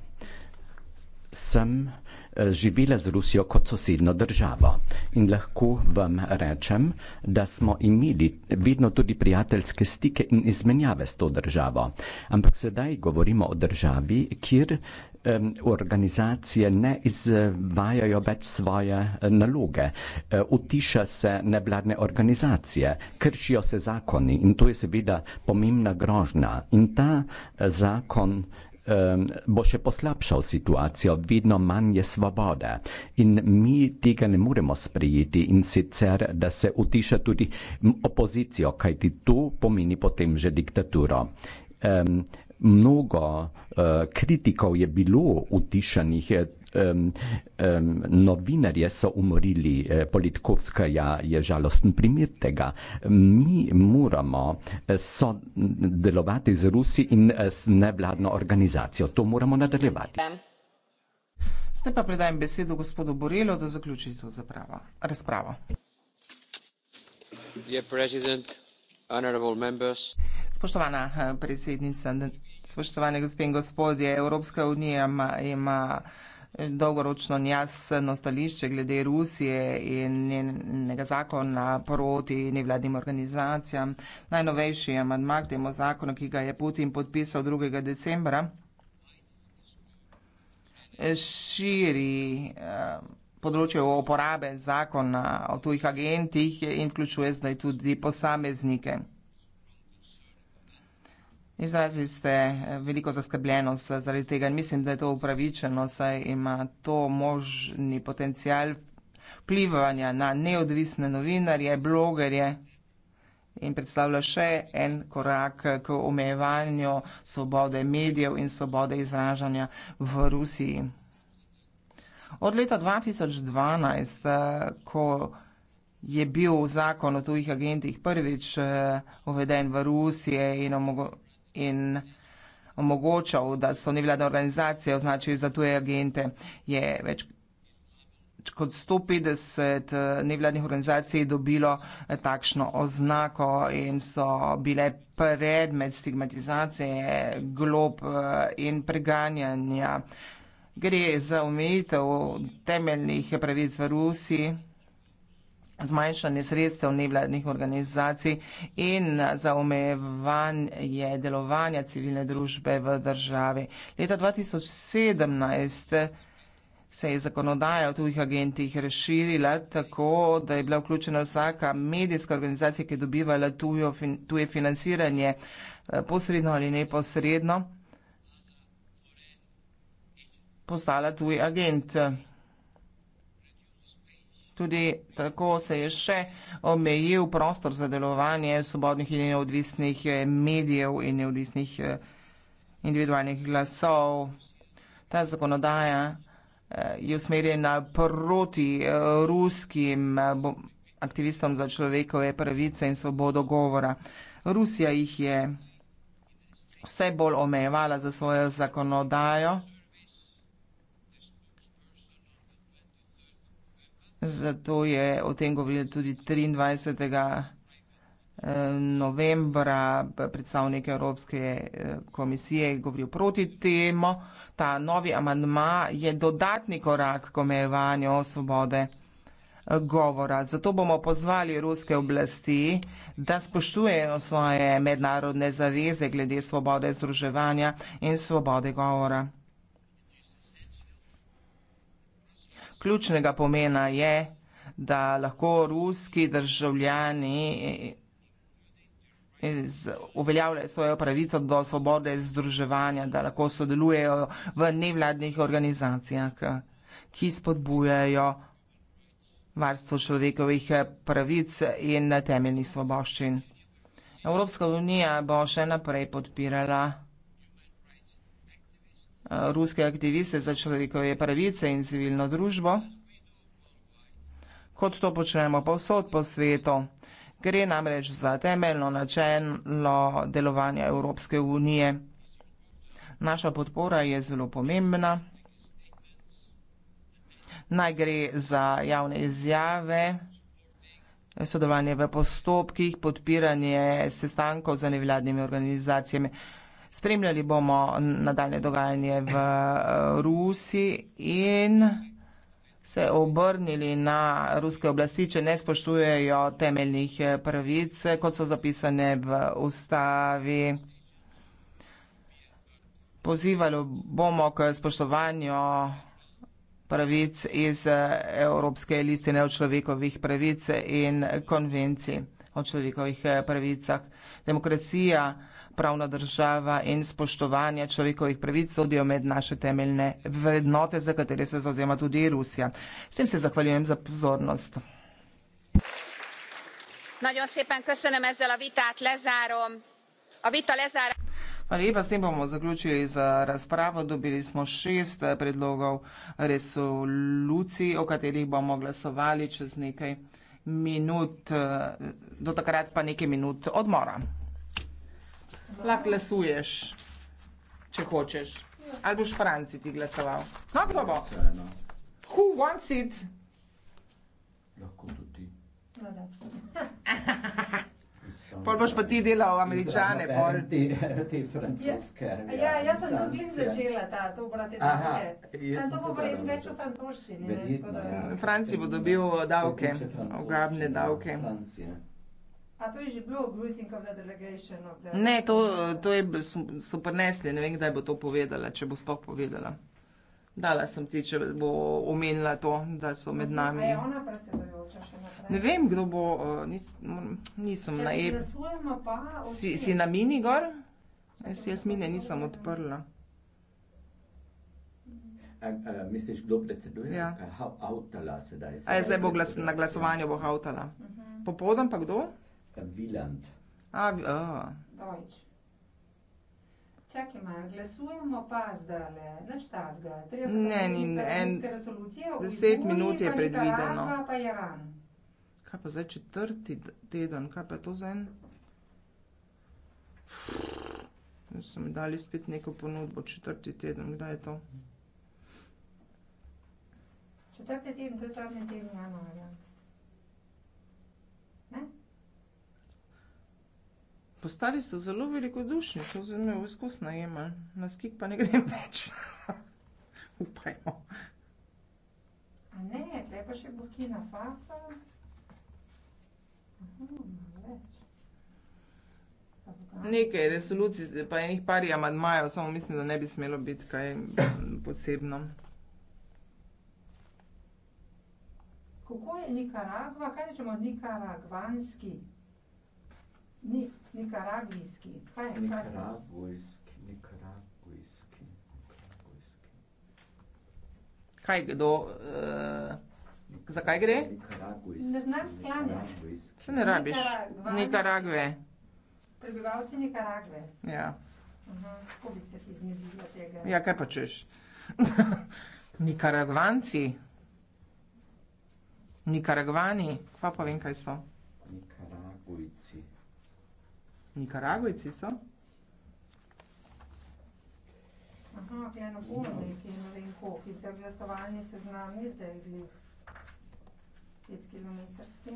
Sam Eh, živile z Rusijo kot sosedno državo. In lahko vam rečem, da smo imeli vedno tudi prijateljske stike in izmenjave s to državo. Ampak sedaj govorimo o državi, kjer organizacije ne izvajajo več svoje eh, naloge, eh, utiša se nevladne organizacije, kršijo se zakoni in to je seveda pomembna grožnja. In ta zakon um, bo še poslabšal situacijo, vedno manj je svobode. In mi tega ne moremo sprijeti in sicer, da se utiša tudi opozicijo, kajti to pomeni potem že diktaturo. Um, mnogo uh, kritikov je bilo utišanih. Um, um, novinarje so umorili, eh, politkovska ja, je žalosten primer tega. Mi moramo sodelovati z Rusi in s nevladno organizacijo. To moramo nadaljevati. Zdaj pa predajem besedo gospodu Borelu, da zaključi to zapravo, razpravo. Spoštovana predsednica. Spoštovane gospe in gospodje, Evropska unija ima, ima dolgoročno njasno stališče glede Rusije in njenega zakona proti nevladnim organizacijam. Najnovejši je manjmak temu zakonu, ki ga je Putin podpisal 2. decembra, širi eh, področje uporabe zakona o tujih agentih in vključuje zdaj tudi posameznike. Izrazili ste eh, veliko zaskrbljenost eh, zaradi tega in mislim, da je to upravičeno, saj ima to možni potencial vplivanja na neodvisne novinarje, blogerje in predstavlja še en korak k omejevanju svobode medijev in svobode izražanja v Rusiji. Od leta 2012, eh, ko je bil zakon o tujih agentih prvič uveden v Rusije in omogočen, in omogočal, da so nevladne organizacije označili za tuje agente, je več kot 150 eh, nevladnih organizacij dobilo eh, takšno oznako in so bile predmet stigmatizacije, glob eh, in preganjanja. Gre za omejitev temeljnih pravic v Rusiji zmanjšanje sredstev nevladnih organizacij in za omejevanje delovanja civilne družbe v državi. Leta 2017 se je zakonodaja o tujih agentih razširila tako, da je bila vključena vsaka medijska organizacija, ki je dobivala tujo, tuje financiranje eh, posredno ali neposredno, postala tuji agent. Tudi tako se je še omejil prostor za delovanje svobodnih in neodvisnih eh, medijev in neodvisnih eh, individualnih glasov. Ta zakonodaja eh, je usmerjena proti ruskim aktivistom za človekove pravice in svobodo govora. Rusija jih je vse bolj omejevala za svojo zakonodajo. Zato je o tem govorila tudi 23. Eh, novembra predstavnik Evropske eh, komisije govoril proti temu. Ta novi amandma je dodatni korak k omejevanju svobode eh, govora. Zato bomo pozvali ruske oblasti, da spoštujejo svoje mednarodne zaveze glede svobode združevanja in svobode govora. ključnega pomena je, da lahko ruski državljani uveljavljajo svojo pravico do svobode združevanja, da lahko sodelujejo v nevladnih organizacijah, ki spodbujajo varstvo človekovih pravic in temeljnih svoboščin. Evropska unija bo še naprej podpirala ruske aktiviste za človekove pravice in civilno družbo, kot to počnemo povsod po svetu. Gre namreč za temeljno načelo delovanja Evropske unije. Naša podpora je zelo pomembna. Naj gre za javne izjave, sodelovanje v postopkih, podpiranje sestankov z nevladnimi organizacijami. Spremljali bomo nadaljne dogajanje v eh, Rusi in se obrnili na ruske oblasti, če ne spoštujejo temeljnih eh, pravic, kot so zapisane v ustavi. Pozivali bomo k spoštovanju pravic iz eh, Evropske listine o človekovih pravice in konvenciji o človekovih pravicah. Demokracija pravna država in spoštovanje človekovih pravic sodijo med naše temeljne vrednote, za katere se zauzema tudi Rusija. S tem se zahvaljujem za pozornost. Hvala lepa, s tem bomo zaključili z razpravo. Dobili smo šest eh, predlogov resolucij, o katerih bomo glasovali čez nekaj minut. Eh, do takrat pa nekaj minut odmora lahko glasuješ, če hočeš. Ali boš Franci ti glasoval? No, kdo bo? Who wants it? Lahko tudi ti. No, pol boš pa ti delal američane, pol. Te, te francoske. Ja, ja, ja jaz sem tudi začela ta, to brate, da Aha, je. Sem to povrjem več o francoščini. Ne, Verjetno, ja. Franci bo dobil eh, davke, ogabne davke. Francija. Ne, to, to je, so, so prinesli, ne vem, kdaj bo to povedala, če bo sploh povedala. Dala sem ti, če bo omenila to, da so med nami. Ne vem, kdo bo, eh, nis, nisem na E. Si, si na mini gor? Jaz, jaz mini nisem odprla. A, a, misliš, kdo predseduje? Ja. Avtala sedaj. Ja, zdaj bo glas, na glasovanju bo avtala. Uh mhm. -huh. Popoldan pa kdo? Uh -huh. Wieland. A, oh. Deutsch. Čakaj malo, glasujemo pa zdaj le, nič tazga. Ne, ni, en, deset minut je predvideno. Kaj pa zdaj četrti teden, kaj pa je to za en? So mi dali spet neko ponudbo, četrti teden, kdaj je to? Četrti teden, to je zadnji teden januarja. postali so zelo velikodušni, to zelo me vskus najema, na skik pa ne gre več. Upajmo. Ne, tle pa še Burkina Faso. Nekaj resolucij, pa enih pari amadmajev, samo mislim, da ne bi smelo biti kaj mm, posebno. Kako je Nikaragva? Kaj rečemo Nikaragvanski? Ni, nikaragvijski. Kaj je? Nikaragvijski, nikaragvijski. nikaragvijski. Kaj kdo? Uh, zakaj gre? Nikaragvijski. Ne znam sklanjati. Se ne rabiš. Nikaragve. Prebivalci Nikaragve. Ja. Kako bi se ti znebila tega? Ja, kaj pa češ? Nikaragvanci. Nikaragvani. Kva pa vem, kaj so? Nikaragujci. Nikaragujci so. Aha, ja, na polno nekaj, ne vem koliko. In ta glasovalni seznam je zdaj glih petkilometrski.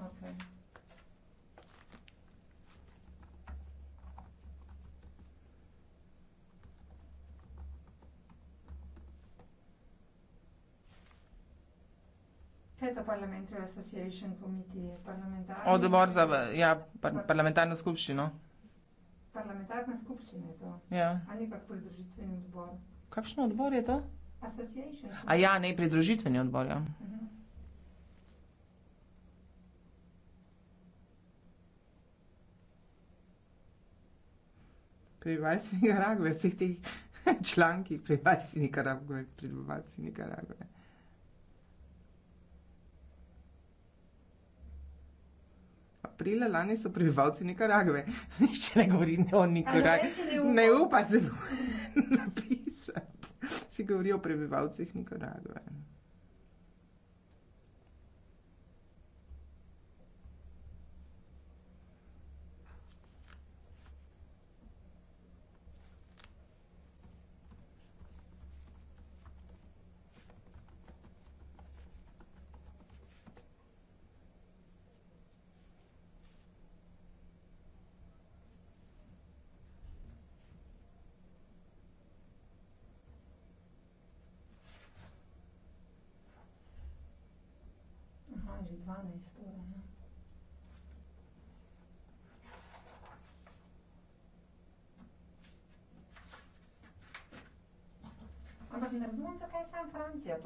Okej. Okay. Odbor za, ja, par, parlamentarno skupščino. Parlamentarna skupščina je to. Ja. A ni pa pridružitveni odbor. Kakšen odbor je to? Association. A ja, ne, pridružitveni odbor, ja. Uh mhm. -huh. Prebivalci Nicaragve, vseh teh članki, prebivalci Nicaragve, prebivalci Nicaragve. aprila lani so prebivalci Nikaragve. Nihče ne govori ne o Nikaragvi. Ne upa se napisati. Si govori o prebivalcih Nikaragve.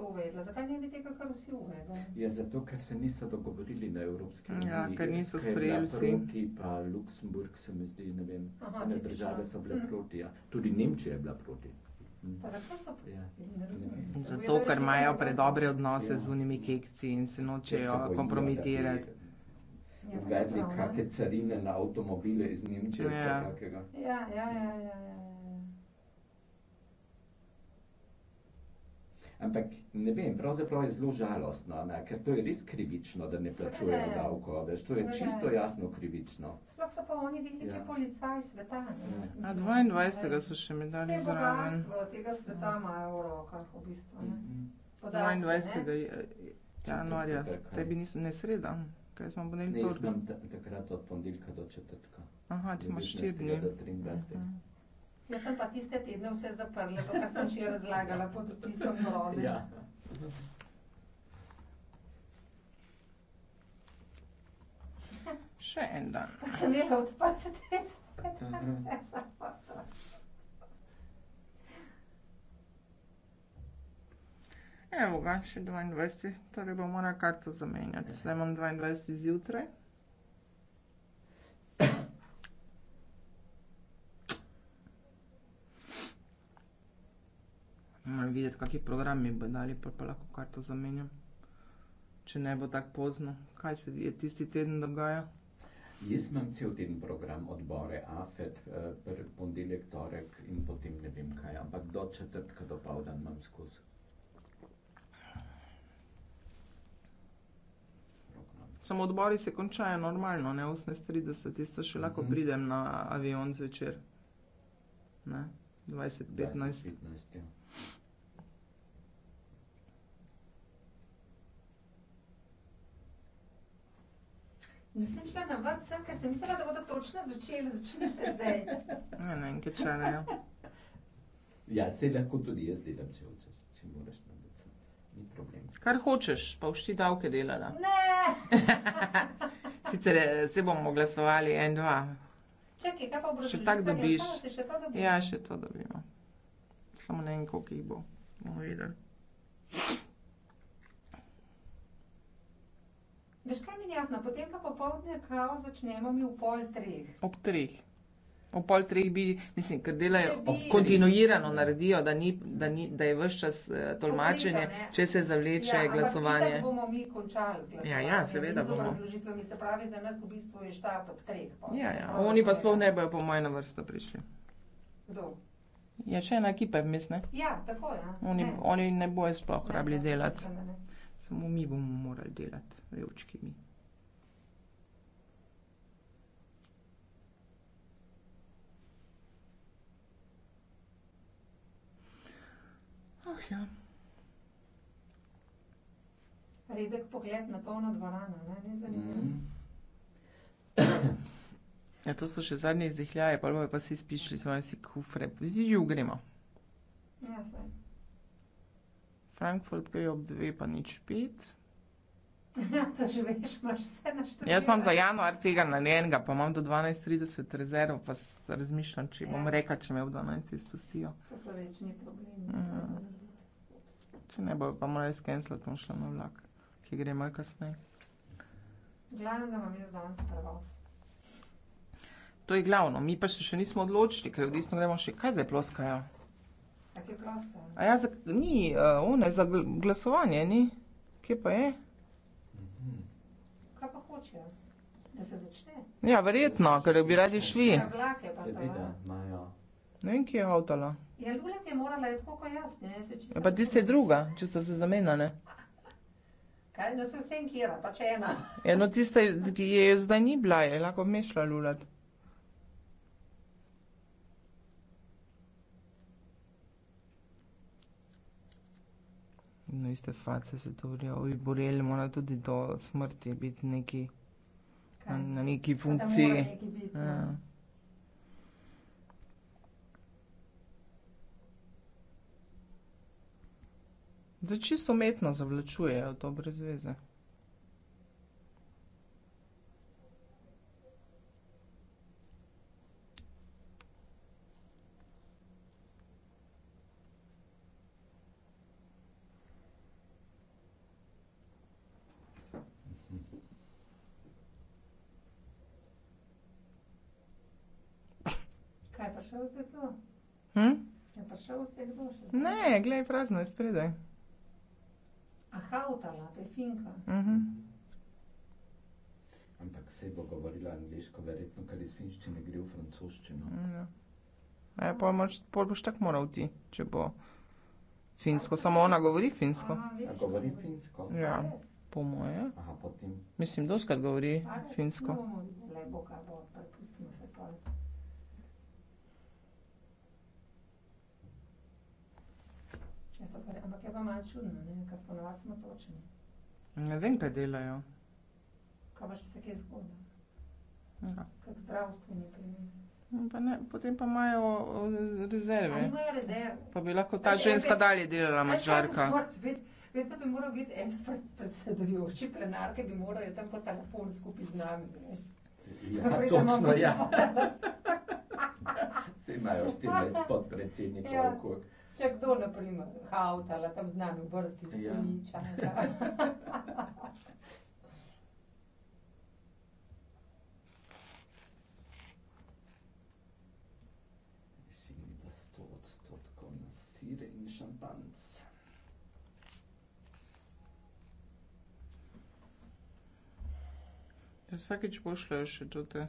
to uvedla? Zakaj ne bi tega kar vsi uvedli? Ja, zato, ker se niso dogovorili na Evropski ja, uniji. Ja, ker niso sprejeli vsi. Proti, pa Luksemburg se mi zdi, ne vem, Aha, ne države so bile hm. proti. Ja. Tudi Nemčija je bila proti. Hm. Ja. ja zato, ker imajo predobre odnose ja. z unimi kekci in se nočejo se kompromitirati. Ja, Uvedli kakšne carine na avtomobile iz Nemčije. Ja. ja, ja, ja. ja, ja, ja, ja. Ampak ne vem, pravzaprav je zelo žalostno, ne? ker to je res krivično, da ne plačujejo davko. Veš, to je Sveda. čisto jasno krivično. Sploh so pa oni veliki ja. policaji sveta. Ja. A 22. Ne? so še medalje. Vse bogatstvo tega sveta ja. imajo v rokah, v bistvu. Mm -hmm. Podajte, 22. Ne? Mhm. januarja, tebi niso nesreda. Kaj smo bili torbi? Takrat od ponedeljka do četrtka. Aha, ti imaš 4 dni. 23. Aha. Jaz sem pa tiste tedne vse zaprla, to, kar sem še razlagala pod opisom groze. Ja. Še en dan. Pa sem imela odprte teste, vse mhm. zaprla. Evo ga, še 22, torej bom morala karto zamenjati. Zdaj imam 22 zjutraj. Moram videti, kakšni programi bo dali, pa, pa lahko karto zamenjam. Če ne bo tako pozno, kaj se je tisti teden dogaja? Jaz imam cel teden program odbore AFED, eh, prvi ponedeljek, torek in potem ne vem kaj, ampak do četrtka do povdan imam skozi. Samo odbori se končajo normalno, ne 18:30, tisto še lahko uh mhm. -huh. pridem na avion zvečer. 20:15. 20, Nisem šla na vrt sem, ker sem mislila, da bodo točno začeli, začnite zdaj. Ne, ne, ki čarajo. Ja, se ja, lahko tudi jaz delam, če hočeš, če moraš na vrt sem. Ni problem. Kar hočeš, pa všti davke delala. Ne! Sicer eh, se bomo glasovali en, dva. Čakaj, kaj pa bo še tako ja, dobiš? Ja, še to dobimo. Samo ne vem, koliko jih bo. Bomo videli. Veš kaj mi je jasno, potem pa popoldne kavo začnemo mi v pol treh. Ob treh. Ob pol treh bi, mislim, ker delajo bi, kontinuirano, bi, naredijo, da, ni, da, ni, da je vse čas eh, tolmačenje, pokrita, če se zavleče ja, glasovanje. Ja, bomo mi končali z glasovanjem. Ja, ja seveda bomo. Razložitvami se pravi, za nas v bistvu je štart ob treh. Ja, ja, pa oni pa sploh ne bojo po mojem na vrsto prišli. Kdo? Je ja, še ena ekipa, mislim. Ja, tako je. Ja. Oni, oni ne bojo sploh rabili delati. Ne, ne, ne samo mi bomo morali delati, revčki mi. Ah, ja. Redek pogled na polno dvorano, ne, ne zanimivo. Mm. Ja, to so še zadnje izdihljaje, pa bojo pa si spičili svoje si kufre. Zdi, že gremo. Ja, saj. Frankfurt gre ob 2, pa nič 5. Ja, že veš, imaš vse naštete. Jaz imam za januar tega na enega, pa imam do 12.30 rezervo, pa razmišljam, če ja. bom rekel, če me v 12.00 izpustijo. To so večni problemi. Ja. Če ne bojo, pa morajo skenslati, bom šla na vlak, ki gre malo kasneje. Glavno, da imam jaz danes prvost. To je glavno, mi pa se še nismo odločili, ker v bistvu gremo še kaj zdaj ploskajo. Ja. A ja, za, ni, uh, one, za glasovanje ni. Kje pa je? Mhm. Kaj pa hočejo? Da se začne? Ja, verjetno, ker bi radi šli. Se vide, imajo. Ne vem, kje je avtala. Ja, Lulet je morala, je tako kot jaz. Ne, ja, pa tiste je druga, če sta se zamenjane. Kaj, no se vsem kjera, pa če ena. Ja, no tiste, ki je zdaj ni bila, je lahko mešla Lulet. Ja. na no, iste face se to vrijo. Ovi boreli mora tudi do smrti biti neki, na, na neki funkciji. Za ja. ja. čisto umetno zavlačujejo to brez veze. Hm? Ne, gledaj, prazno je spredaj. Mhm. Ampak se bo govorila angliško, verjetno, ker iz finščine gre v francoščino. Mm, ja. E, pa moč, pol boš tako moral ti, če bo finsko. Samo ona govori finsko. Aha, ja, govori finsko. Ja. ja, po moje. Aha, potem. Mislim, doskrat govori finsko. No, Lepo, kar bo, prepustimo se pol. Ampak je pa malo čudno, ne? ker ponovat smo točni. Ne vem, kaj delajo. Kaj pa še se kje zgodi? Ja. Kak zdravstveni no, pa ne, Potem pa imajo rezerve. Ali imajo rezerve? Pa bi lahko ta Ali ženska bi, dalje delala, mažarka. Vem, da bi moral biti en predsedujoči plenarke, bi moral je tam po telefon skupaj z nami. Ne? Ja, točno, ja. Se imajo 14 podpredsednikov, ja. koliko če kdo, na primer, avto ali tam znani vrsti ja. stoliča. Vsakeč pošljajo še ja, čute.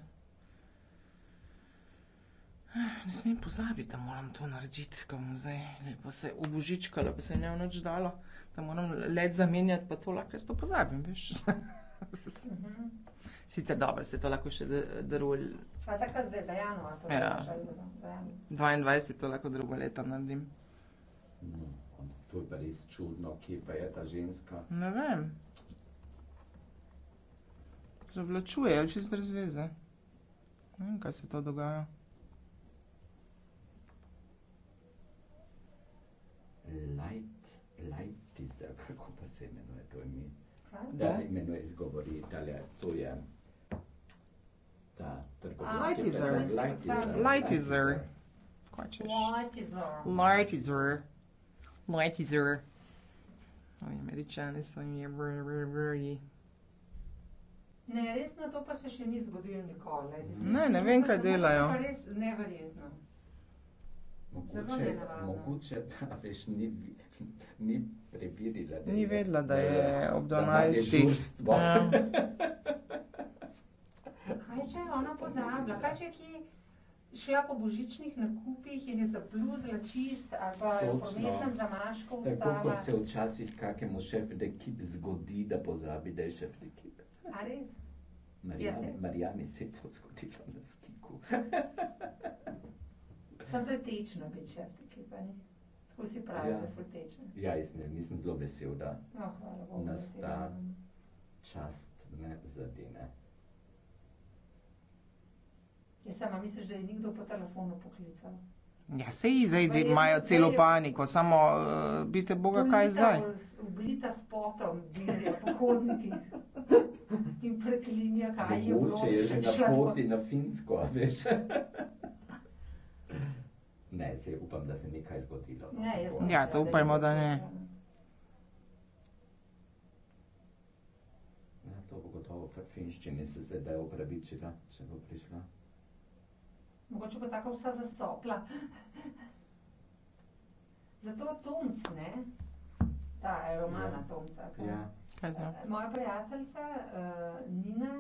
Ne smem pozabiti, da moram to narediti, ko bom zdaj lepo se obožičkal, da bi se ne v noč dalo, da moram let zamenjati, pa to lahko jaz to pozabim. Mhm. Sicer dobro, se to lahko še drugo. Pa takrat zdaj za januar, to je ja. še za januar. 22 to lahko drugo leto naredim. No, to je pa res čudno, kje pa je ta ženska. Ne vem. Zavlačuje, če zdaj zveze. Ne vem, kaj se to dogaja. light, light is, kako pa se imenuje to ime? Da, da imenuje izgovori Italija, to je ta trgovski Lightizer. Lightizer. Lightizer. Lightizer. Američani so jim je br, br, br, Ne, res na to pa se še ni zgodilo nikoli. Ne, ne vem, kaj delajo. Res neverjetno. Mogoče, mogoče da veš, ni, ni prebirila. Da ni vedela, da je, je ob 12. stoletju. Ja. Kaj če je ona pozabila? Kaj če je ki šla po božičnih nakupih in je zapluzila čist ali pa je pometen za maško? Tako kot se včasih kakemu šefu de kip zgodi, da pozabi, da je šef de kip. A res? Marjami se je to zgodilo na skiku. Sem to tečno biti šef ekipe, ne? Tako si pravi, ja. da je ja. tečno. Ja, jaz ne, nisem zelo vesel, da no, hvala, Bogu, nas ta čast ne zadene. Jaz sama misliš, da je nekdo po telefonu poklical. Ja, sej zdaj imajo celo zdaj, paniko, samo uh, eh, bite Boga, kaj zdaj. Ublita s potom, dirijo pohodniki in preklinja, kaj Mogoče je bilo. Mogoče je že na poti na Finsko, veš. Ne, se upam, da se ni kaj zgodilo. No, ne, jaz sem ja, to upajmo, da ne. No. Ja, to bo gotovo v finščini se zdaj upravičila, če bo prišla. Mogoče bo tako vsa zasopla. Zato tonc, ne? Ta romana ja. tonca. Ja. Moja prijateljica uh, Nina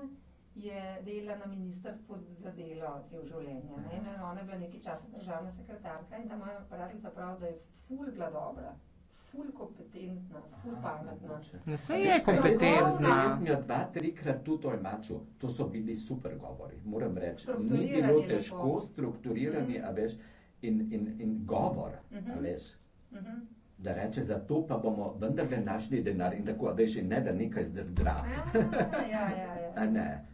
je delala na ministrstvu za delo cel življenje. Ne? No, ona je bila nekaj časa državna sekretarka in ta moja prijateljica pravi, da je ful bila dobra. Ful kompetentna, ful pametna. Ne, se je kompetentna. Ne, se je kompetentna. To so bili super govori, moram reči. Ni bilo težko strukturirani, mm -hmm. veš, in, in, in govor, mm -hmm. veš. Mm -hmm. Da reče, za to pa bomo vendarle našli denar in tako, veš, in ne da nekaj zdrdra. Ja, ja, ja. ja.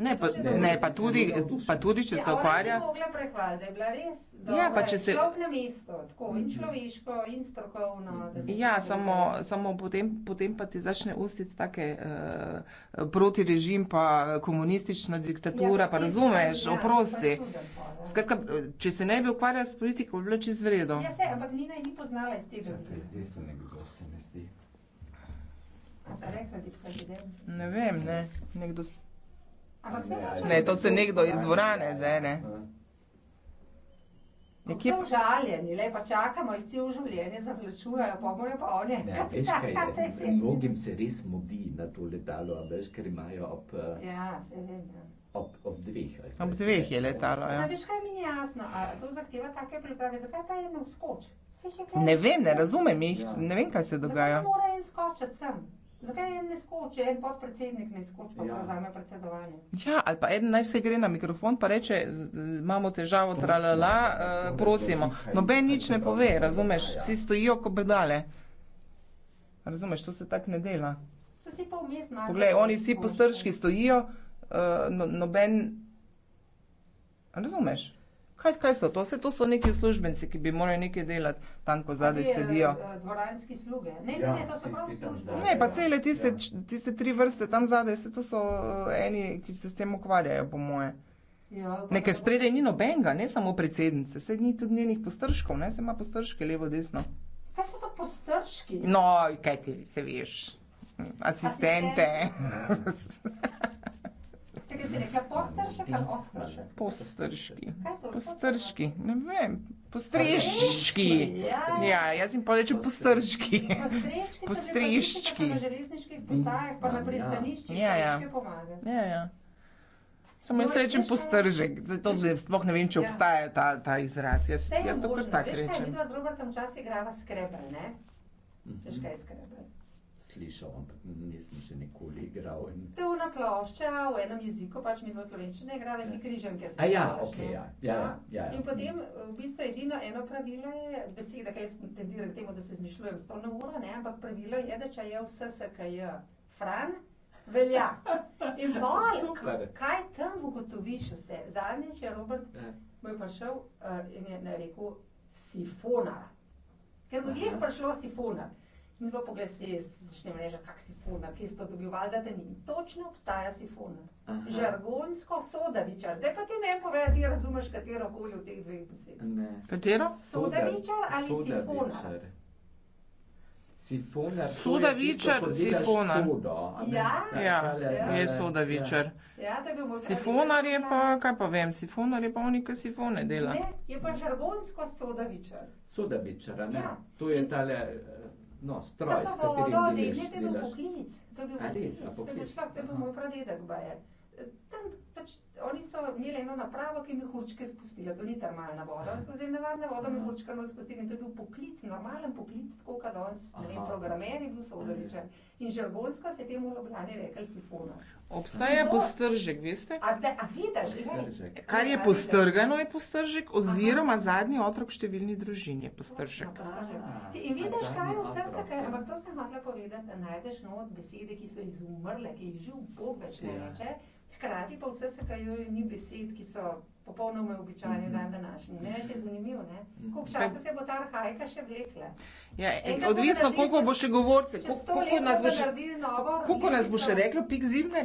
Ne, pa, ne, pa, tudi, pa tudi, če ja, se ukvarja. Ja, pa če se. Mhm. Ja, samo, samo potem, potem pa ti začne ustiti take uh, eh, proti režim, pa komunistična diktatura, ja, pa, pa razumeš, ja, oprosti. Ja. Skratka, če se ne bi ukvarjal s politiko, bi bilo čez vredo. Ja, se, ampak Nina je ni poznala iz tega. Ja, te zdi se nekdo, se ne zdi. A zarekla, ti kaj vidim? Ne vem, ne. Nekdo... Ampak se je vse. To se je nekdo iz dvorane, zdaj ne. Ja. Nekje... Vsi užaljeni, le pa čakamo, jih cel življenje zavlačujejo, pa bomo pa oni. Čakate se. Mnogim se res modi na to letalo, a veš, ker imajo ob... Eh, ja, se vem, ja. Ob, ob dveh. Ob dveh je letalo. Ja. Zdaj, veš, kaj mi je jasno, a to zahteva take priprave, zakaj pa je na vskoč? Ne vem, ne razumem jih, ja. ne vem, kaj se dogaja. Zakaj mora en skočiti sem? Zakaj en ne skoči, en podpredsednik ne skoči, pa ja. prevzame predsedovanje? Ja, ali pa en naj vse gre na mikrofon, pa reče, imamo težavo, tralala, uh, prosimo. Noben nič ne pove, razumeš, ja. vsi stojijo kot bedale. Razumeš, to se tak ne dela. So si pa v mestu malo. Poglej, oni vsi postrški stojijo, uh, no, noben. Razumeš? Kaj, kaj so to? Vse to so neki službenci, ki bi morali nekaj delati, tam ko zadaj sedijo. Eh, dvoranski sluge. Ne, ja, ne, to so pravzaprav. Ja, ne, pa ja. cele tiste, ja. tiste tri vrste tam zadaj, vse to so eh, eni, ki se s tem ukvarjajo, po moje. Ja, Nekaj spredje ni nobenega, ne samo predsednice, se ni tudi njenih postrškov, ne se ima postrške levo, desno. Kaj so to postrški? No, kaj ti se veš? Asistente. Asistente. Ja. Postrški. Ne vem, postrežki. Ja. ja, jaz jim pa rečem postrški. Postrežki. Ja. Ja, Samo no, jaz rečem postržek, zato sploh ne vem, če obstaja ta, ta izraz. Jaz, jaz to kar tako rečem. Veš kaj, mi dva z Robertom včasih igrava skrebr, ne? Veš kaj je skrebr? slišal, ampak nisem še nikoli igral. In... To je ona plošča v enem jeziku, pač mi smo slovenčine, igra veliki ja. križem, ki se sprašuje. Ja, ok, ja. ja, ja. ja, ja, ja. In potem v bistvu edino eno pravilo je, beseda, ki jaz tendiram k temu, da se zmišljujem s to na uro, ne, ampak pravilo je, da če je vse SKJ fran, velja. In boj, kaj tam ugotoviš vse? Zadnjič je Robert ja. moj prišel uh, in je ne, rekel sifona. Ker bi jih prišlo sifona. Mi smo poglasili s tem reža, kak sifona, kje ste dobivali, da te ni. Točno obstaja sifona. Žargonsko sodavičar. Zdaj pa ti ne pove, ti razumeš katero koli v teh dveh besedah. Katero? Sodavičar ali sifona? Sifonar, sodavičar, sifonar. Ja, ja, ja, je sodavičar. Ja. Ja, sifonar je pa, kaj pa vem, sifonar je pa on, ki sifone dela. Ne, je pa žargonsko sodavičar. Sodavičar, ne. Ja. Tu je tale. Uh, No, stroj, to so pa od odrednih poklic. To je bil poklic. Pač to je bil moj pradedek. Tam, pač, oni so imeli eno napravo, ki je mehurčke spustila. To ni termalna voda, so zelo nevarna voda, mehurčke lahko spustila. To je bil poklic, normalen poklic, tako kot danes, ne vem, programer je bil sodeličen. In žargonsko se je temu lobljanje rekel sifona. Obstaja no. postržek, veste? A, ne, a vidiš, postržek. Kar je postrgano, je postržek, oziroma Aha. zadnji otrok v številni družini je postržek. Ti, in vidiš, kaj je vse, vse kaj, ja. ampak to sem hotel povedati, da najdeš no od besede, ki so izumrle, ki jih že v Bog več ne ja. reče, hkrati pa vse, vse kaj je, ni besed, ki so popolnoma običajne mm -hmm. dan današnji. Ne, že zanimivo, ne? Mhm. Koliko časa se bo ta arhajka še vlekla? Ja, odvisno, koliko bo še govorce, koliko nas bo še reklo, pik zimne.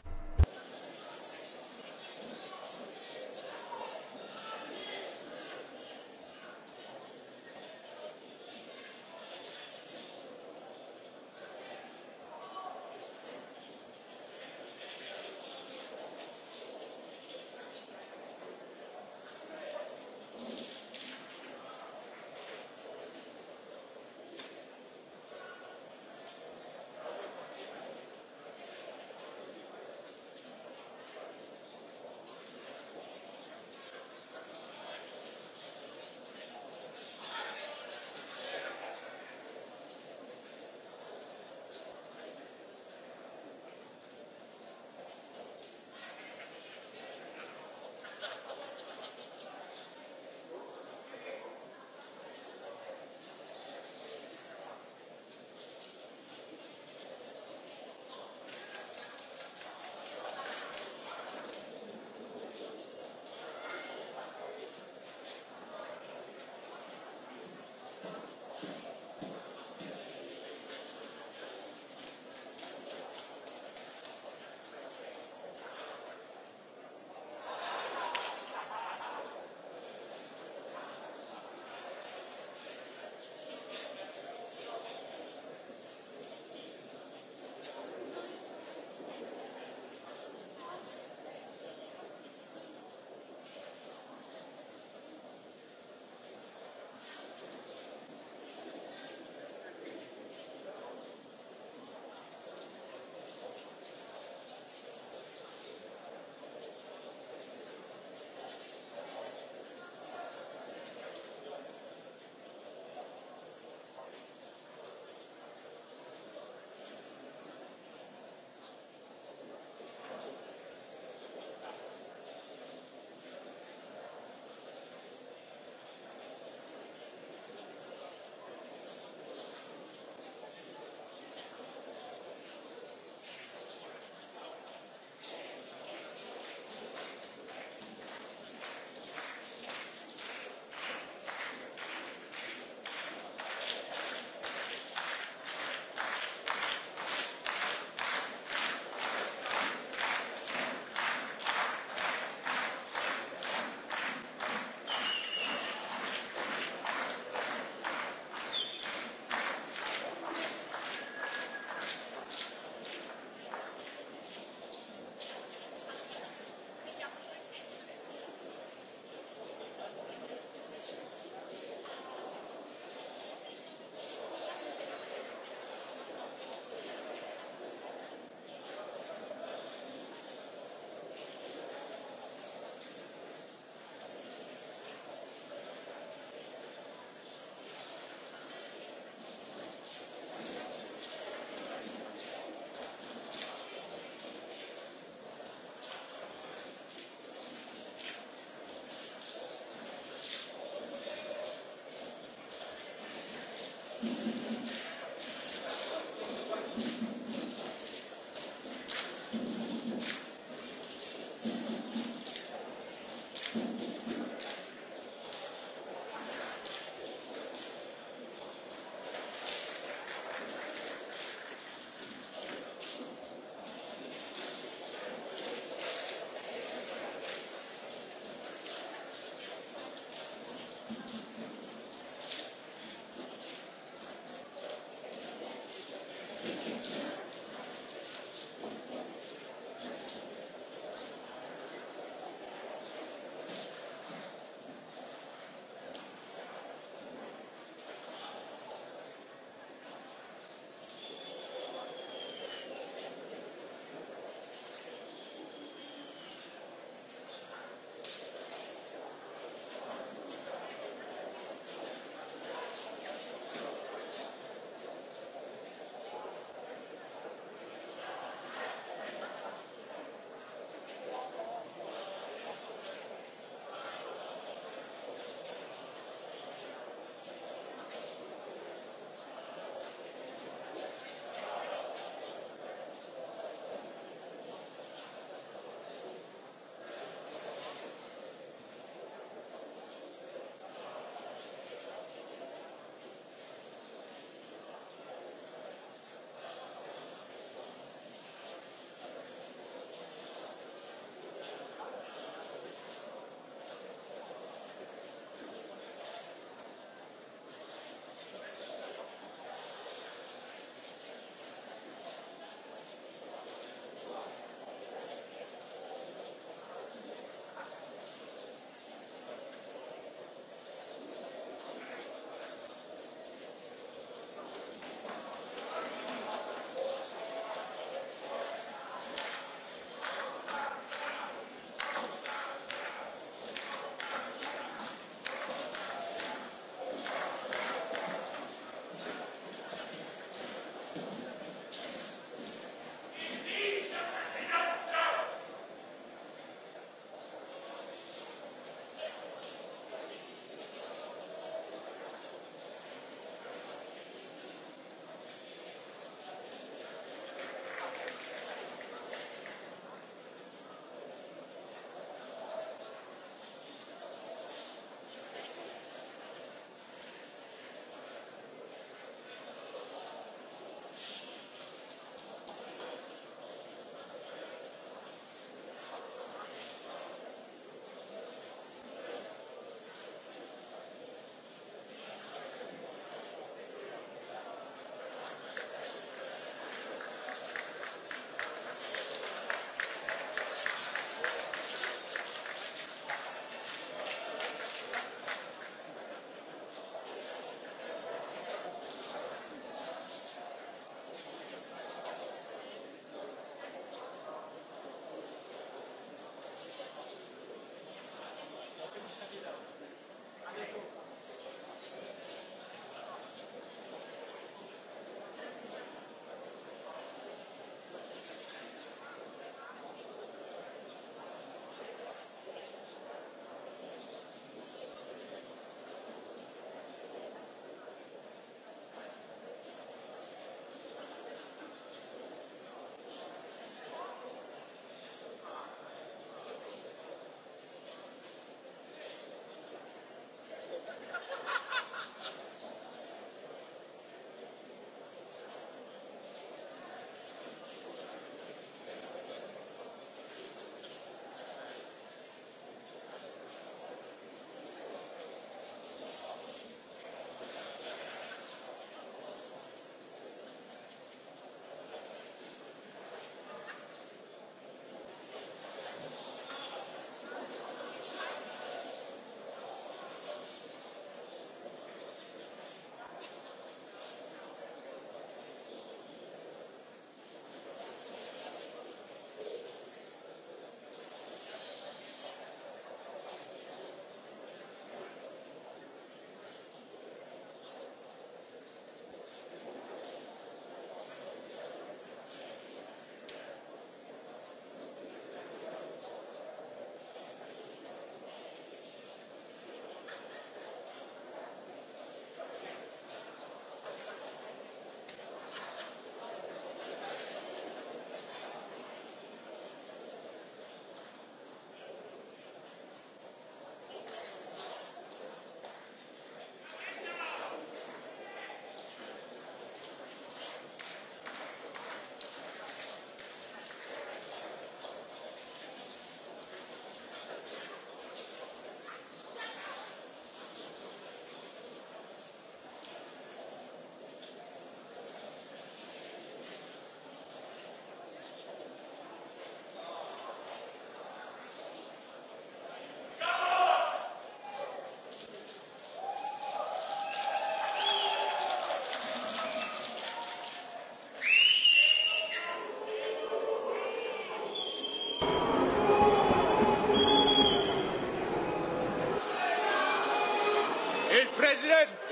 presidente.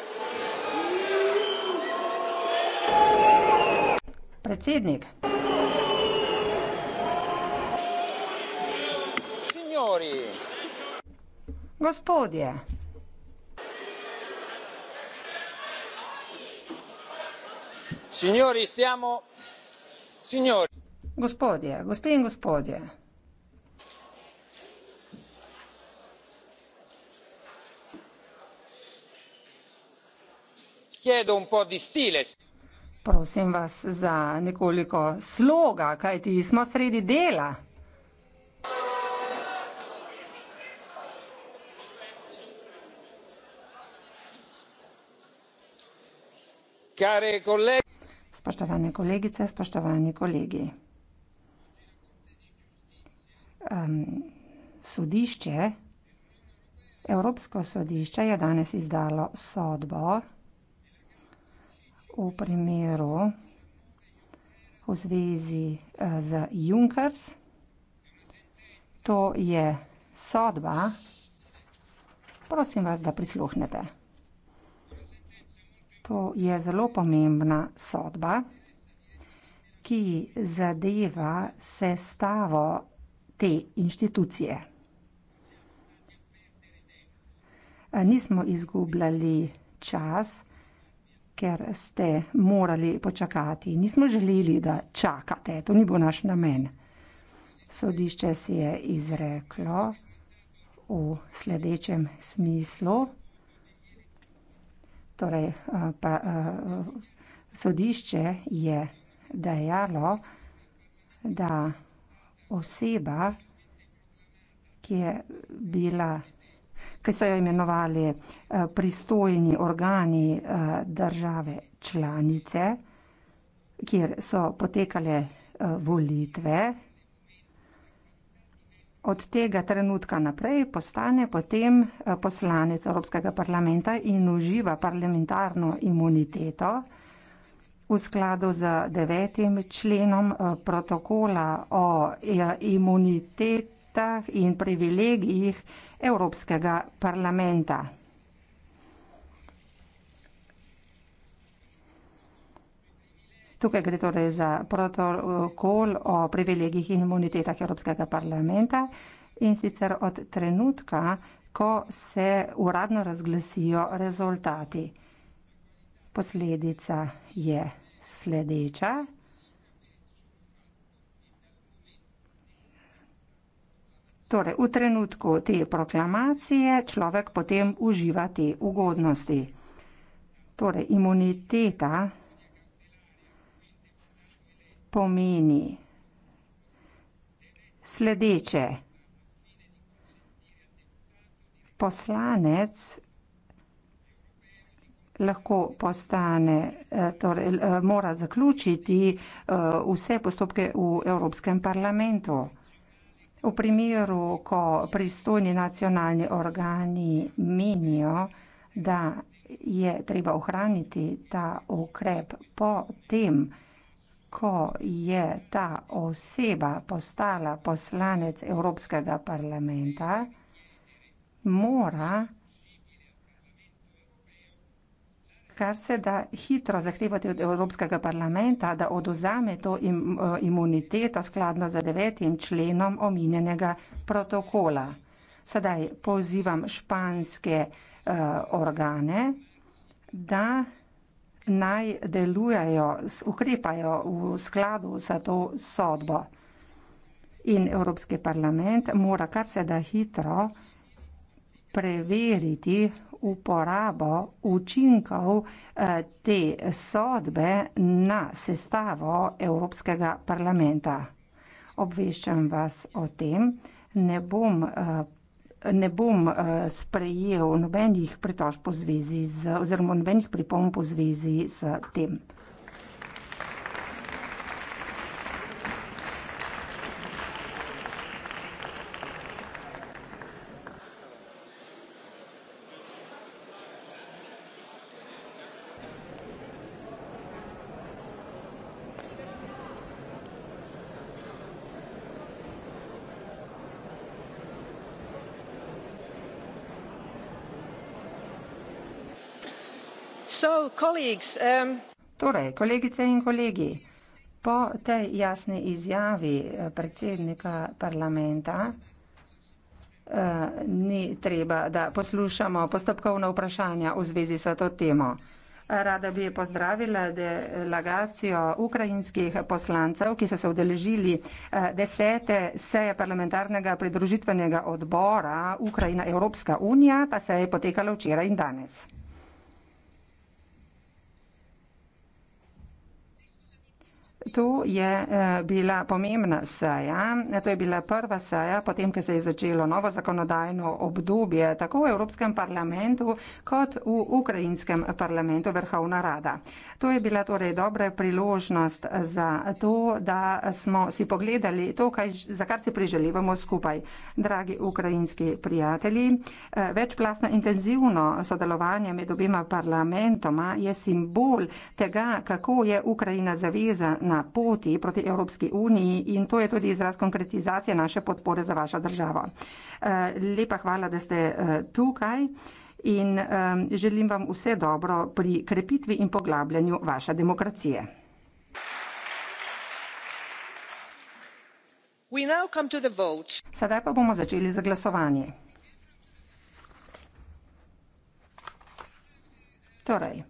Predsednik. Signori. Gospodje. Signori, stiamo... Signori. Gospodje, gospe in gospodje. chiedo un po' di stile. Prosim vas za nekoliko sloga, kaj ti smo sredi dela. Kare kolegi. Spoštovane kolegice, spoštovani kolegi. Um, sodišče, Evropsko sodišče je danes izdalo sodbo v primeru v zvezi eh, z Junkers. To je sodba. Prosim vas, da prisluhnete. To je zelo pomembna sodba, ki zadeva sestavo te inštitucije. Eh, nismo izgubljali čas ker ste morali počakati. Nismo želeli, da čakate, to ni bil naš namen. Sodišče si je izreklo v sledečem smislu. Torej, eh, pa, eh, sodišče je dejalo, da oseba, ki je bila ki so jo imenovali eh, pristojni organi eh, države članice, kjer so potekale eh, volitve. Od tega trenutka naprej postane potem poslanec Evropskega parlamenta in uživa parlamentarno imuniteto v skladu z devetim členom protokola o imuniteti pravicah in privilegijih Evropskega parlamenta. Tukaj gre torej za protokol o privilegijih in imunitetah Evropskega parlamenta in sicer od trenutka, ko se uradno razglasijo rezultati. Posledica je sledeča. Torej, v trenutku te proklamacije človek potem uživa te ugodnosti. Torej, imuniteta pomeni sledeče. Poslanec lahko postane, eh, torej, eh, mora zaključiti eh, vse postopke v Evropskem parlamentu. V primeru, ko pristojni nacionalni organi menijo, da je treba ohraniti ta ukrep po tem, ko je ta oseba postala poslanec Evropskega parlamenta, mora kar se da hitro zahtevati od Evropskega parlamenta, da odozame to im, eh, imuniteto skladno za devetim členom omenjenega protokola. Sedaj pozivam španske uh, organe, da naj delujajo, ukrepajo v skladu za to sodbo. In Evropski parlament mora kar se da hitro preveriti uporabo učinkov eh, te sodbe na sestavo Evropskega parlamenta. Obveščam vas o tem, ne bom, eh, ne bom eh, sprejel nobenih pritožb v zvezi z, oziroma nobenih pripomb v zvezi s tem. Um, torej, kolegice in kolegi, po tej jasni izjavi eh, predsednika parlamenta eh, ni treba, da poslušamo postopkovna vprašanja v zvezi s to temo. Rada bi pozdravila delegacijo ukrajinskih poslancev, ki so se udeležili eh, desete seje parlamentarnega pridružitvenega odbora Ukrajina-Evropska unija, pa se je potekala včeraj in danes. Madridu je eh, bila pomembna seja. To je bila prva seja, potem, ko se je začelo novo zakonodajno obdobje, tako v Evropskem parlamentu, kot v Ukrajinskem parlamentu Vrhovna rada. To je bila torej dobra priložnost za to, da smo si pogledali to, kaj, za kar si priželjivamo skupaj. Dragi ukrajinski prijatelji, eh, večplasno intenzivno sodelovanje med obima parlamentoma je simbol tega, kako je Ukrajina zavezana poti proti Evropski uniji in to je tudi izraz konkretizacije naše podpore za vašo državo. Eh, lepa hvala, da ste eh, tukaj in eh, želim vam vse dobro pri krepitvi in poglabljanju vaše demokracije. Sedaj pa bomo začeli z glasovanjem. Torej.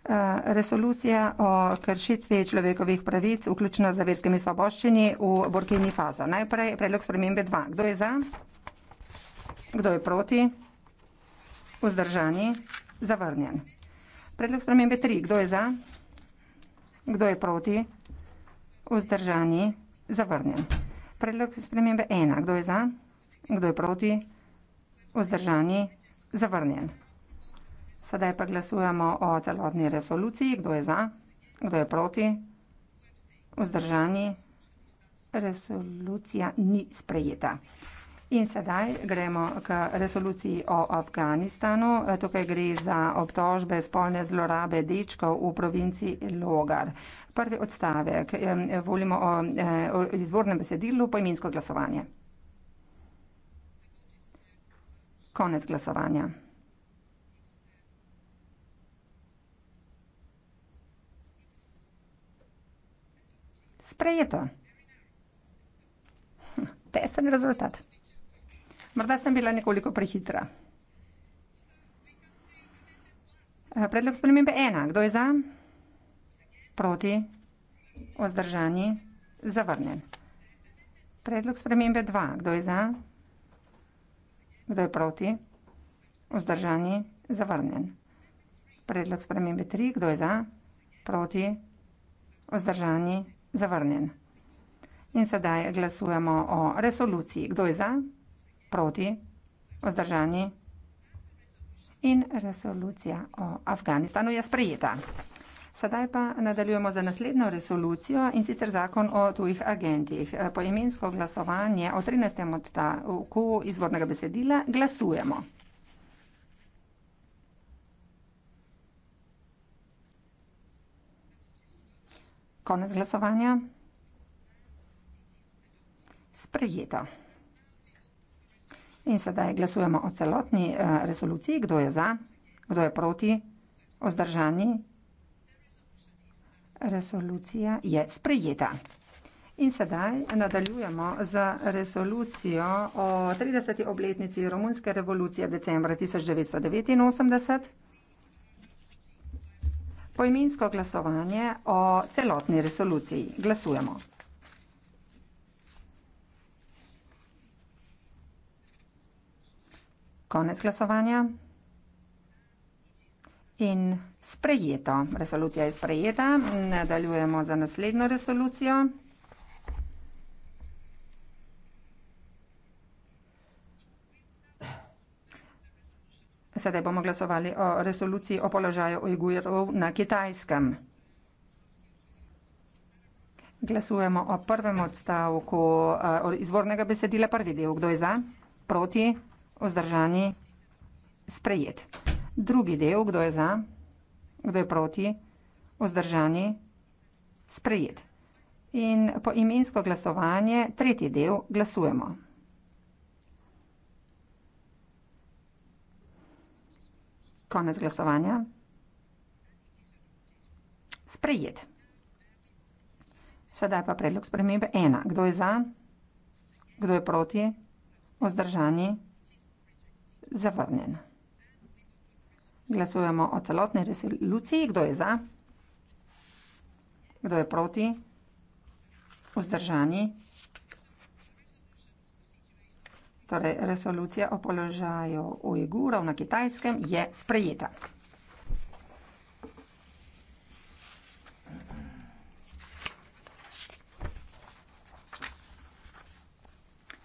Eh, resolucije o kršitvi človekovih pravic, vključno z verskimi svoboščini v Burkini Faso. Najprej predlog spremembe 2. Kdo je za? Kdo je proti? Vzdržani? Zavrnjen. Predlog spremembe 3. Kdo je za? Kdo je proti? Vzdržani? Zavrnjen. Predlog spremembe 1. Kdo je za? Kdo je proti? Vzdržani? Zavrnjen. Sedaj pa glasujemo o celotni resoluciji. Kdo je za? Kdo je proti? Vzdržani? Resolucija ni sprejeta. In sedaj gremo k resoluciji o Afganistanu. Tukaj gre za obtožbe spolne zlorabe dečkov v provinci Logar. Prvi odstavek. Volimo e, o izvornem besedilu poimensko glasovanje. Konec glasovanja. sprejeto. Hm, tesen rezultat. Morda sem bila nekoliko prehitra. Eh, predlog spremembe ena. Kdo je za? Proti? Ozdržani? Zavrnjen. Predlog spremembe dva. Kdo je za? Kdo je proti? Vzdržani, zavrnjen. Predlog spremembe 3. Kdo je za? Proti? Vzdržani, Zavrnjen. In sedaj glasujemo o resoluciji. Kdo je za? Proti? Vzdržani? In resolucija o Afganistanu je sprejeta. Sedaj pa nadaljujemo za naslednjo resolucijo in sicer zakon o tujih agentih. Poimensko glasovanje o 13. odstavku izvornega besedila glasujemo. Konec glasovanja. Sprejeto. In sedaj glasujemo o celotni eh, resoluciji, kdo je za, kdo je proti, o zdržani. Resolucija je sprejeta. In sedaj nadaljujemo z resolucijo o 30. obletnici Romunske revolucije decembra 1989 poimensko glasovanje o celotni resoluciji. Glasujemo. Konec glasovanja. In sprejeto. Resolucija je sprejeta. Nadaljujemo za naslednjo resolucijo. Sedaj bomo glasovali o resoluciji o položaju Ujgurov na Kitajskem. Glasujemo o prvem odstavku eh, izvornega besedila, prvi del. Kdo je za? Proti? Vzdržani? Sprejet. Drugi del. Kdo je za? Kdo je proti? Vzdržani? Sprejet. In po imensko glasovanje, tretji del, glasujemo. Konec glasovanja. Sprejet. Sedaj pa predlog spremembe ena. Kdo je za? Kdo je proti? Ozdržani? Zavrnjen. Glasujemo o celotni resoluciji. Kdo je za? Kdo je proti? Vzdržani Torej, resolucija o položaju Ujgurov na Kitajskem je sprejeta.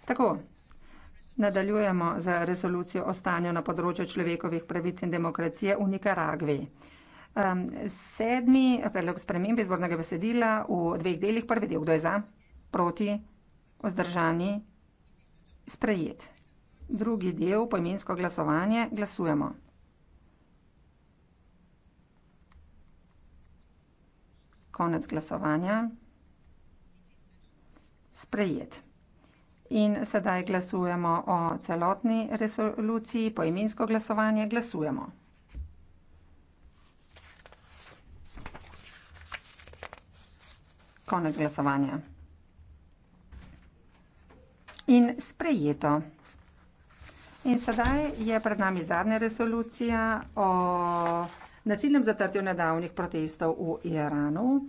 Tako. Nadaljujemo z resolucijo o stanju na področju človekovih pravic in demokracije v Nikaragvi. Um, sedmi predlog spremembe izvornega besedila v dveh delih. Prvi del, kdo je za? Proti? Vzdržani? sprejet. Drugi del, poimensko glasovanje, glasujemo. Konec glasovanja. Sprejet. In sedaj glasujemo o celotni resoluciji, poimensko glasovanje, glasujemo. Konec glasovanja in sprejeto. In sedaj je pred nami zadnja resolucija o nasilnem zatrtju nedavnih protestov v Iranu.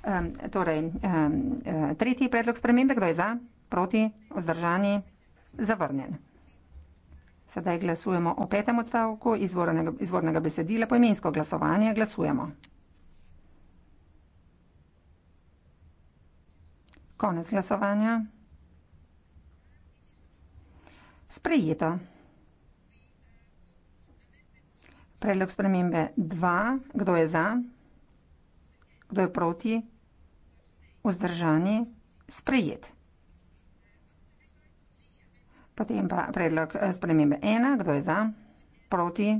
Um, torej, um, tretji predlog spremembe, kdo je za, proti, vzdržani, zavrnjen. Sedaj glasujemo o petem odstavku izvornega, izvornega besedila, poimensko glasovanje glasujemo. Konec glasovanja. Sprejeto. Predlog spremembe dva, kdo je za? Kdo je proti? Vzdržani? Sprejet. Potem pa predlog eh, spremembe ena, kdo je za? Proti?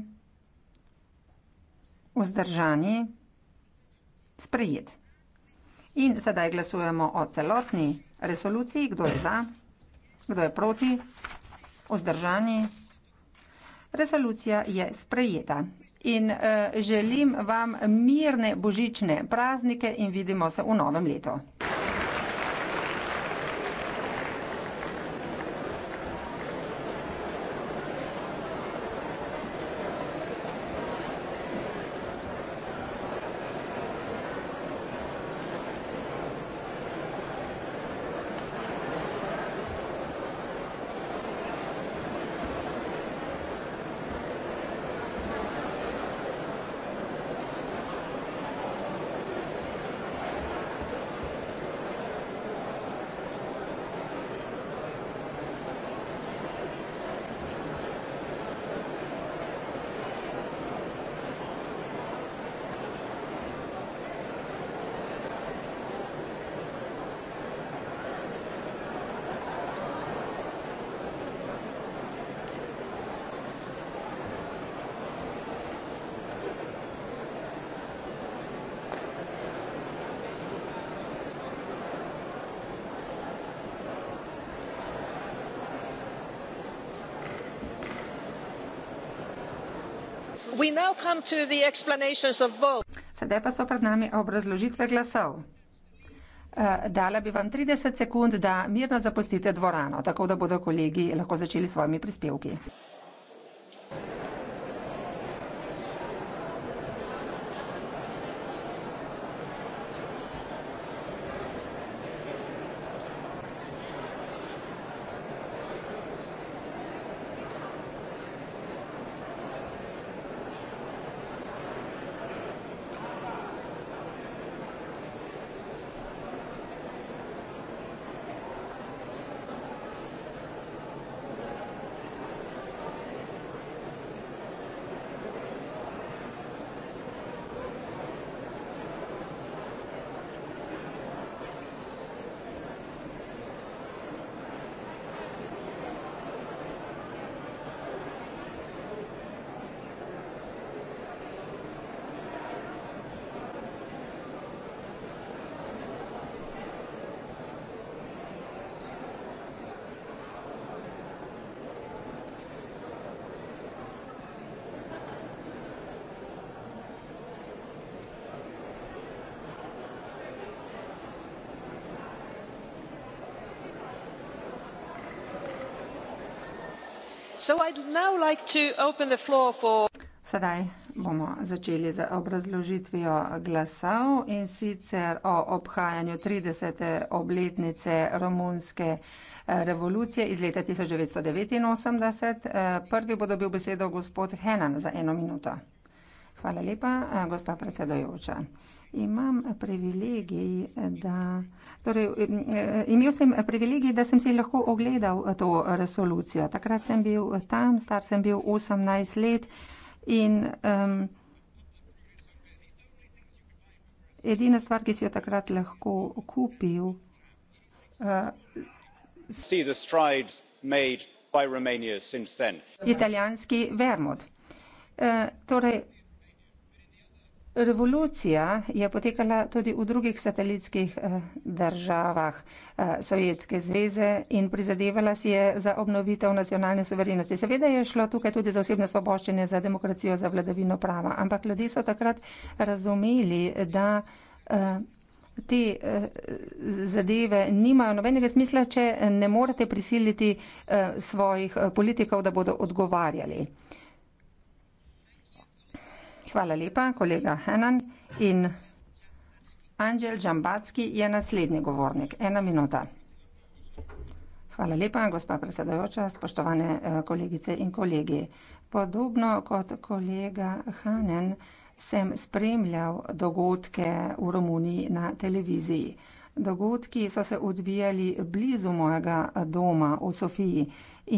Vzdržani? Sprejet. In sedaj glasujemo o celotni resoluciji, kdo je za? Kdo je proti? vzdržani. Resolucija je sprejeta. In uh, želim vam mirne božične praznike in vidimo se v novem letu. Sedaj pa so pred nami obrazložitve glasov. Eh, dala bi vam 30 sekund, da mirno zapustite dvorano, tako da bodo kolegi lahko začeli s svojimi prispevki. Sedaj bomo začeli z obrazložitvijo glasov in sicer o obhajanju 30. obletnice romunske eh, revolucije iz leta 1989. Eh, prvi bo dobil besedo gospod Henan za eno minuto. Hvala lepa, eh, gospa predsedojoča imam privilegij, da, torej, e, imel sem privilegij, da sem si lahko ogledal to resolucijo. Takrat sem bil tam, star sem bil 18 let in um, edina stvar, ki si jo takrat lahko kupil. Uh, Italijanski vermut. Uh, torej, revolucija je potekala tudi v drugih satelitskih eh, državah eh, Sovjetske zveze in prizadevala si je za obnovitev nacionalne suverenosti. Seveda je šlo tukaj tudi za osebne svoboščine, za demokracijo, za vladavino prava, ampak ljudje so takrat razumeli, da eh, te zadeve nimajo nobenega smisla, če ne morete prisiliti svojih politikov, da bodo odgovarjali. Hvala lepa, kolega Henan. In Anđel Džambacki je naslednji govornik. Ena minuta. Hvala lepa, gospa predsedajoča, spoštovane eh, kolegice in kolegi. Podobno kot kolega Hanen sem spremljal dogodke v Romuniji na televiziji dogodki so se odvijali blizu mojega eh, doma v Sofiji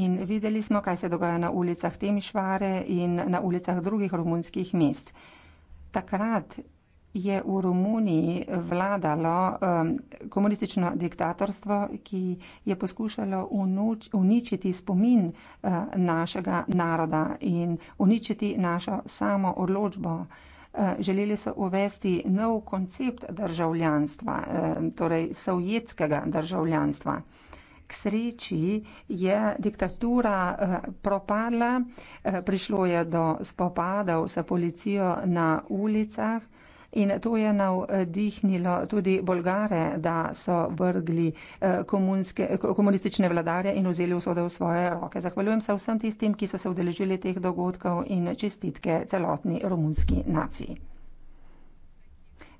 in videli smo, kaj se dogaja na ulicah Temišvare in na ulicah drugih romunskih mest. Takrat je v Romuniji vladalo um, komunistično diktatorstvo, ki je poskušalo unuč, uničiti spomin uh, našega naroda in uničiti našo samo odločbo. Eh, želeli so uvesti nov koncept državljanstva, eh, torej sovjetskega državljanstva. K sreči je diktatura eh, propadla, prišlo je do spopadov s policijo na ulicah, in to je navdihnilo tudi Bolgare, da so vrgli eh, komunistične vladarje in vzeli vsode v svoje roke. Zahvaljujem se vsem tistim, ki so se udeležili teh dogodkov in čestitke celotni romunski naciji.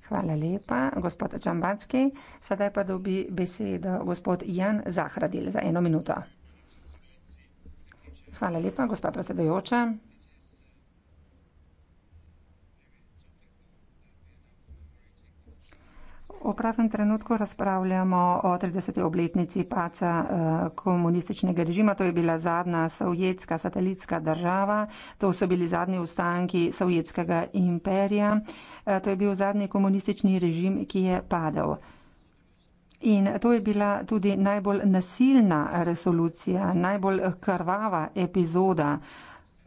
Hvala lepa, gospod Čambacki. Sedaj pa dobi besedo gospod Jan Zahradil za eno minuto. Hvala lepa, gospod predsedujoča. V pravem trenutku razpravljamo o 30. obletnici paca eh, komunističnega režima. To je bila zadnja sovjetska satelitska država. To so bili zadnji ustanki sovjetskega imperija. Eh, to je bil zadnji komunistični režim, ki je padel. In to je bila tudi najbolj nasilna resolucija, najbolj krvava epizoda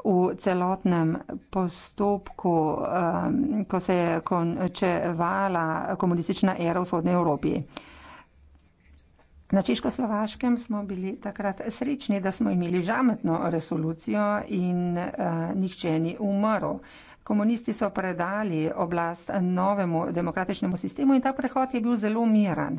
v celotnem postopku, um, ko se je končevala komunistična era v vzhodnji Evropi. Na Češko-Slovaškem smo bili takrat srečni, da smo imeli žametno resolucijo in uh, nihče ni umrl. Komunisti so predali oblast novemu demokratičnemu sistemu in ta prehod je bil zelo miran.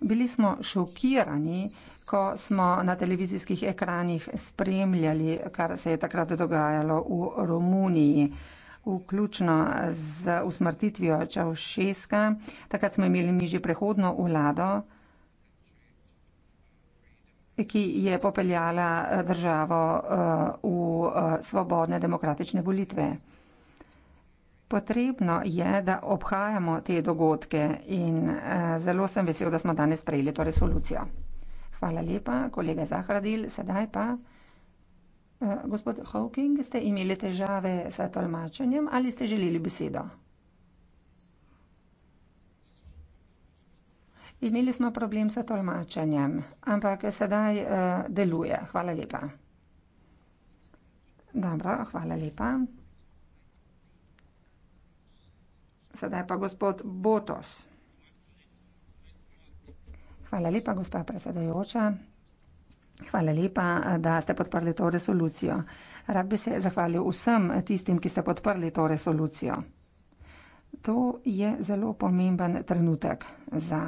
Bili smo šokirani, ko smo na televizijskih ekranih spremljali, kar se je takrat dogajalo v Romuniji, vključno z usmrtitvijo Čaušeska. Takrat smo imeli mi že prehodno vlado, ki je popeljala eh, državo eh, v eh, svobodne demokratične volitve. Potrebno je, da obhajamo te dogodke in zelo sem vesel, da smo danes prejeli to resolucijo. Hvala lepa, kolega Zahradil. Sedaj pa, eh, gospod Hawking, ste imeli težave s tolmačenjem ali ste želeli besedo? Imeli smo problem s tolmačenjem, ampak sedaj eh, deluje. Hvala lepa. Dobro, hvala lepa. Sedaj pa gospod Botos. Hvala lepa, gospa predsedajoča. Hvala lepa, da ste podprli to resolucijo. Rad bi se zahvalil vsem tistim, ki ste podprli to resolucijo. To je zelo pomemben trenutek za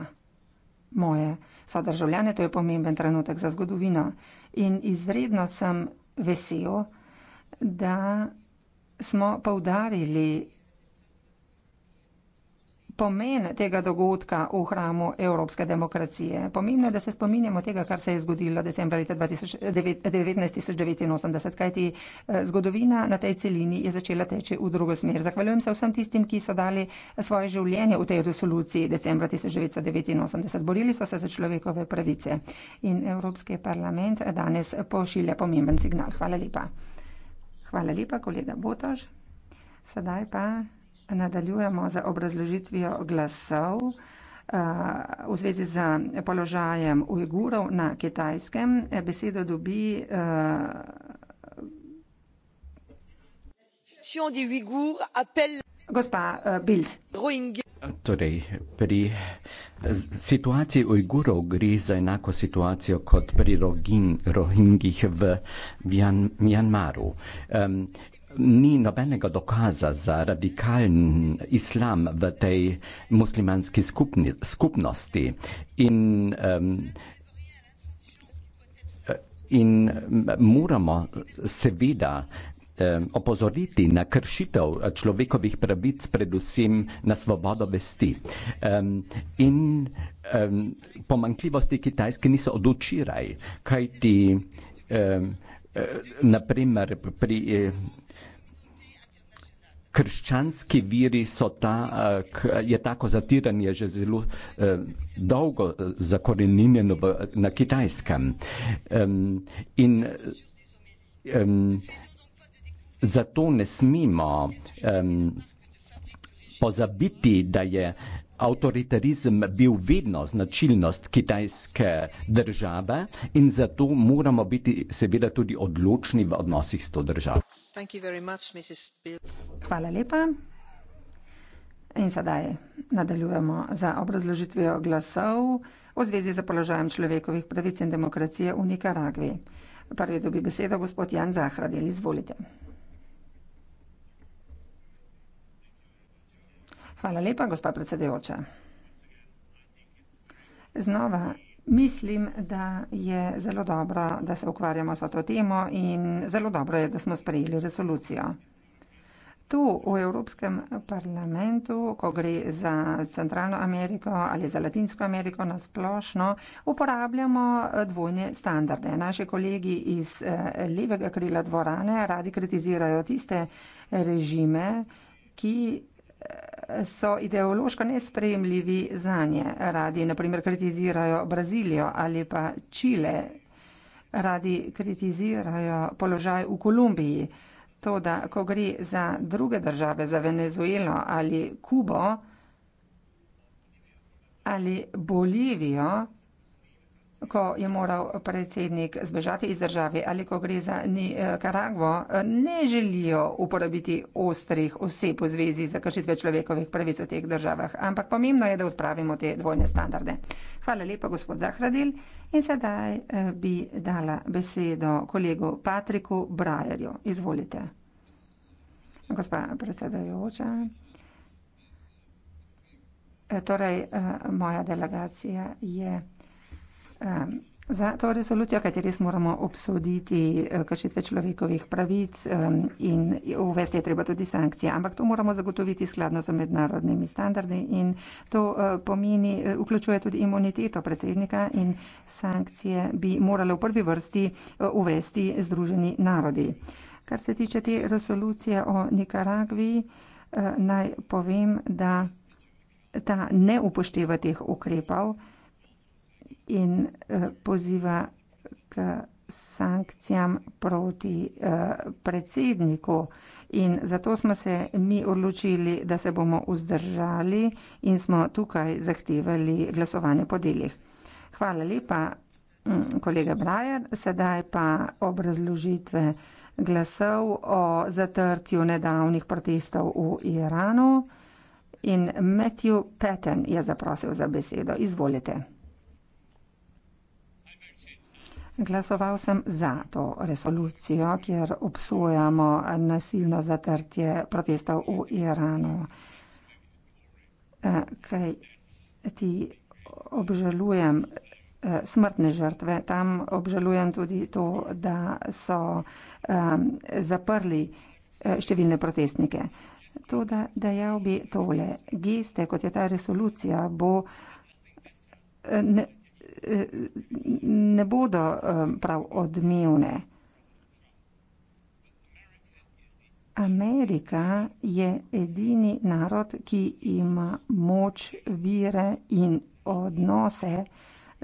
moje sodržavljane, to je pomemben trenutek za zgodovino. In izredno sem vesel, da smo poudarili pomen tega dogodka v hramu evropske demokracije. Pomembno je, da se spominjamo tega, kar se je zgodilo decembra leta 1989, kajti eh, zgodovina na tej celini je začela teči v drugo smer. Zahvaljujem se vsem tistim, ki so dali eh, svoje življenje v tej resoluciji decembra 1989. Borili so se za človekove pravice in Evropski parlament eh, danes pošilja pomemben signal. Hvala lepa. Hvala lepa, kolega Botož. Sedaj pa. Nadaljujemo z obrazložitvijo glasov eh, v zvezi z položajem Ujgurov na kitajskem. Besedo dobi. Eh, gospa eh, Bild. Torej, pri situaciji Ujgurov gre za enako situacijo kot pri Rohingjih v Mjanmaru. Um, ni nobenega dokaza za radikalen islam v tej muslimanski skupni, skupnosti. In, um, in moramo seveda um, opozoriti na kršitev človekovih pravic, predvsem na svobodo vesti. Um, in um, pomankljivosti Kitajske niso odučiraj, kajti um, eh, naprimer pri um, Krščanski viri so ta, eh, je tako zatiranje že zelo eh, dolgo zakorenjeno na kitajskem. In zato ne smemo pozabiti, da je Avtoritarizem bil vedno značilnost kitajske države in zato moramo biti seveda tudi odločni v odnosih s to državo. Hvala lepa. In sedaj nadaljujemo za obrazložitvijo glasov v zvezi z položajem človekovih pravic in demokracije v Nikaragvi. Prvi dobi besedo gospod Jan Zahradil, izvolite. Hvala lepa, gospa predsedujoča. Znova, mislim, da je zelo dobro, da se ukvarjamo s to temo in zelo dobro je, da smo sprejeli resolucijo. Tu v Evropskem parlamentu, ko gre za Centralno Ameriko ali za Latinsko Ameriko na splošno, uporabljamo eh, dvojne standarde. Naši kolegi iz eh, levega krila dvorane radi kritizirajo tiste režime, ki eh, so ideološko nesprejemljivi za nje. Radi naprimer kritizirajo Brazilijo ali pa Čile, radi kritizirajo položaj v Kolumbiji. To, da ko gre za druge države, za Venezuelo ali Kubo ali Bolivijo, ko je moral predsednik zbežati iz države ali ko gre za Nikaragvo, ne želijo uporabiti ostrih oseb v zvezi za kršitve človekovih pravic v teh državah, ampak pomembno je, da odpravimo te dvojne standarde. Hvala lepa, gospod Zahradil. In sedaj eh, bi dala besedo kolegu Patriku Brajerju. Izvolite. Gospa predsedajoča. Eh, torej, eh, moja delegacija je. Za to resolucijo, kateri moramo obsoditi eh, kršitve človekovih pravic in uvesti je treba tudi sankcije, ampak to moramo zagotoviti skladno z mednarodnimi standardi in to eh, pomeni, eh, vključuje tudi imuniteto predsednika in sankcije bi morale v prvi vrsti uvesti združeni narodi. Kar se tiče te resolucije o Nikaragvi, naj povem, da ta ne upošteva teh ukrepov in eh, poziva k sankcijam proti eh, predsedniku. In zato smo se mi odločili, da se bomo vzdržali in smo tukaj zahtevali glasovanje po delih. Hvala lepa, mm, kolega Brajan. Sedaj pa obrazložitve glasov o zatrtju nedavnih protestov v Iranu. In Matthew Patten je zaprosil za besedo. Izvolite. Glasoval sem za to resolucijo, kjer obsojamo nasilno zatrtje protestov v Iranu. Eh, kaj ti obžalujem eh, smrtne žrtve, tam obžalujem tudi to, da so um, zaprli eh, številne protestnike. To, da dejal bi tole geste, kot je ta resolucija, bo ne, ne bodo eh, prav odmevne. Amerika je edini narod, ki ima moč, vire in odnose,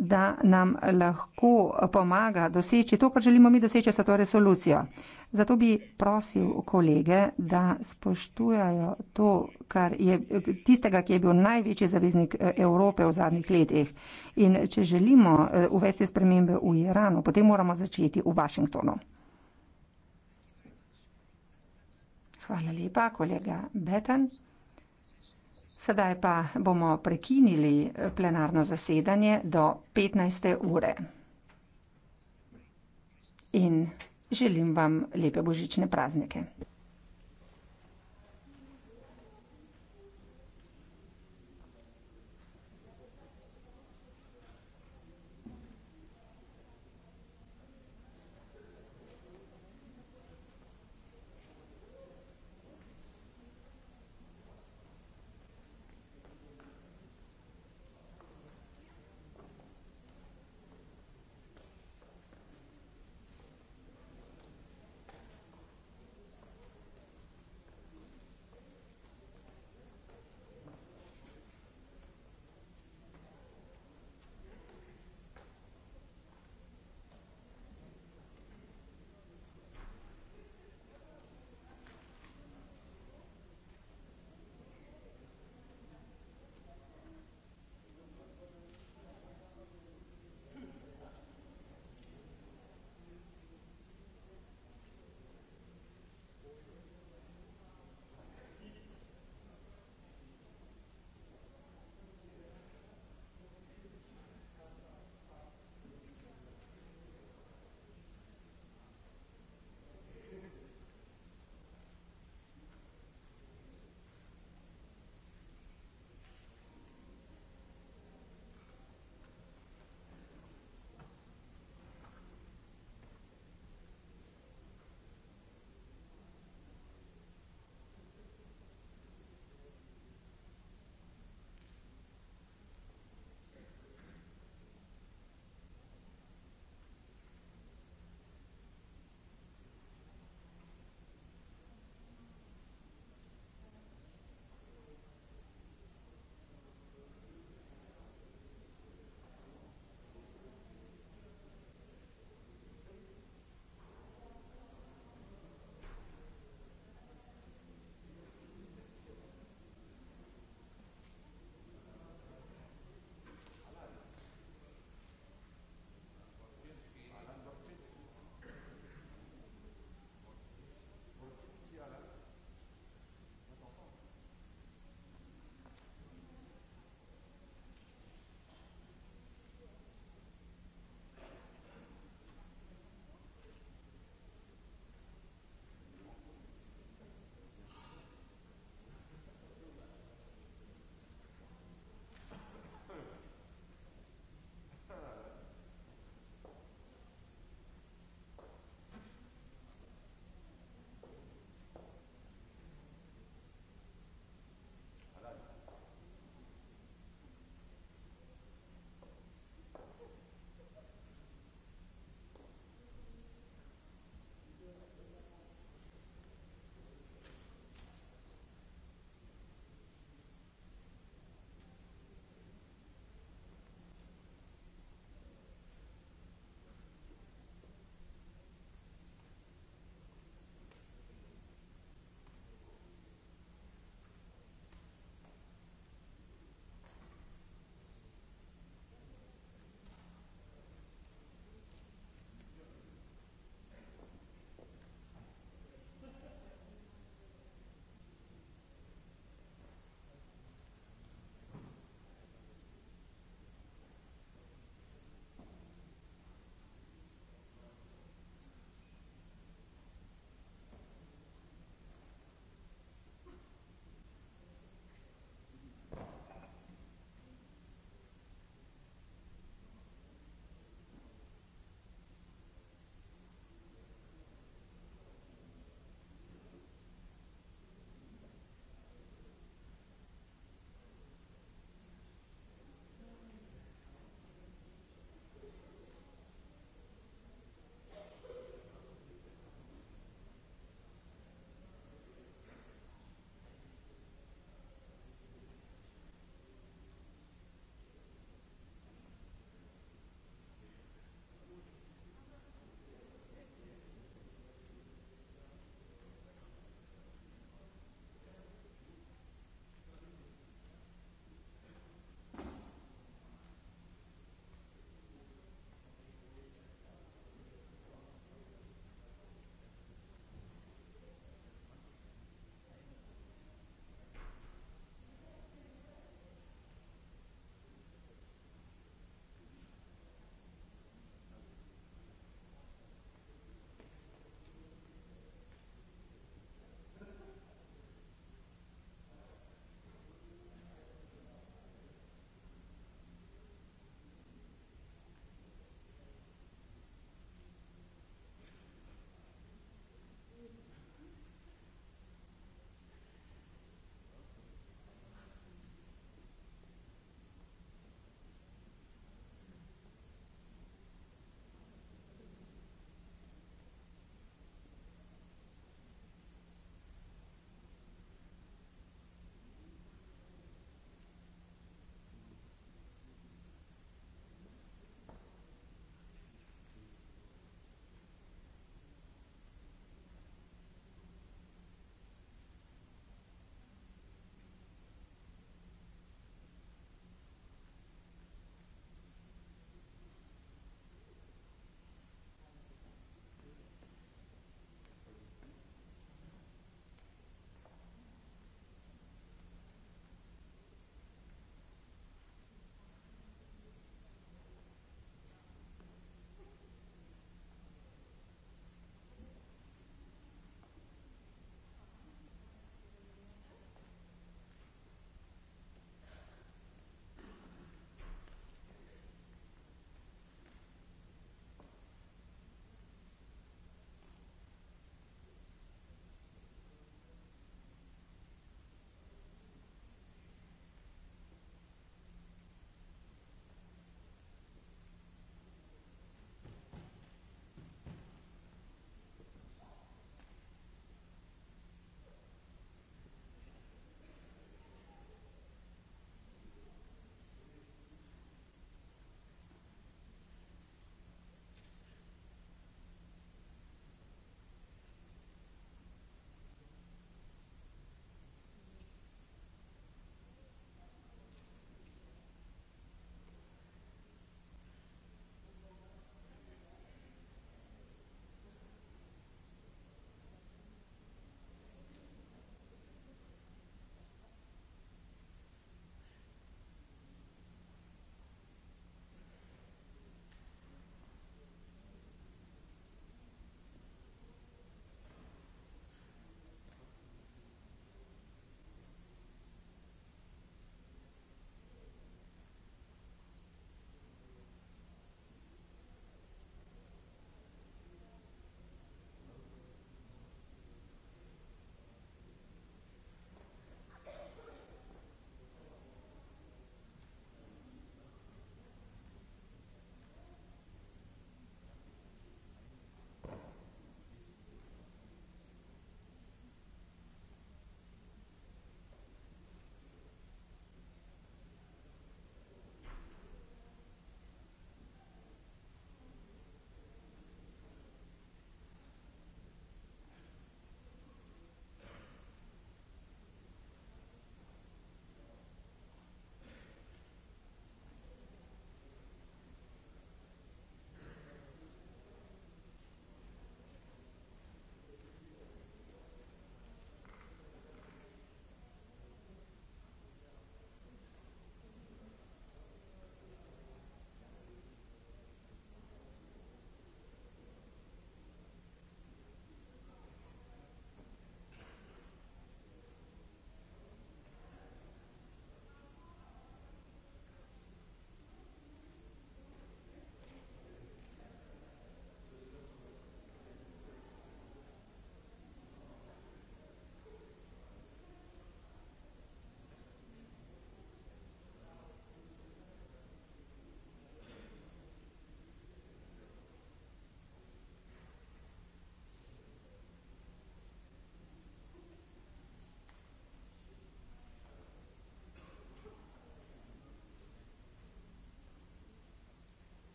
da nam lahko pomaga doseči to, kar želimo mi doseči s to resolucijo. Zato bi prosil kolege, da spoštujajo to, kar je tistega, ki je bil največji zaveznik eh, Evrope v zadnjih letih. In če želimo eh, uvesti spremembe v Iranu, potem moramo začeti v Washingtonu. Hvala lepa, kolega Betan. Sedaj pa bomo prekinili plenarno zasedanje do 15. ure. In želim vam lepe božične praznike.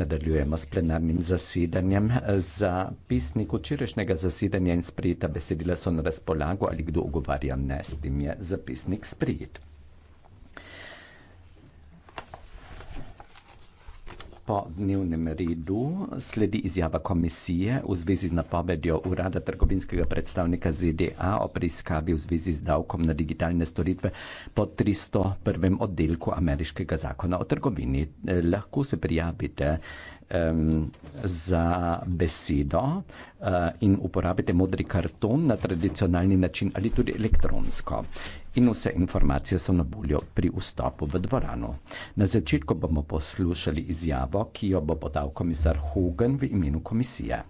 Nadaljujemo s plenarnim zasedanjem. Za pisnik včerajšnjega zasedanja in sprejeta besedila so na razpolago ali kdo ogovarja ne, s tem je zapisnik sprejet. dnevnem redu sledi izjava komisije v zvezi z napovedjo urada trgovinskega predstavnika ZDA o preiskavi v zvezi z davkom na digitalne storitve po 301. oddelku ameriškega zakona o trgovini. Lahko se prijavite um, za besedo uh, in uporabite modri karton na tradicionalni način ali tudi elektronsko. In vse informacije so na voljo pri vstopu v dvorano. Na začetku bomo poslušali izjavo, ki jo bo podal komisar Hogan v imenu komisije.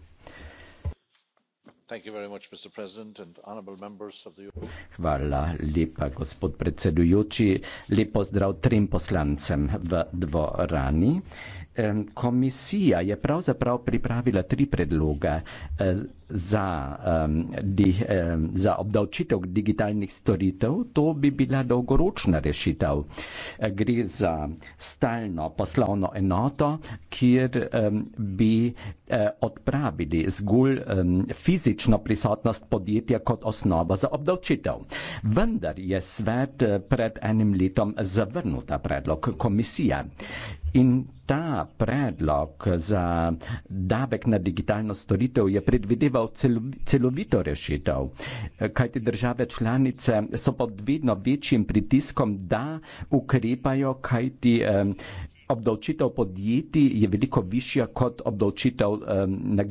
Hvala lepa, gospod predsedujoči. Lep pozdrav trem poslancem v dvorani. Uh, Komisija je pravzaprav pripravila tri predloge e, za, um, di, um, za obdavčitev digitalnih storitev, to bi bila dolgoročna rešitev. Gre za stalno poslovno enoto, kjer um, bi um, odpravili zgolj um, fizično prisotnost podjetja kot osnova za obdavčitev. Vendar je svet eh, pred enim letom zavrnil ta predlog komisije. In ta predlog za davek na digitalno storitev je predvideval, zahteval celovito rešitev. Kaj ti države članice so pod vedno večjim pritiskom, da ukrepajo, kaj ti eh, obdavčitev podjetij je veliko višja kot obdavčitev um, na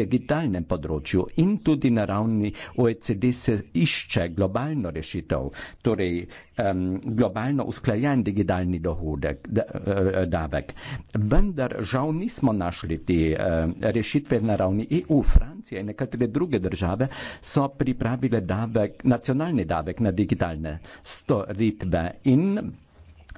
digitalnem področju in tudi na ravni OECD se išče globalno rešitev, torej um, globalno usklajen digitalni dohodek, eh, davek. Vendar žal nismo našli te um, rešitve na ravni EU. Francija in nekatere druge države so pripravile davek, nacionalni davek na digitalne storitve in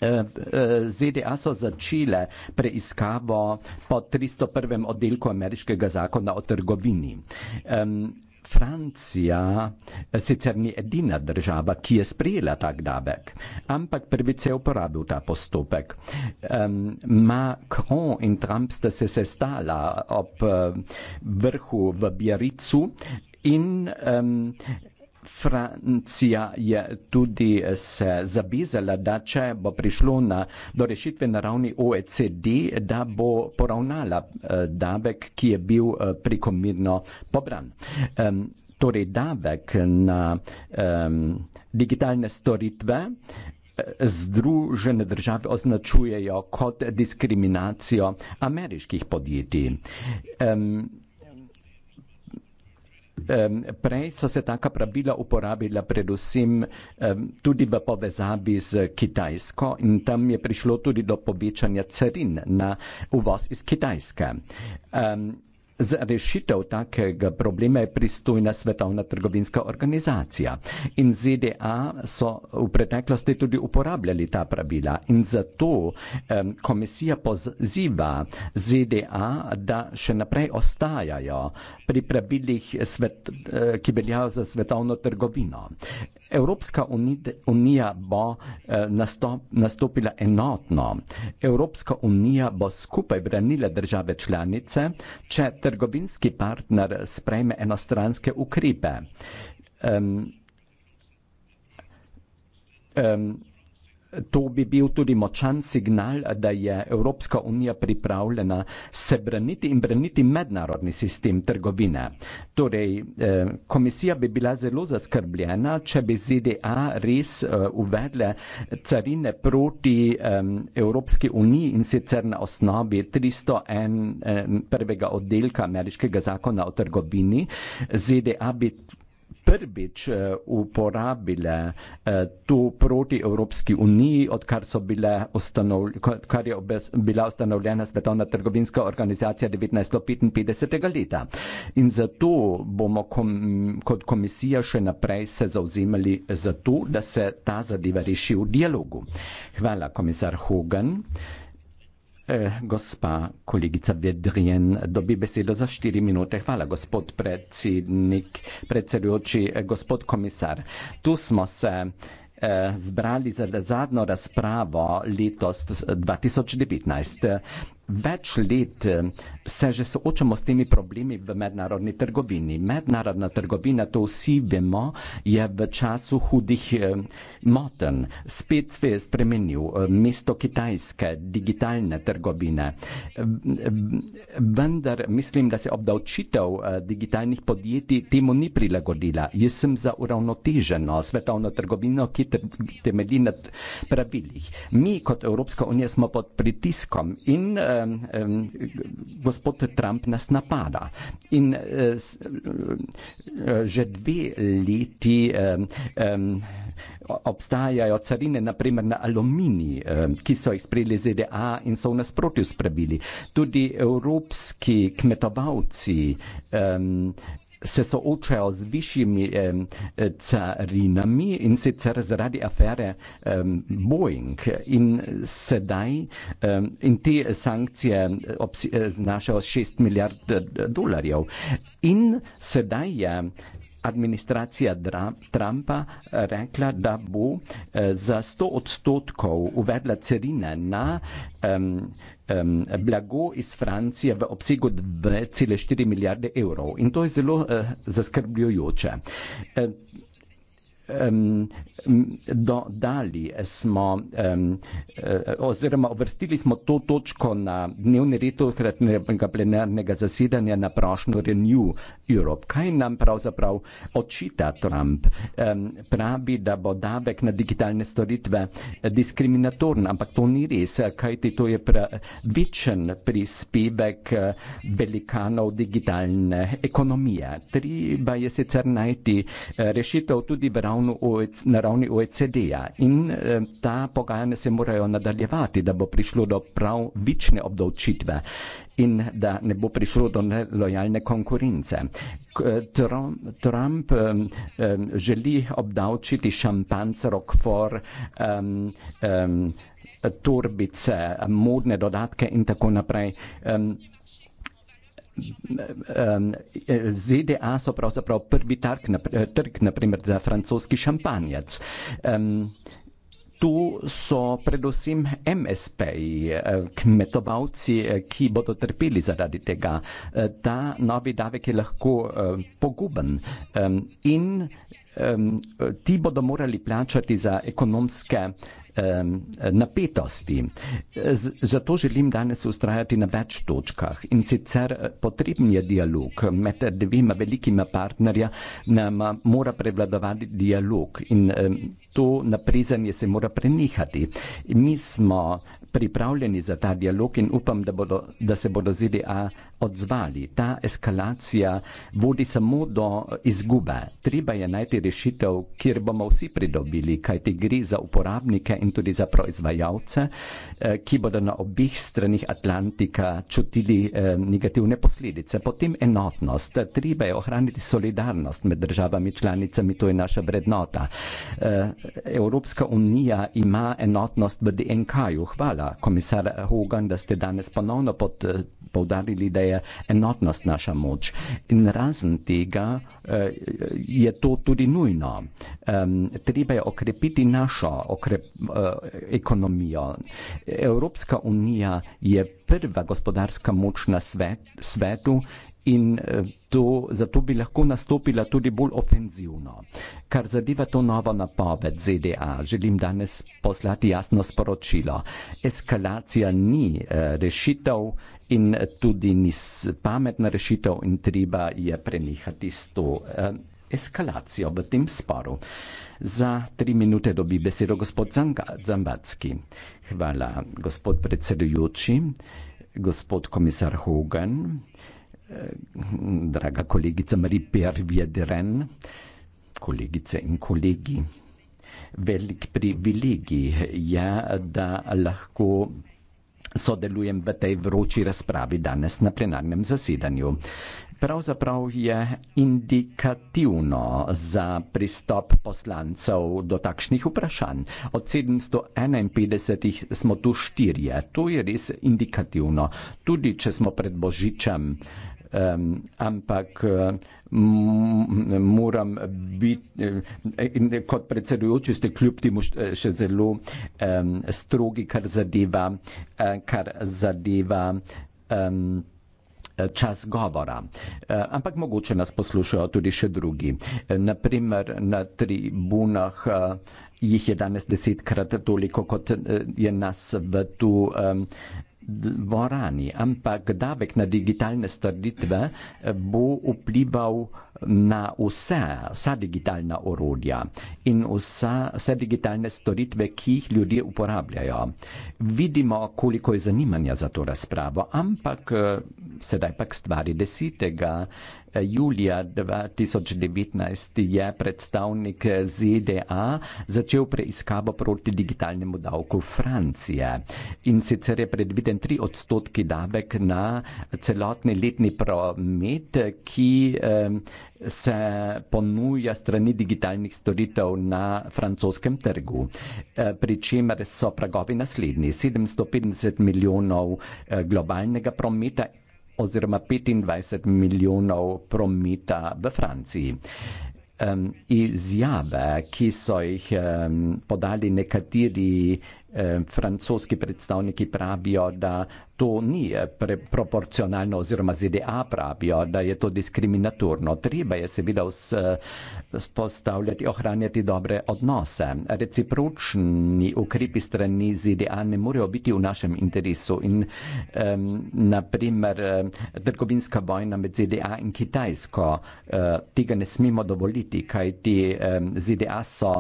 Eh, eh, ZDA so začele preiskavo po 301. oddelku ameriškega zakona o trgovini. Francija eh, sicer ni edina država, ki je sprejela tak davek, ampak prvič je uporabil ta postopek. Macron in Trump sta se sestala ob vrhu v Biaricu in Francija je tudi se zabizala, da če bo prišlo na, do rešitve na ravni OECD, da bo poravnala eh, davek, ki je bil eh, prikomirno pobran. Um, torej davek na um, digitalne storitve eh, združene države označujejo kot diskriminacijo ameriških podjetij. Um, Prej so se taka pravila uporabila predvsem tudi v povezavi z Kitajsko in tam je prišlo tudi do povečanja carin na uvoz iz Kitajske. Za rešitev takega problema je pristojna svetovna trgovinska organizacija in ZDA so v preteklosti tudi uporabljali ta pravila in zato um, komisija poziva ZDA, da še naprej ostajajo pri pravilih, svet, eh, ki veljajo za svetovno trgovino. Evropska unija bo eh, nastopila enotno. Evropska unija bo skupaj branila države članice, če trgovinski partner sprejme enostranske ukrepe. Um, um, to bi bil tudi močan signal, da je Evropska unija pripravljena se braniti in braniti mednarodni sistem trgovine. Torej, eh, komisija bi bila zelo zaskrbljena, če bi ZDA res eh, uvedle carine proti Evropski uniji in sicer na osnovi 301. prvega oddelka ameriškega zakona o trgovini. ZDA bi prvič eh, uporabile eh, tu proti Evropski uniji, odkar so bile ustanovljene, kar je bila ustanovljena Svetovna trgovinska organizacija 1955. leta. In zato bomo kom, kot komisija še naprej se zauzemali za to, da se ta zadeva reši v dialogu. Hvala, komisar Hogan. Eh, gospa kolegica Vedrjen dobi besedo za štiri minute. Hvala, gospod predsednik, predsedujoči, eh, gospod komisar. Tu smo se eh, zbrali za zadnjo razpravo letos 2019. Eh, več let eh, se že soočamo s temi problemi v mednarodni trgovini. Mednarodna trgovina, to vsi vemo, je v času hudih eh, moten. Spet se je spremenil eh, mesto kitajske digitalne trgovine. Vendar mislim, da se obdavčitev digitalnih podjetij temu ni prilagodila. Jaz sem za uravnoteženo svetovno trgovino, ki temelji na pravilih. Mi kot Evropska unija smo pod pritiskom in Um, um, gospod Trump nas napada. In uh, uh, že dve leti um, um, obstajajo carine, naprimer na aluminij, um, ki so jih sprejeli ZDA in so v nasprotju spravili. Tudi evropski kmetovalci um, se soočajo z višjimi eh, carinami in sicer zaradi afere eh, Boeing. In sedaj eh, in te sankcije znašajo 6 milijard dolarjev. In sedaj je administracija dra, Trumpa rekla, da bo eh, za 100 odstotkov uvedla carine na. Eh, um, blago iz Francije v obsegu 2,4 milijarde evrov. In to je zelo uh, zaskrbljujoče. Uh, um, do, dali smo, um, oziroma uvrstili smo to točko na dnevni red okratnega plenarnega zasedanja na prošnjo Renew Europe. Kaj nam pravzaprav očita Trump? Um, pravi, da bo davek na digitalne storitve eh, diskriminatoren, ampak to ni res, eh, kajti to je večen prispevek velikanov digitalne ekonomije. Treba je sicer najti rešitev tudi v ravni ravno e na ravni OECD-ja in eh, ta pogajanja se morajo nadaljevati, da bo prišlo do pravične obdavčitve in da ne bo prišlo do nelojalne konkurence. Eh, Trump, Trump um, um, želi obdavčiti šampanca, rokvor, um, um, torbice, modne dodatke in tako naprej. Um, ZDA so pravzaprav prvi trg, trg naprimer, za francoski šampanjec. Um, tu so predvsem MSP-ji, kmetovalci, eh, ki bodo trpeli zaradi tega. Eh, ta novi davek je lahko eh, poguben in ti bodo morali plačati za ekonomske napetosti. Zato želim danes ustrajati na več točkah in sicer eh, potreben je dialog med dvema velikima partnerja, nam mora prevladovati dialog in to naprezanje se mora prenehati. Mi smo pripravljeni za ta dialog in upam, da, bodo, da se bodo ZDA odzvali. Ta eskalacija vodi samo do izgube. Treba je najti rešitev, kjer bomo vsi pridobili, kaj ti gre za uporabnike in tudi za proizvajalce, eh, ki bodo na obih stranih Atlantika čutili eh, negativne posledice. Potem enotnost. Treba je ohraniti solidarnost med državami članicami, to je naša vrednota. Eh, Evropska unija ima enotnost v DNK-ju. Hvala komisar Hogan, da ste danes ponovno pod, eh, povdarili, da je enotnost naša moč. In razen tega eh, je to tudi nujno. Treba je okrepiti našo okrep, eh, ekonomijo. Evropska unija je prva gospodarska moč na svet, svetu in eh, to, zato bi lahko nastopila tudi bolj ofenzivno. Kar zadeva to novo napoved ZDA, želim danes poslati jasno sporočilo. Eskalacija ni eh, rešitev in tudi ni pametna rešitev in treba je prenehati s to eh, eskalacijo v tem sporu. Za tri minute dobi besedo gospod Zambacki. Hvala, gospod predsedujoči, gospod komisar Hogan draga kolegica Mariper Vjederen, kolegice in kolegi. Velik privilegij je, da lahko sodelujem v tej vroči razpravi danes na plenarnem zasedanju. Pravzaprav je indikativno za pristop poslancev do takšnih vprašanj. Od 751 smo tu štirje. To je res indikativno. Tudi če smo pred Božičem eh, Um, ampak um, moram biti, eh, in kot predsedujoči ste kljub temu še eh, zelo um, strogi, kar zadeva, kar zadeva um, čas govora. Um, ampak mogoče nas poslušajo tudi še drugi. Naprimer, na tribunah jih je danes desetkrat toliko, kot je nas v tu. Um, dvorani, ampak davek na digitalne storitve eh, bo vplival na vse, vsa digitalna orodja in vsa, vse digitalne storitve, ki jih ljudje uporabljajo. Vidimo, koliko je zanimanja za to razpravo, ampak eh, sedaj pa k stvari desetega julija 2019 je predstavnik ZDA začel preiskavo proti digitalnemu davku Francije. In sicer je predviden 3 odstotki davek na celotni letni promet, ki se ponuja strani digitalnih storitev na francoskem trgu. E, Pričemer so pragovi naslednji. 750 milijonov e, globalnega prometa oziroma 25 milijonov prometa v Franciji. Um, izjave, ki so jih um, podali nekateri um, francoski predstavniki, pravijo, da To ni eh, proporcionalno, oziroma ZDA pravijo, da je to diskriminatorno. Treba je seveda vzpostavljati, ohranjati dobre odnose. Recipročni ukrepi strani ZDA ne morejo biti v našem interesu. In, um, naprimer, eh, trgovinska vojna med ZDA in Kitajsko, uh, tega ne smemo dovoliti, kajti um, ZDA so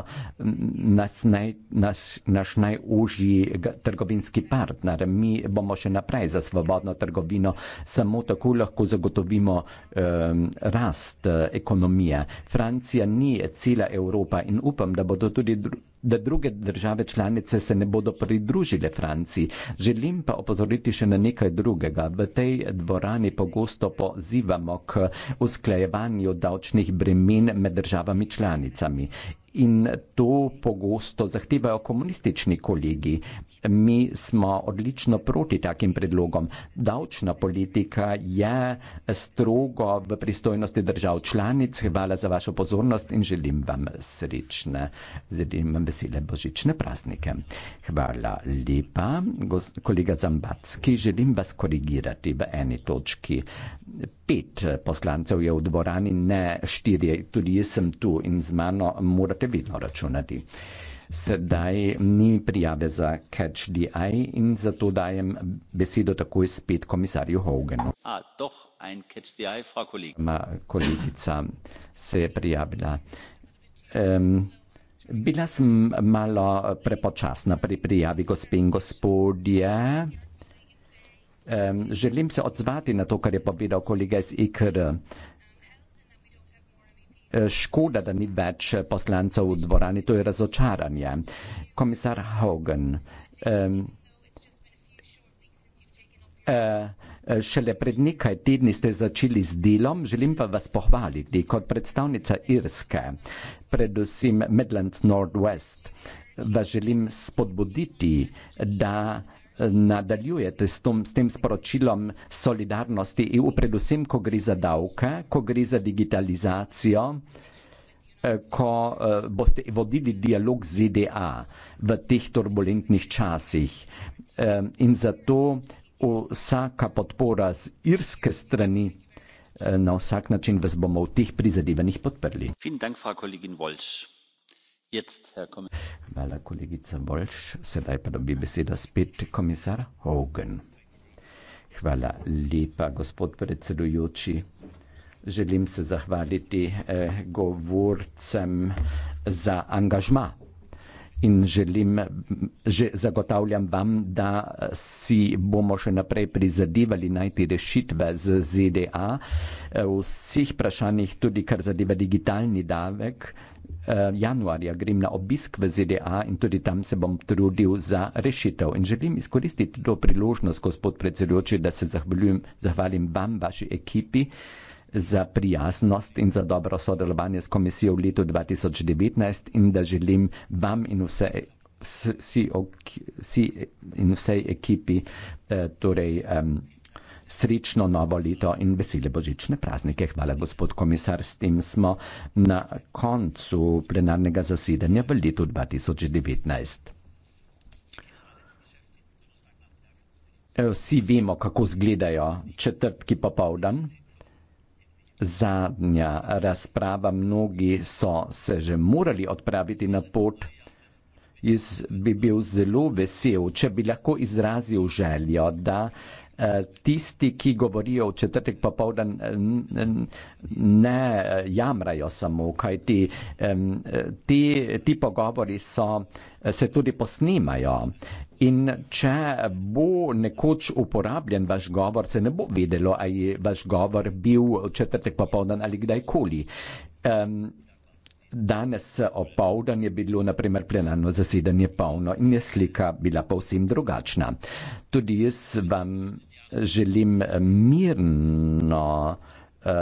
naj, naš, naš najužji trgovinski partner. Mi bomo še naprej naprej za svobodno trgovino, samo tako lahko zagotovimo um, rast uh, ekonomije. Francija ni cela Evropa in upam, da bodo tudi dru da druge države članice se ne bodo pridružile Franciji. Želim pa opozoriti še na nekaj drugega. V tej dvorani pogosto pozivamo k usklajevanju davčnih bremen med državami članicami in to pogosto zahtevajo komunistični kolegi. Mi smo odlično proti takim predlogom. Davčna politika je strogo v pristojnosti držav članic. Hvala za vašo pozornost in želim vam srečne, želim vam vesele božične praznike. Hvala lepa, Gos kolega Zambacki. Želim vas korigirati v eni točki. Pet poslancev je v dvorani, ne štirje. Tudi jaz sem tu in z mano morate morate vedno računati. Sedaj ni prijave za Catch the Eye in zato dajem besedo takoj spet komisarju Hoganu. Ma kolegica se je prijavila. Um, bila sem malo prepočasna pri prijavi gospe in gospodje. Um, želim se odzvati na to, kar je povedal kolega iz IKR. Um, Eh, škoda, da ni več eh, poslancev v dvorani, to je razočaranje. Komisar Haugen, eh, šele pred nekaj tedni ste začeli z delom, želim pa vas pohvaliti kot predstavnica Irske, predvsem Midlands Northwest. Vas želim spodbuditi, da nadaljujete s, tom, s tem sporočilom solidarnosti, EU, predvsem, ko gre za davke, ko gre za digitalizacijo, eh, ko eh, boste vodili dialog z ZDA v teh turbulentnih časih. Eh, in zato vsaka podpora z irske strani na vsak način vas bomo v teh prizadevanjih podprli. Hvala, gospod kolegin Volš. Hvala, kolegica Volš. Sedaj pa dobi beseda spet komisar Hogan. Hvala lepa, gospod predsedujoči. Želim se zahvaliti eh, govorcem za angažma in želim, že zagotavljam vam, da si bomo še naprej prizadevali najti rešitve z ZDA eh, v vseh vprašanjih, tudi kar zadeva digitalni davek uh, januarja grem na obisk v ZDA in tudi tam se bom trudil za rešitev. In želim izkoristiti to priložnost, gospod predsedujoči, da se zahvaljujem, zahvalim vam, vaši ekipi za prijaznost in za dobro sodelovanje s komisijo v letu 2019 in da želim vam in, vse, si, ok, si in vsej ekipi eh, torej, eh, srečno novo leto in vesele božične praznike. Hvala, gospod komisar. S tem smo na koncu plenarnega zasedanja v letu 2019. Vsi vemo, kako izgledajo četrtki popovdan. Zadnja razprava, mnogi so se že morali odpraviti na pot. Jaz bi bil zelo vesel, če bi lahko izrazil željo, da Eh, tisti, ki govorijo v četrtek popovdan, eh, ne eh, jamrajo samo, kaj ti, ti, ti pogovori so, se tudi posnemajo. In če bo nekoč uporabljen vaš govor, se ne bo vedelo, ali je vaš govor bil v četrtek popovdan ali kdajkoli. Danes opoldan je bilo naprimer plenarno zasedanje polno in je slika bila povsem drugačna. Tudi jaz vam želim mirno, uh,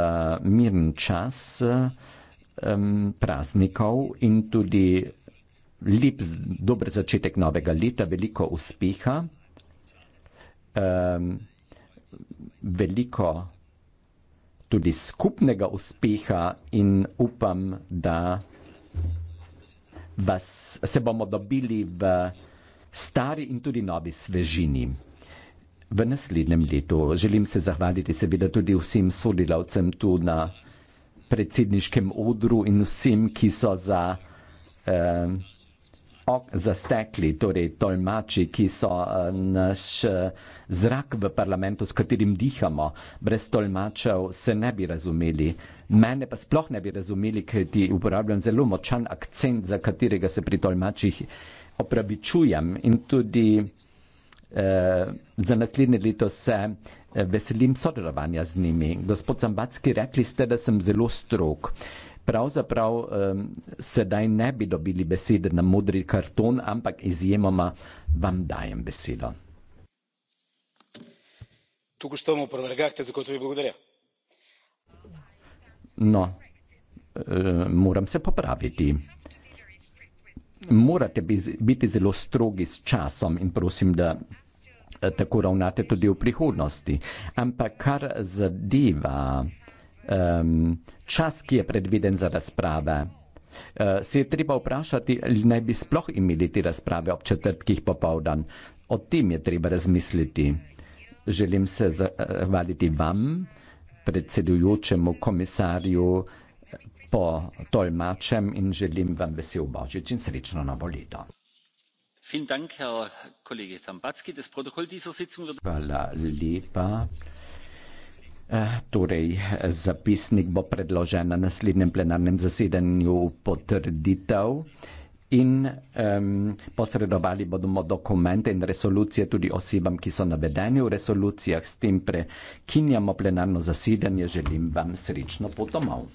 miren čas um, praznikov in tudi lep, dober začetek novega leta, veliko uspeha, um, veliko uspeha tudi skupnega uspeha in upam, da vas, se bomo dobili v stari in tudi novi svežini. V naslednjem letu želim se zahvaliti seveda tudi vsem sodelavcem tu na predsedniškem odru in vsem, ki so za eh, ok zastekli, torej tolmači, ki so eh, naš eh, zrak v parlamentu, s katerim dihamo. Brez tolmačev se ne bi razumeli. Mene pa sploh ne bi razumeli, ker ti uporabljam zelo močan akcent, za katerega se pri tolmačih opravičujem. In tudi eh, za naslednje leto se eh, veselim sodelovanja z njimi. Gospod Zambacki, rekli ste, da sem zelo strok. Eh, pravzaprav um, sedaj ne bi dobili besede na modri karton, ampak izjemoma vam dajem besedo. Tukaj što mu prvrgahte, za kot vi blagodarja. No, uh, moram se popraviti. Morate biti zelo strogi s časom in prosim, da eh, tako ravnate tudi v prihodnosti. Ampak kar zadeva um, čas, ki je predviden za razprave. Uh, si je treba vprašati, ali naj bi sploh imeli te razprave ob četrtkih popovdan. O tem je treba razmisliti. Želim se zahvaliti vam, predsedujočemu komisarju eh, po tolmačem in želim vam vesel božič in srečno novo leto. Hvala lepa. Eh, torej, zapisnik bo predložen na naslednjem plenarnem zasedanju potrditev in um, posredovali bomo dokumente in resolucije tudi osebam, ki so navedeni v resolucijah. S tem prekinjamo plenarno zasedanje. Želim vam srečno pot domov.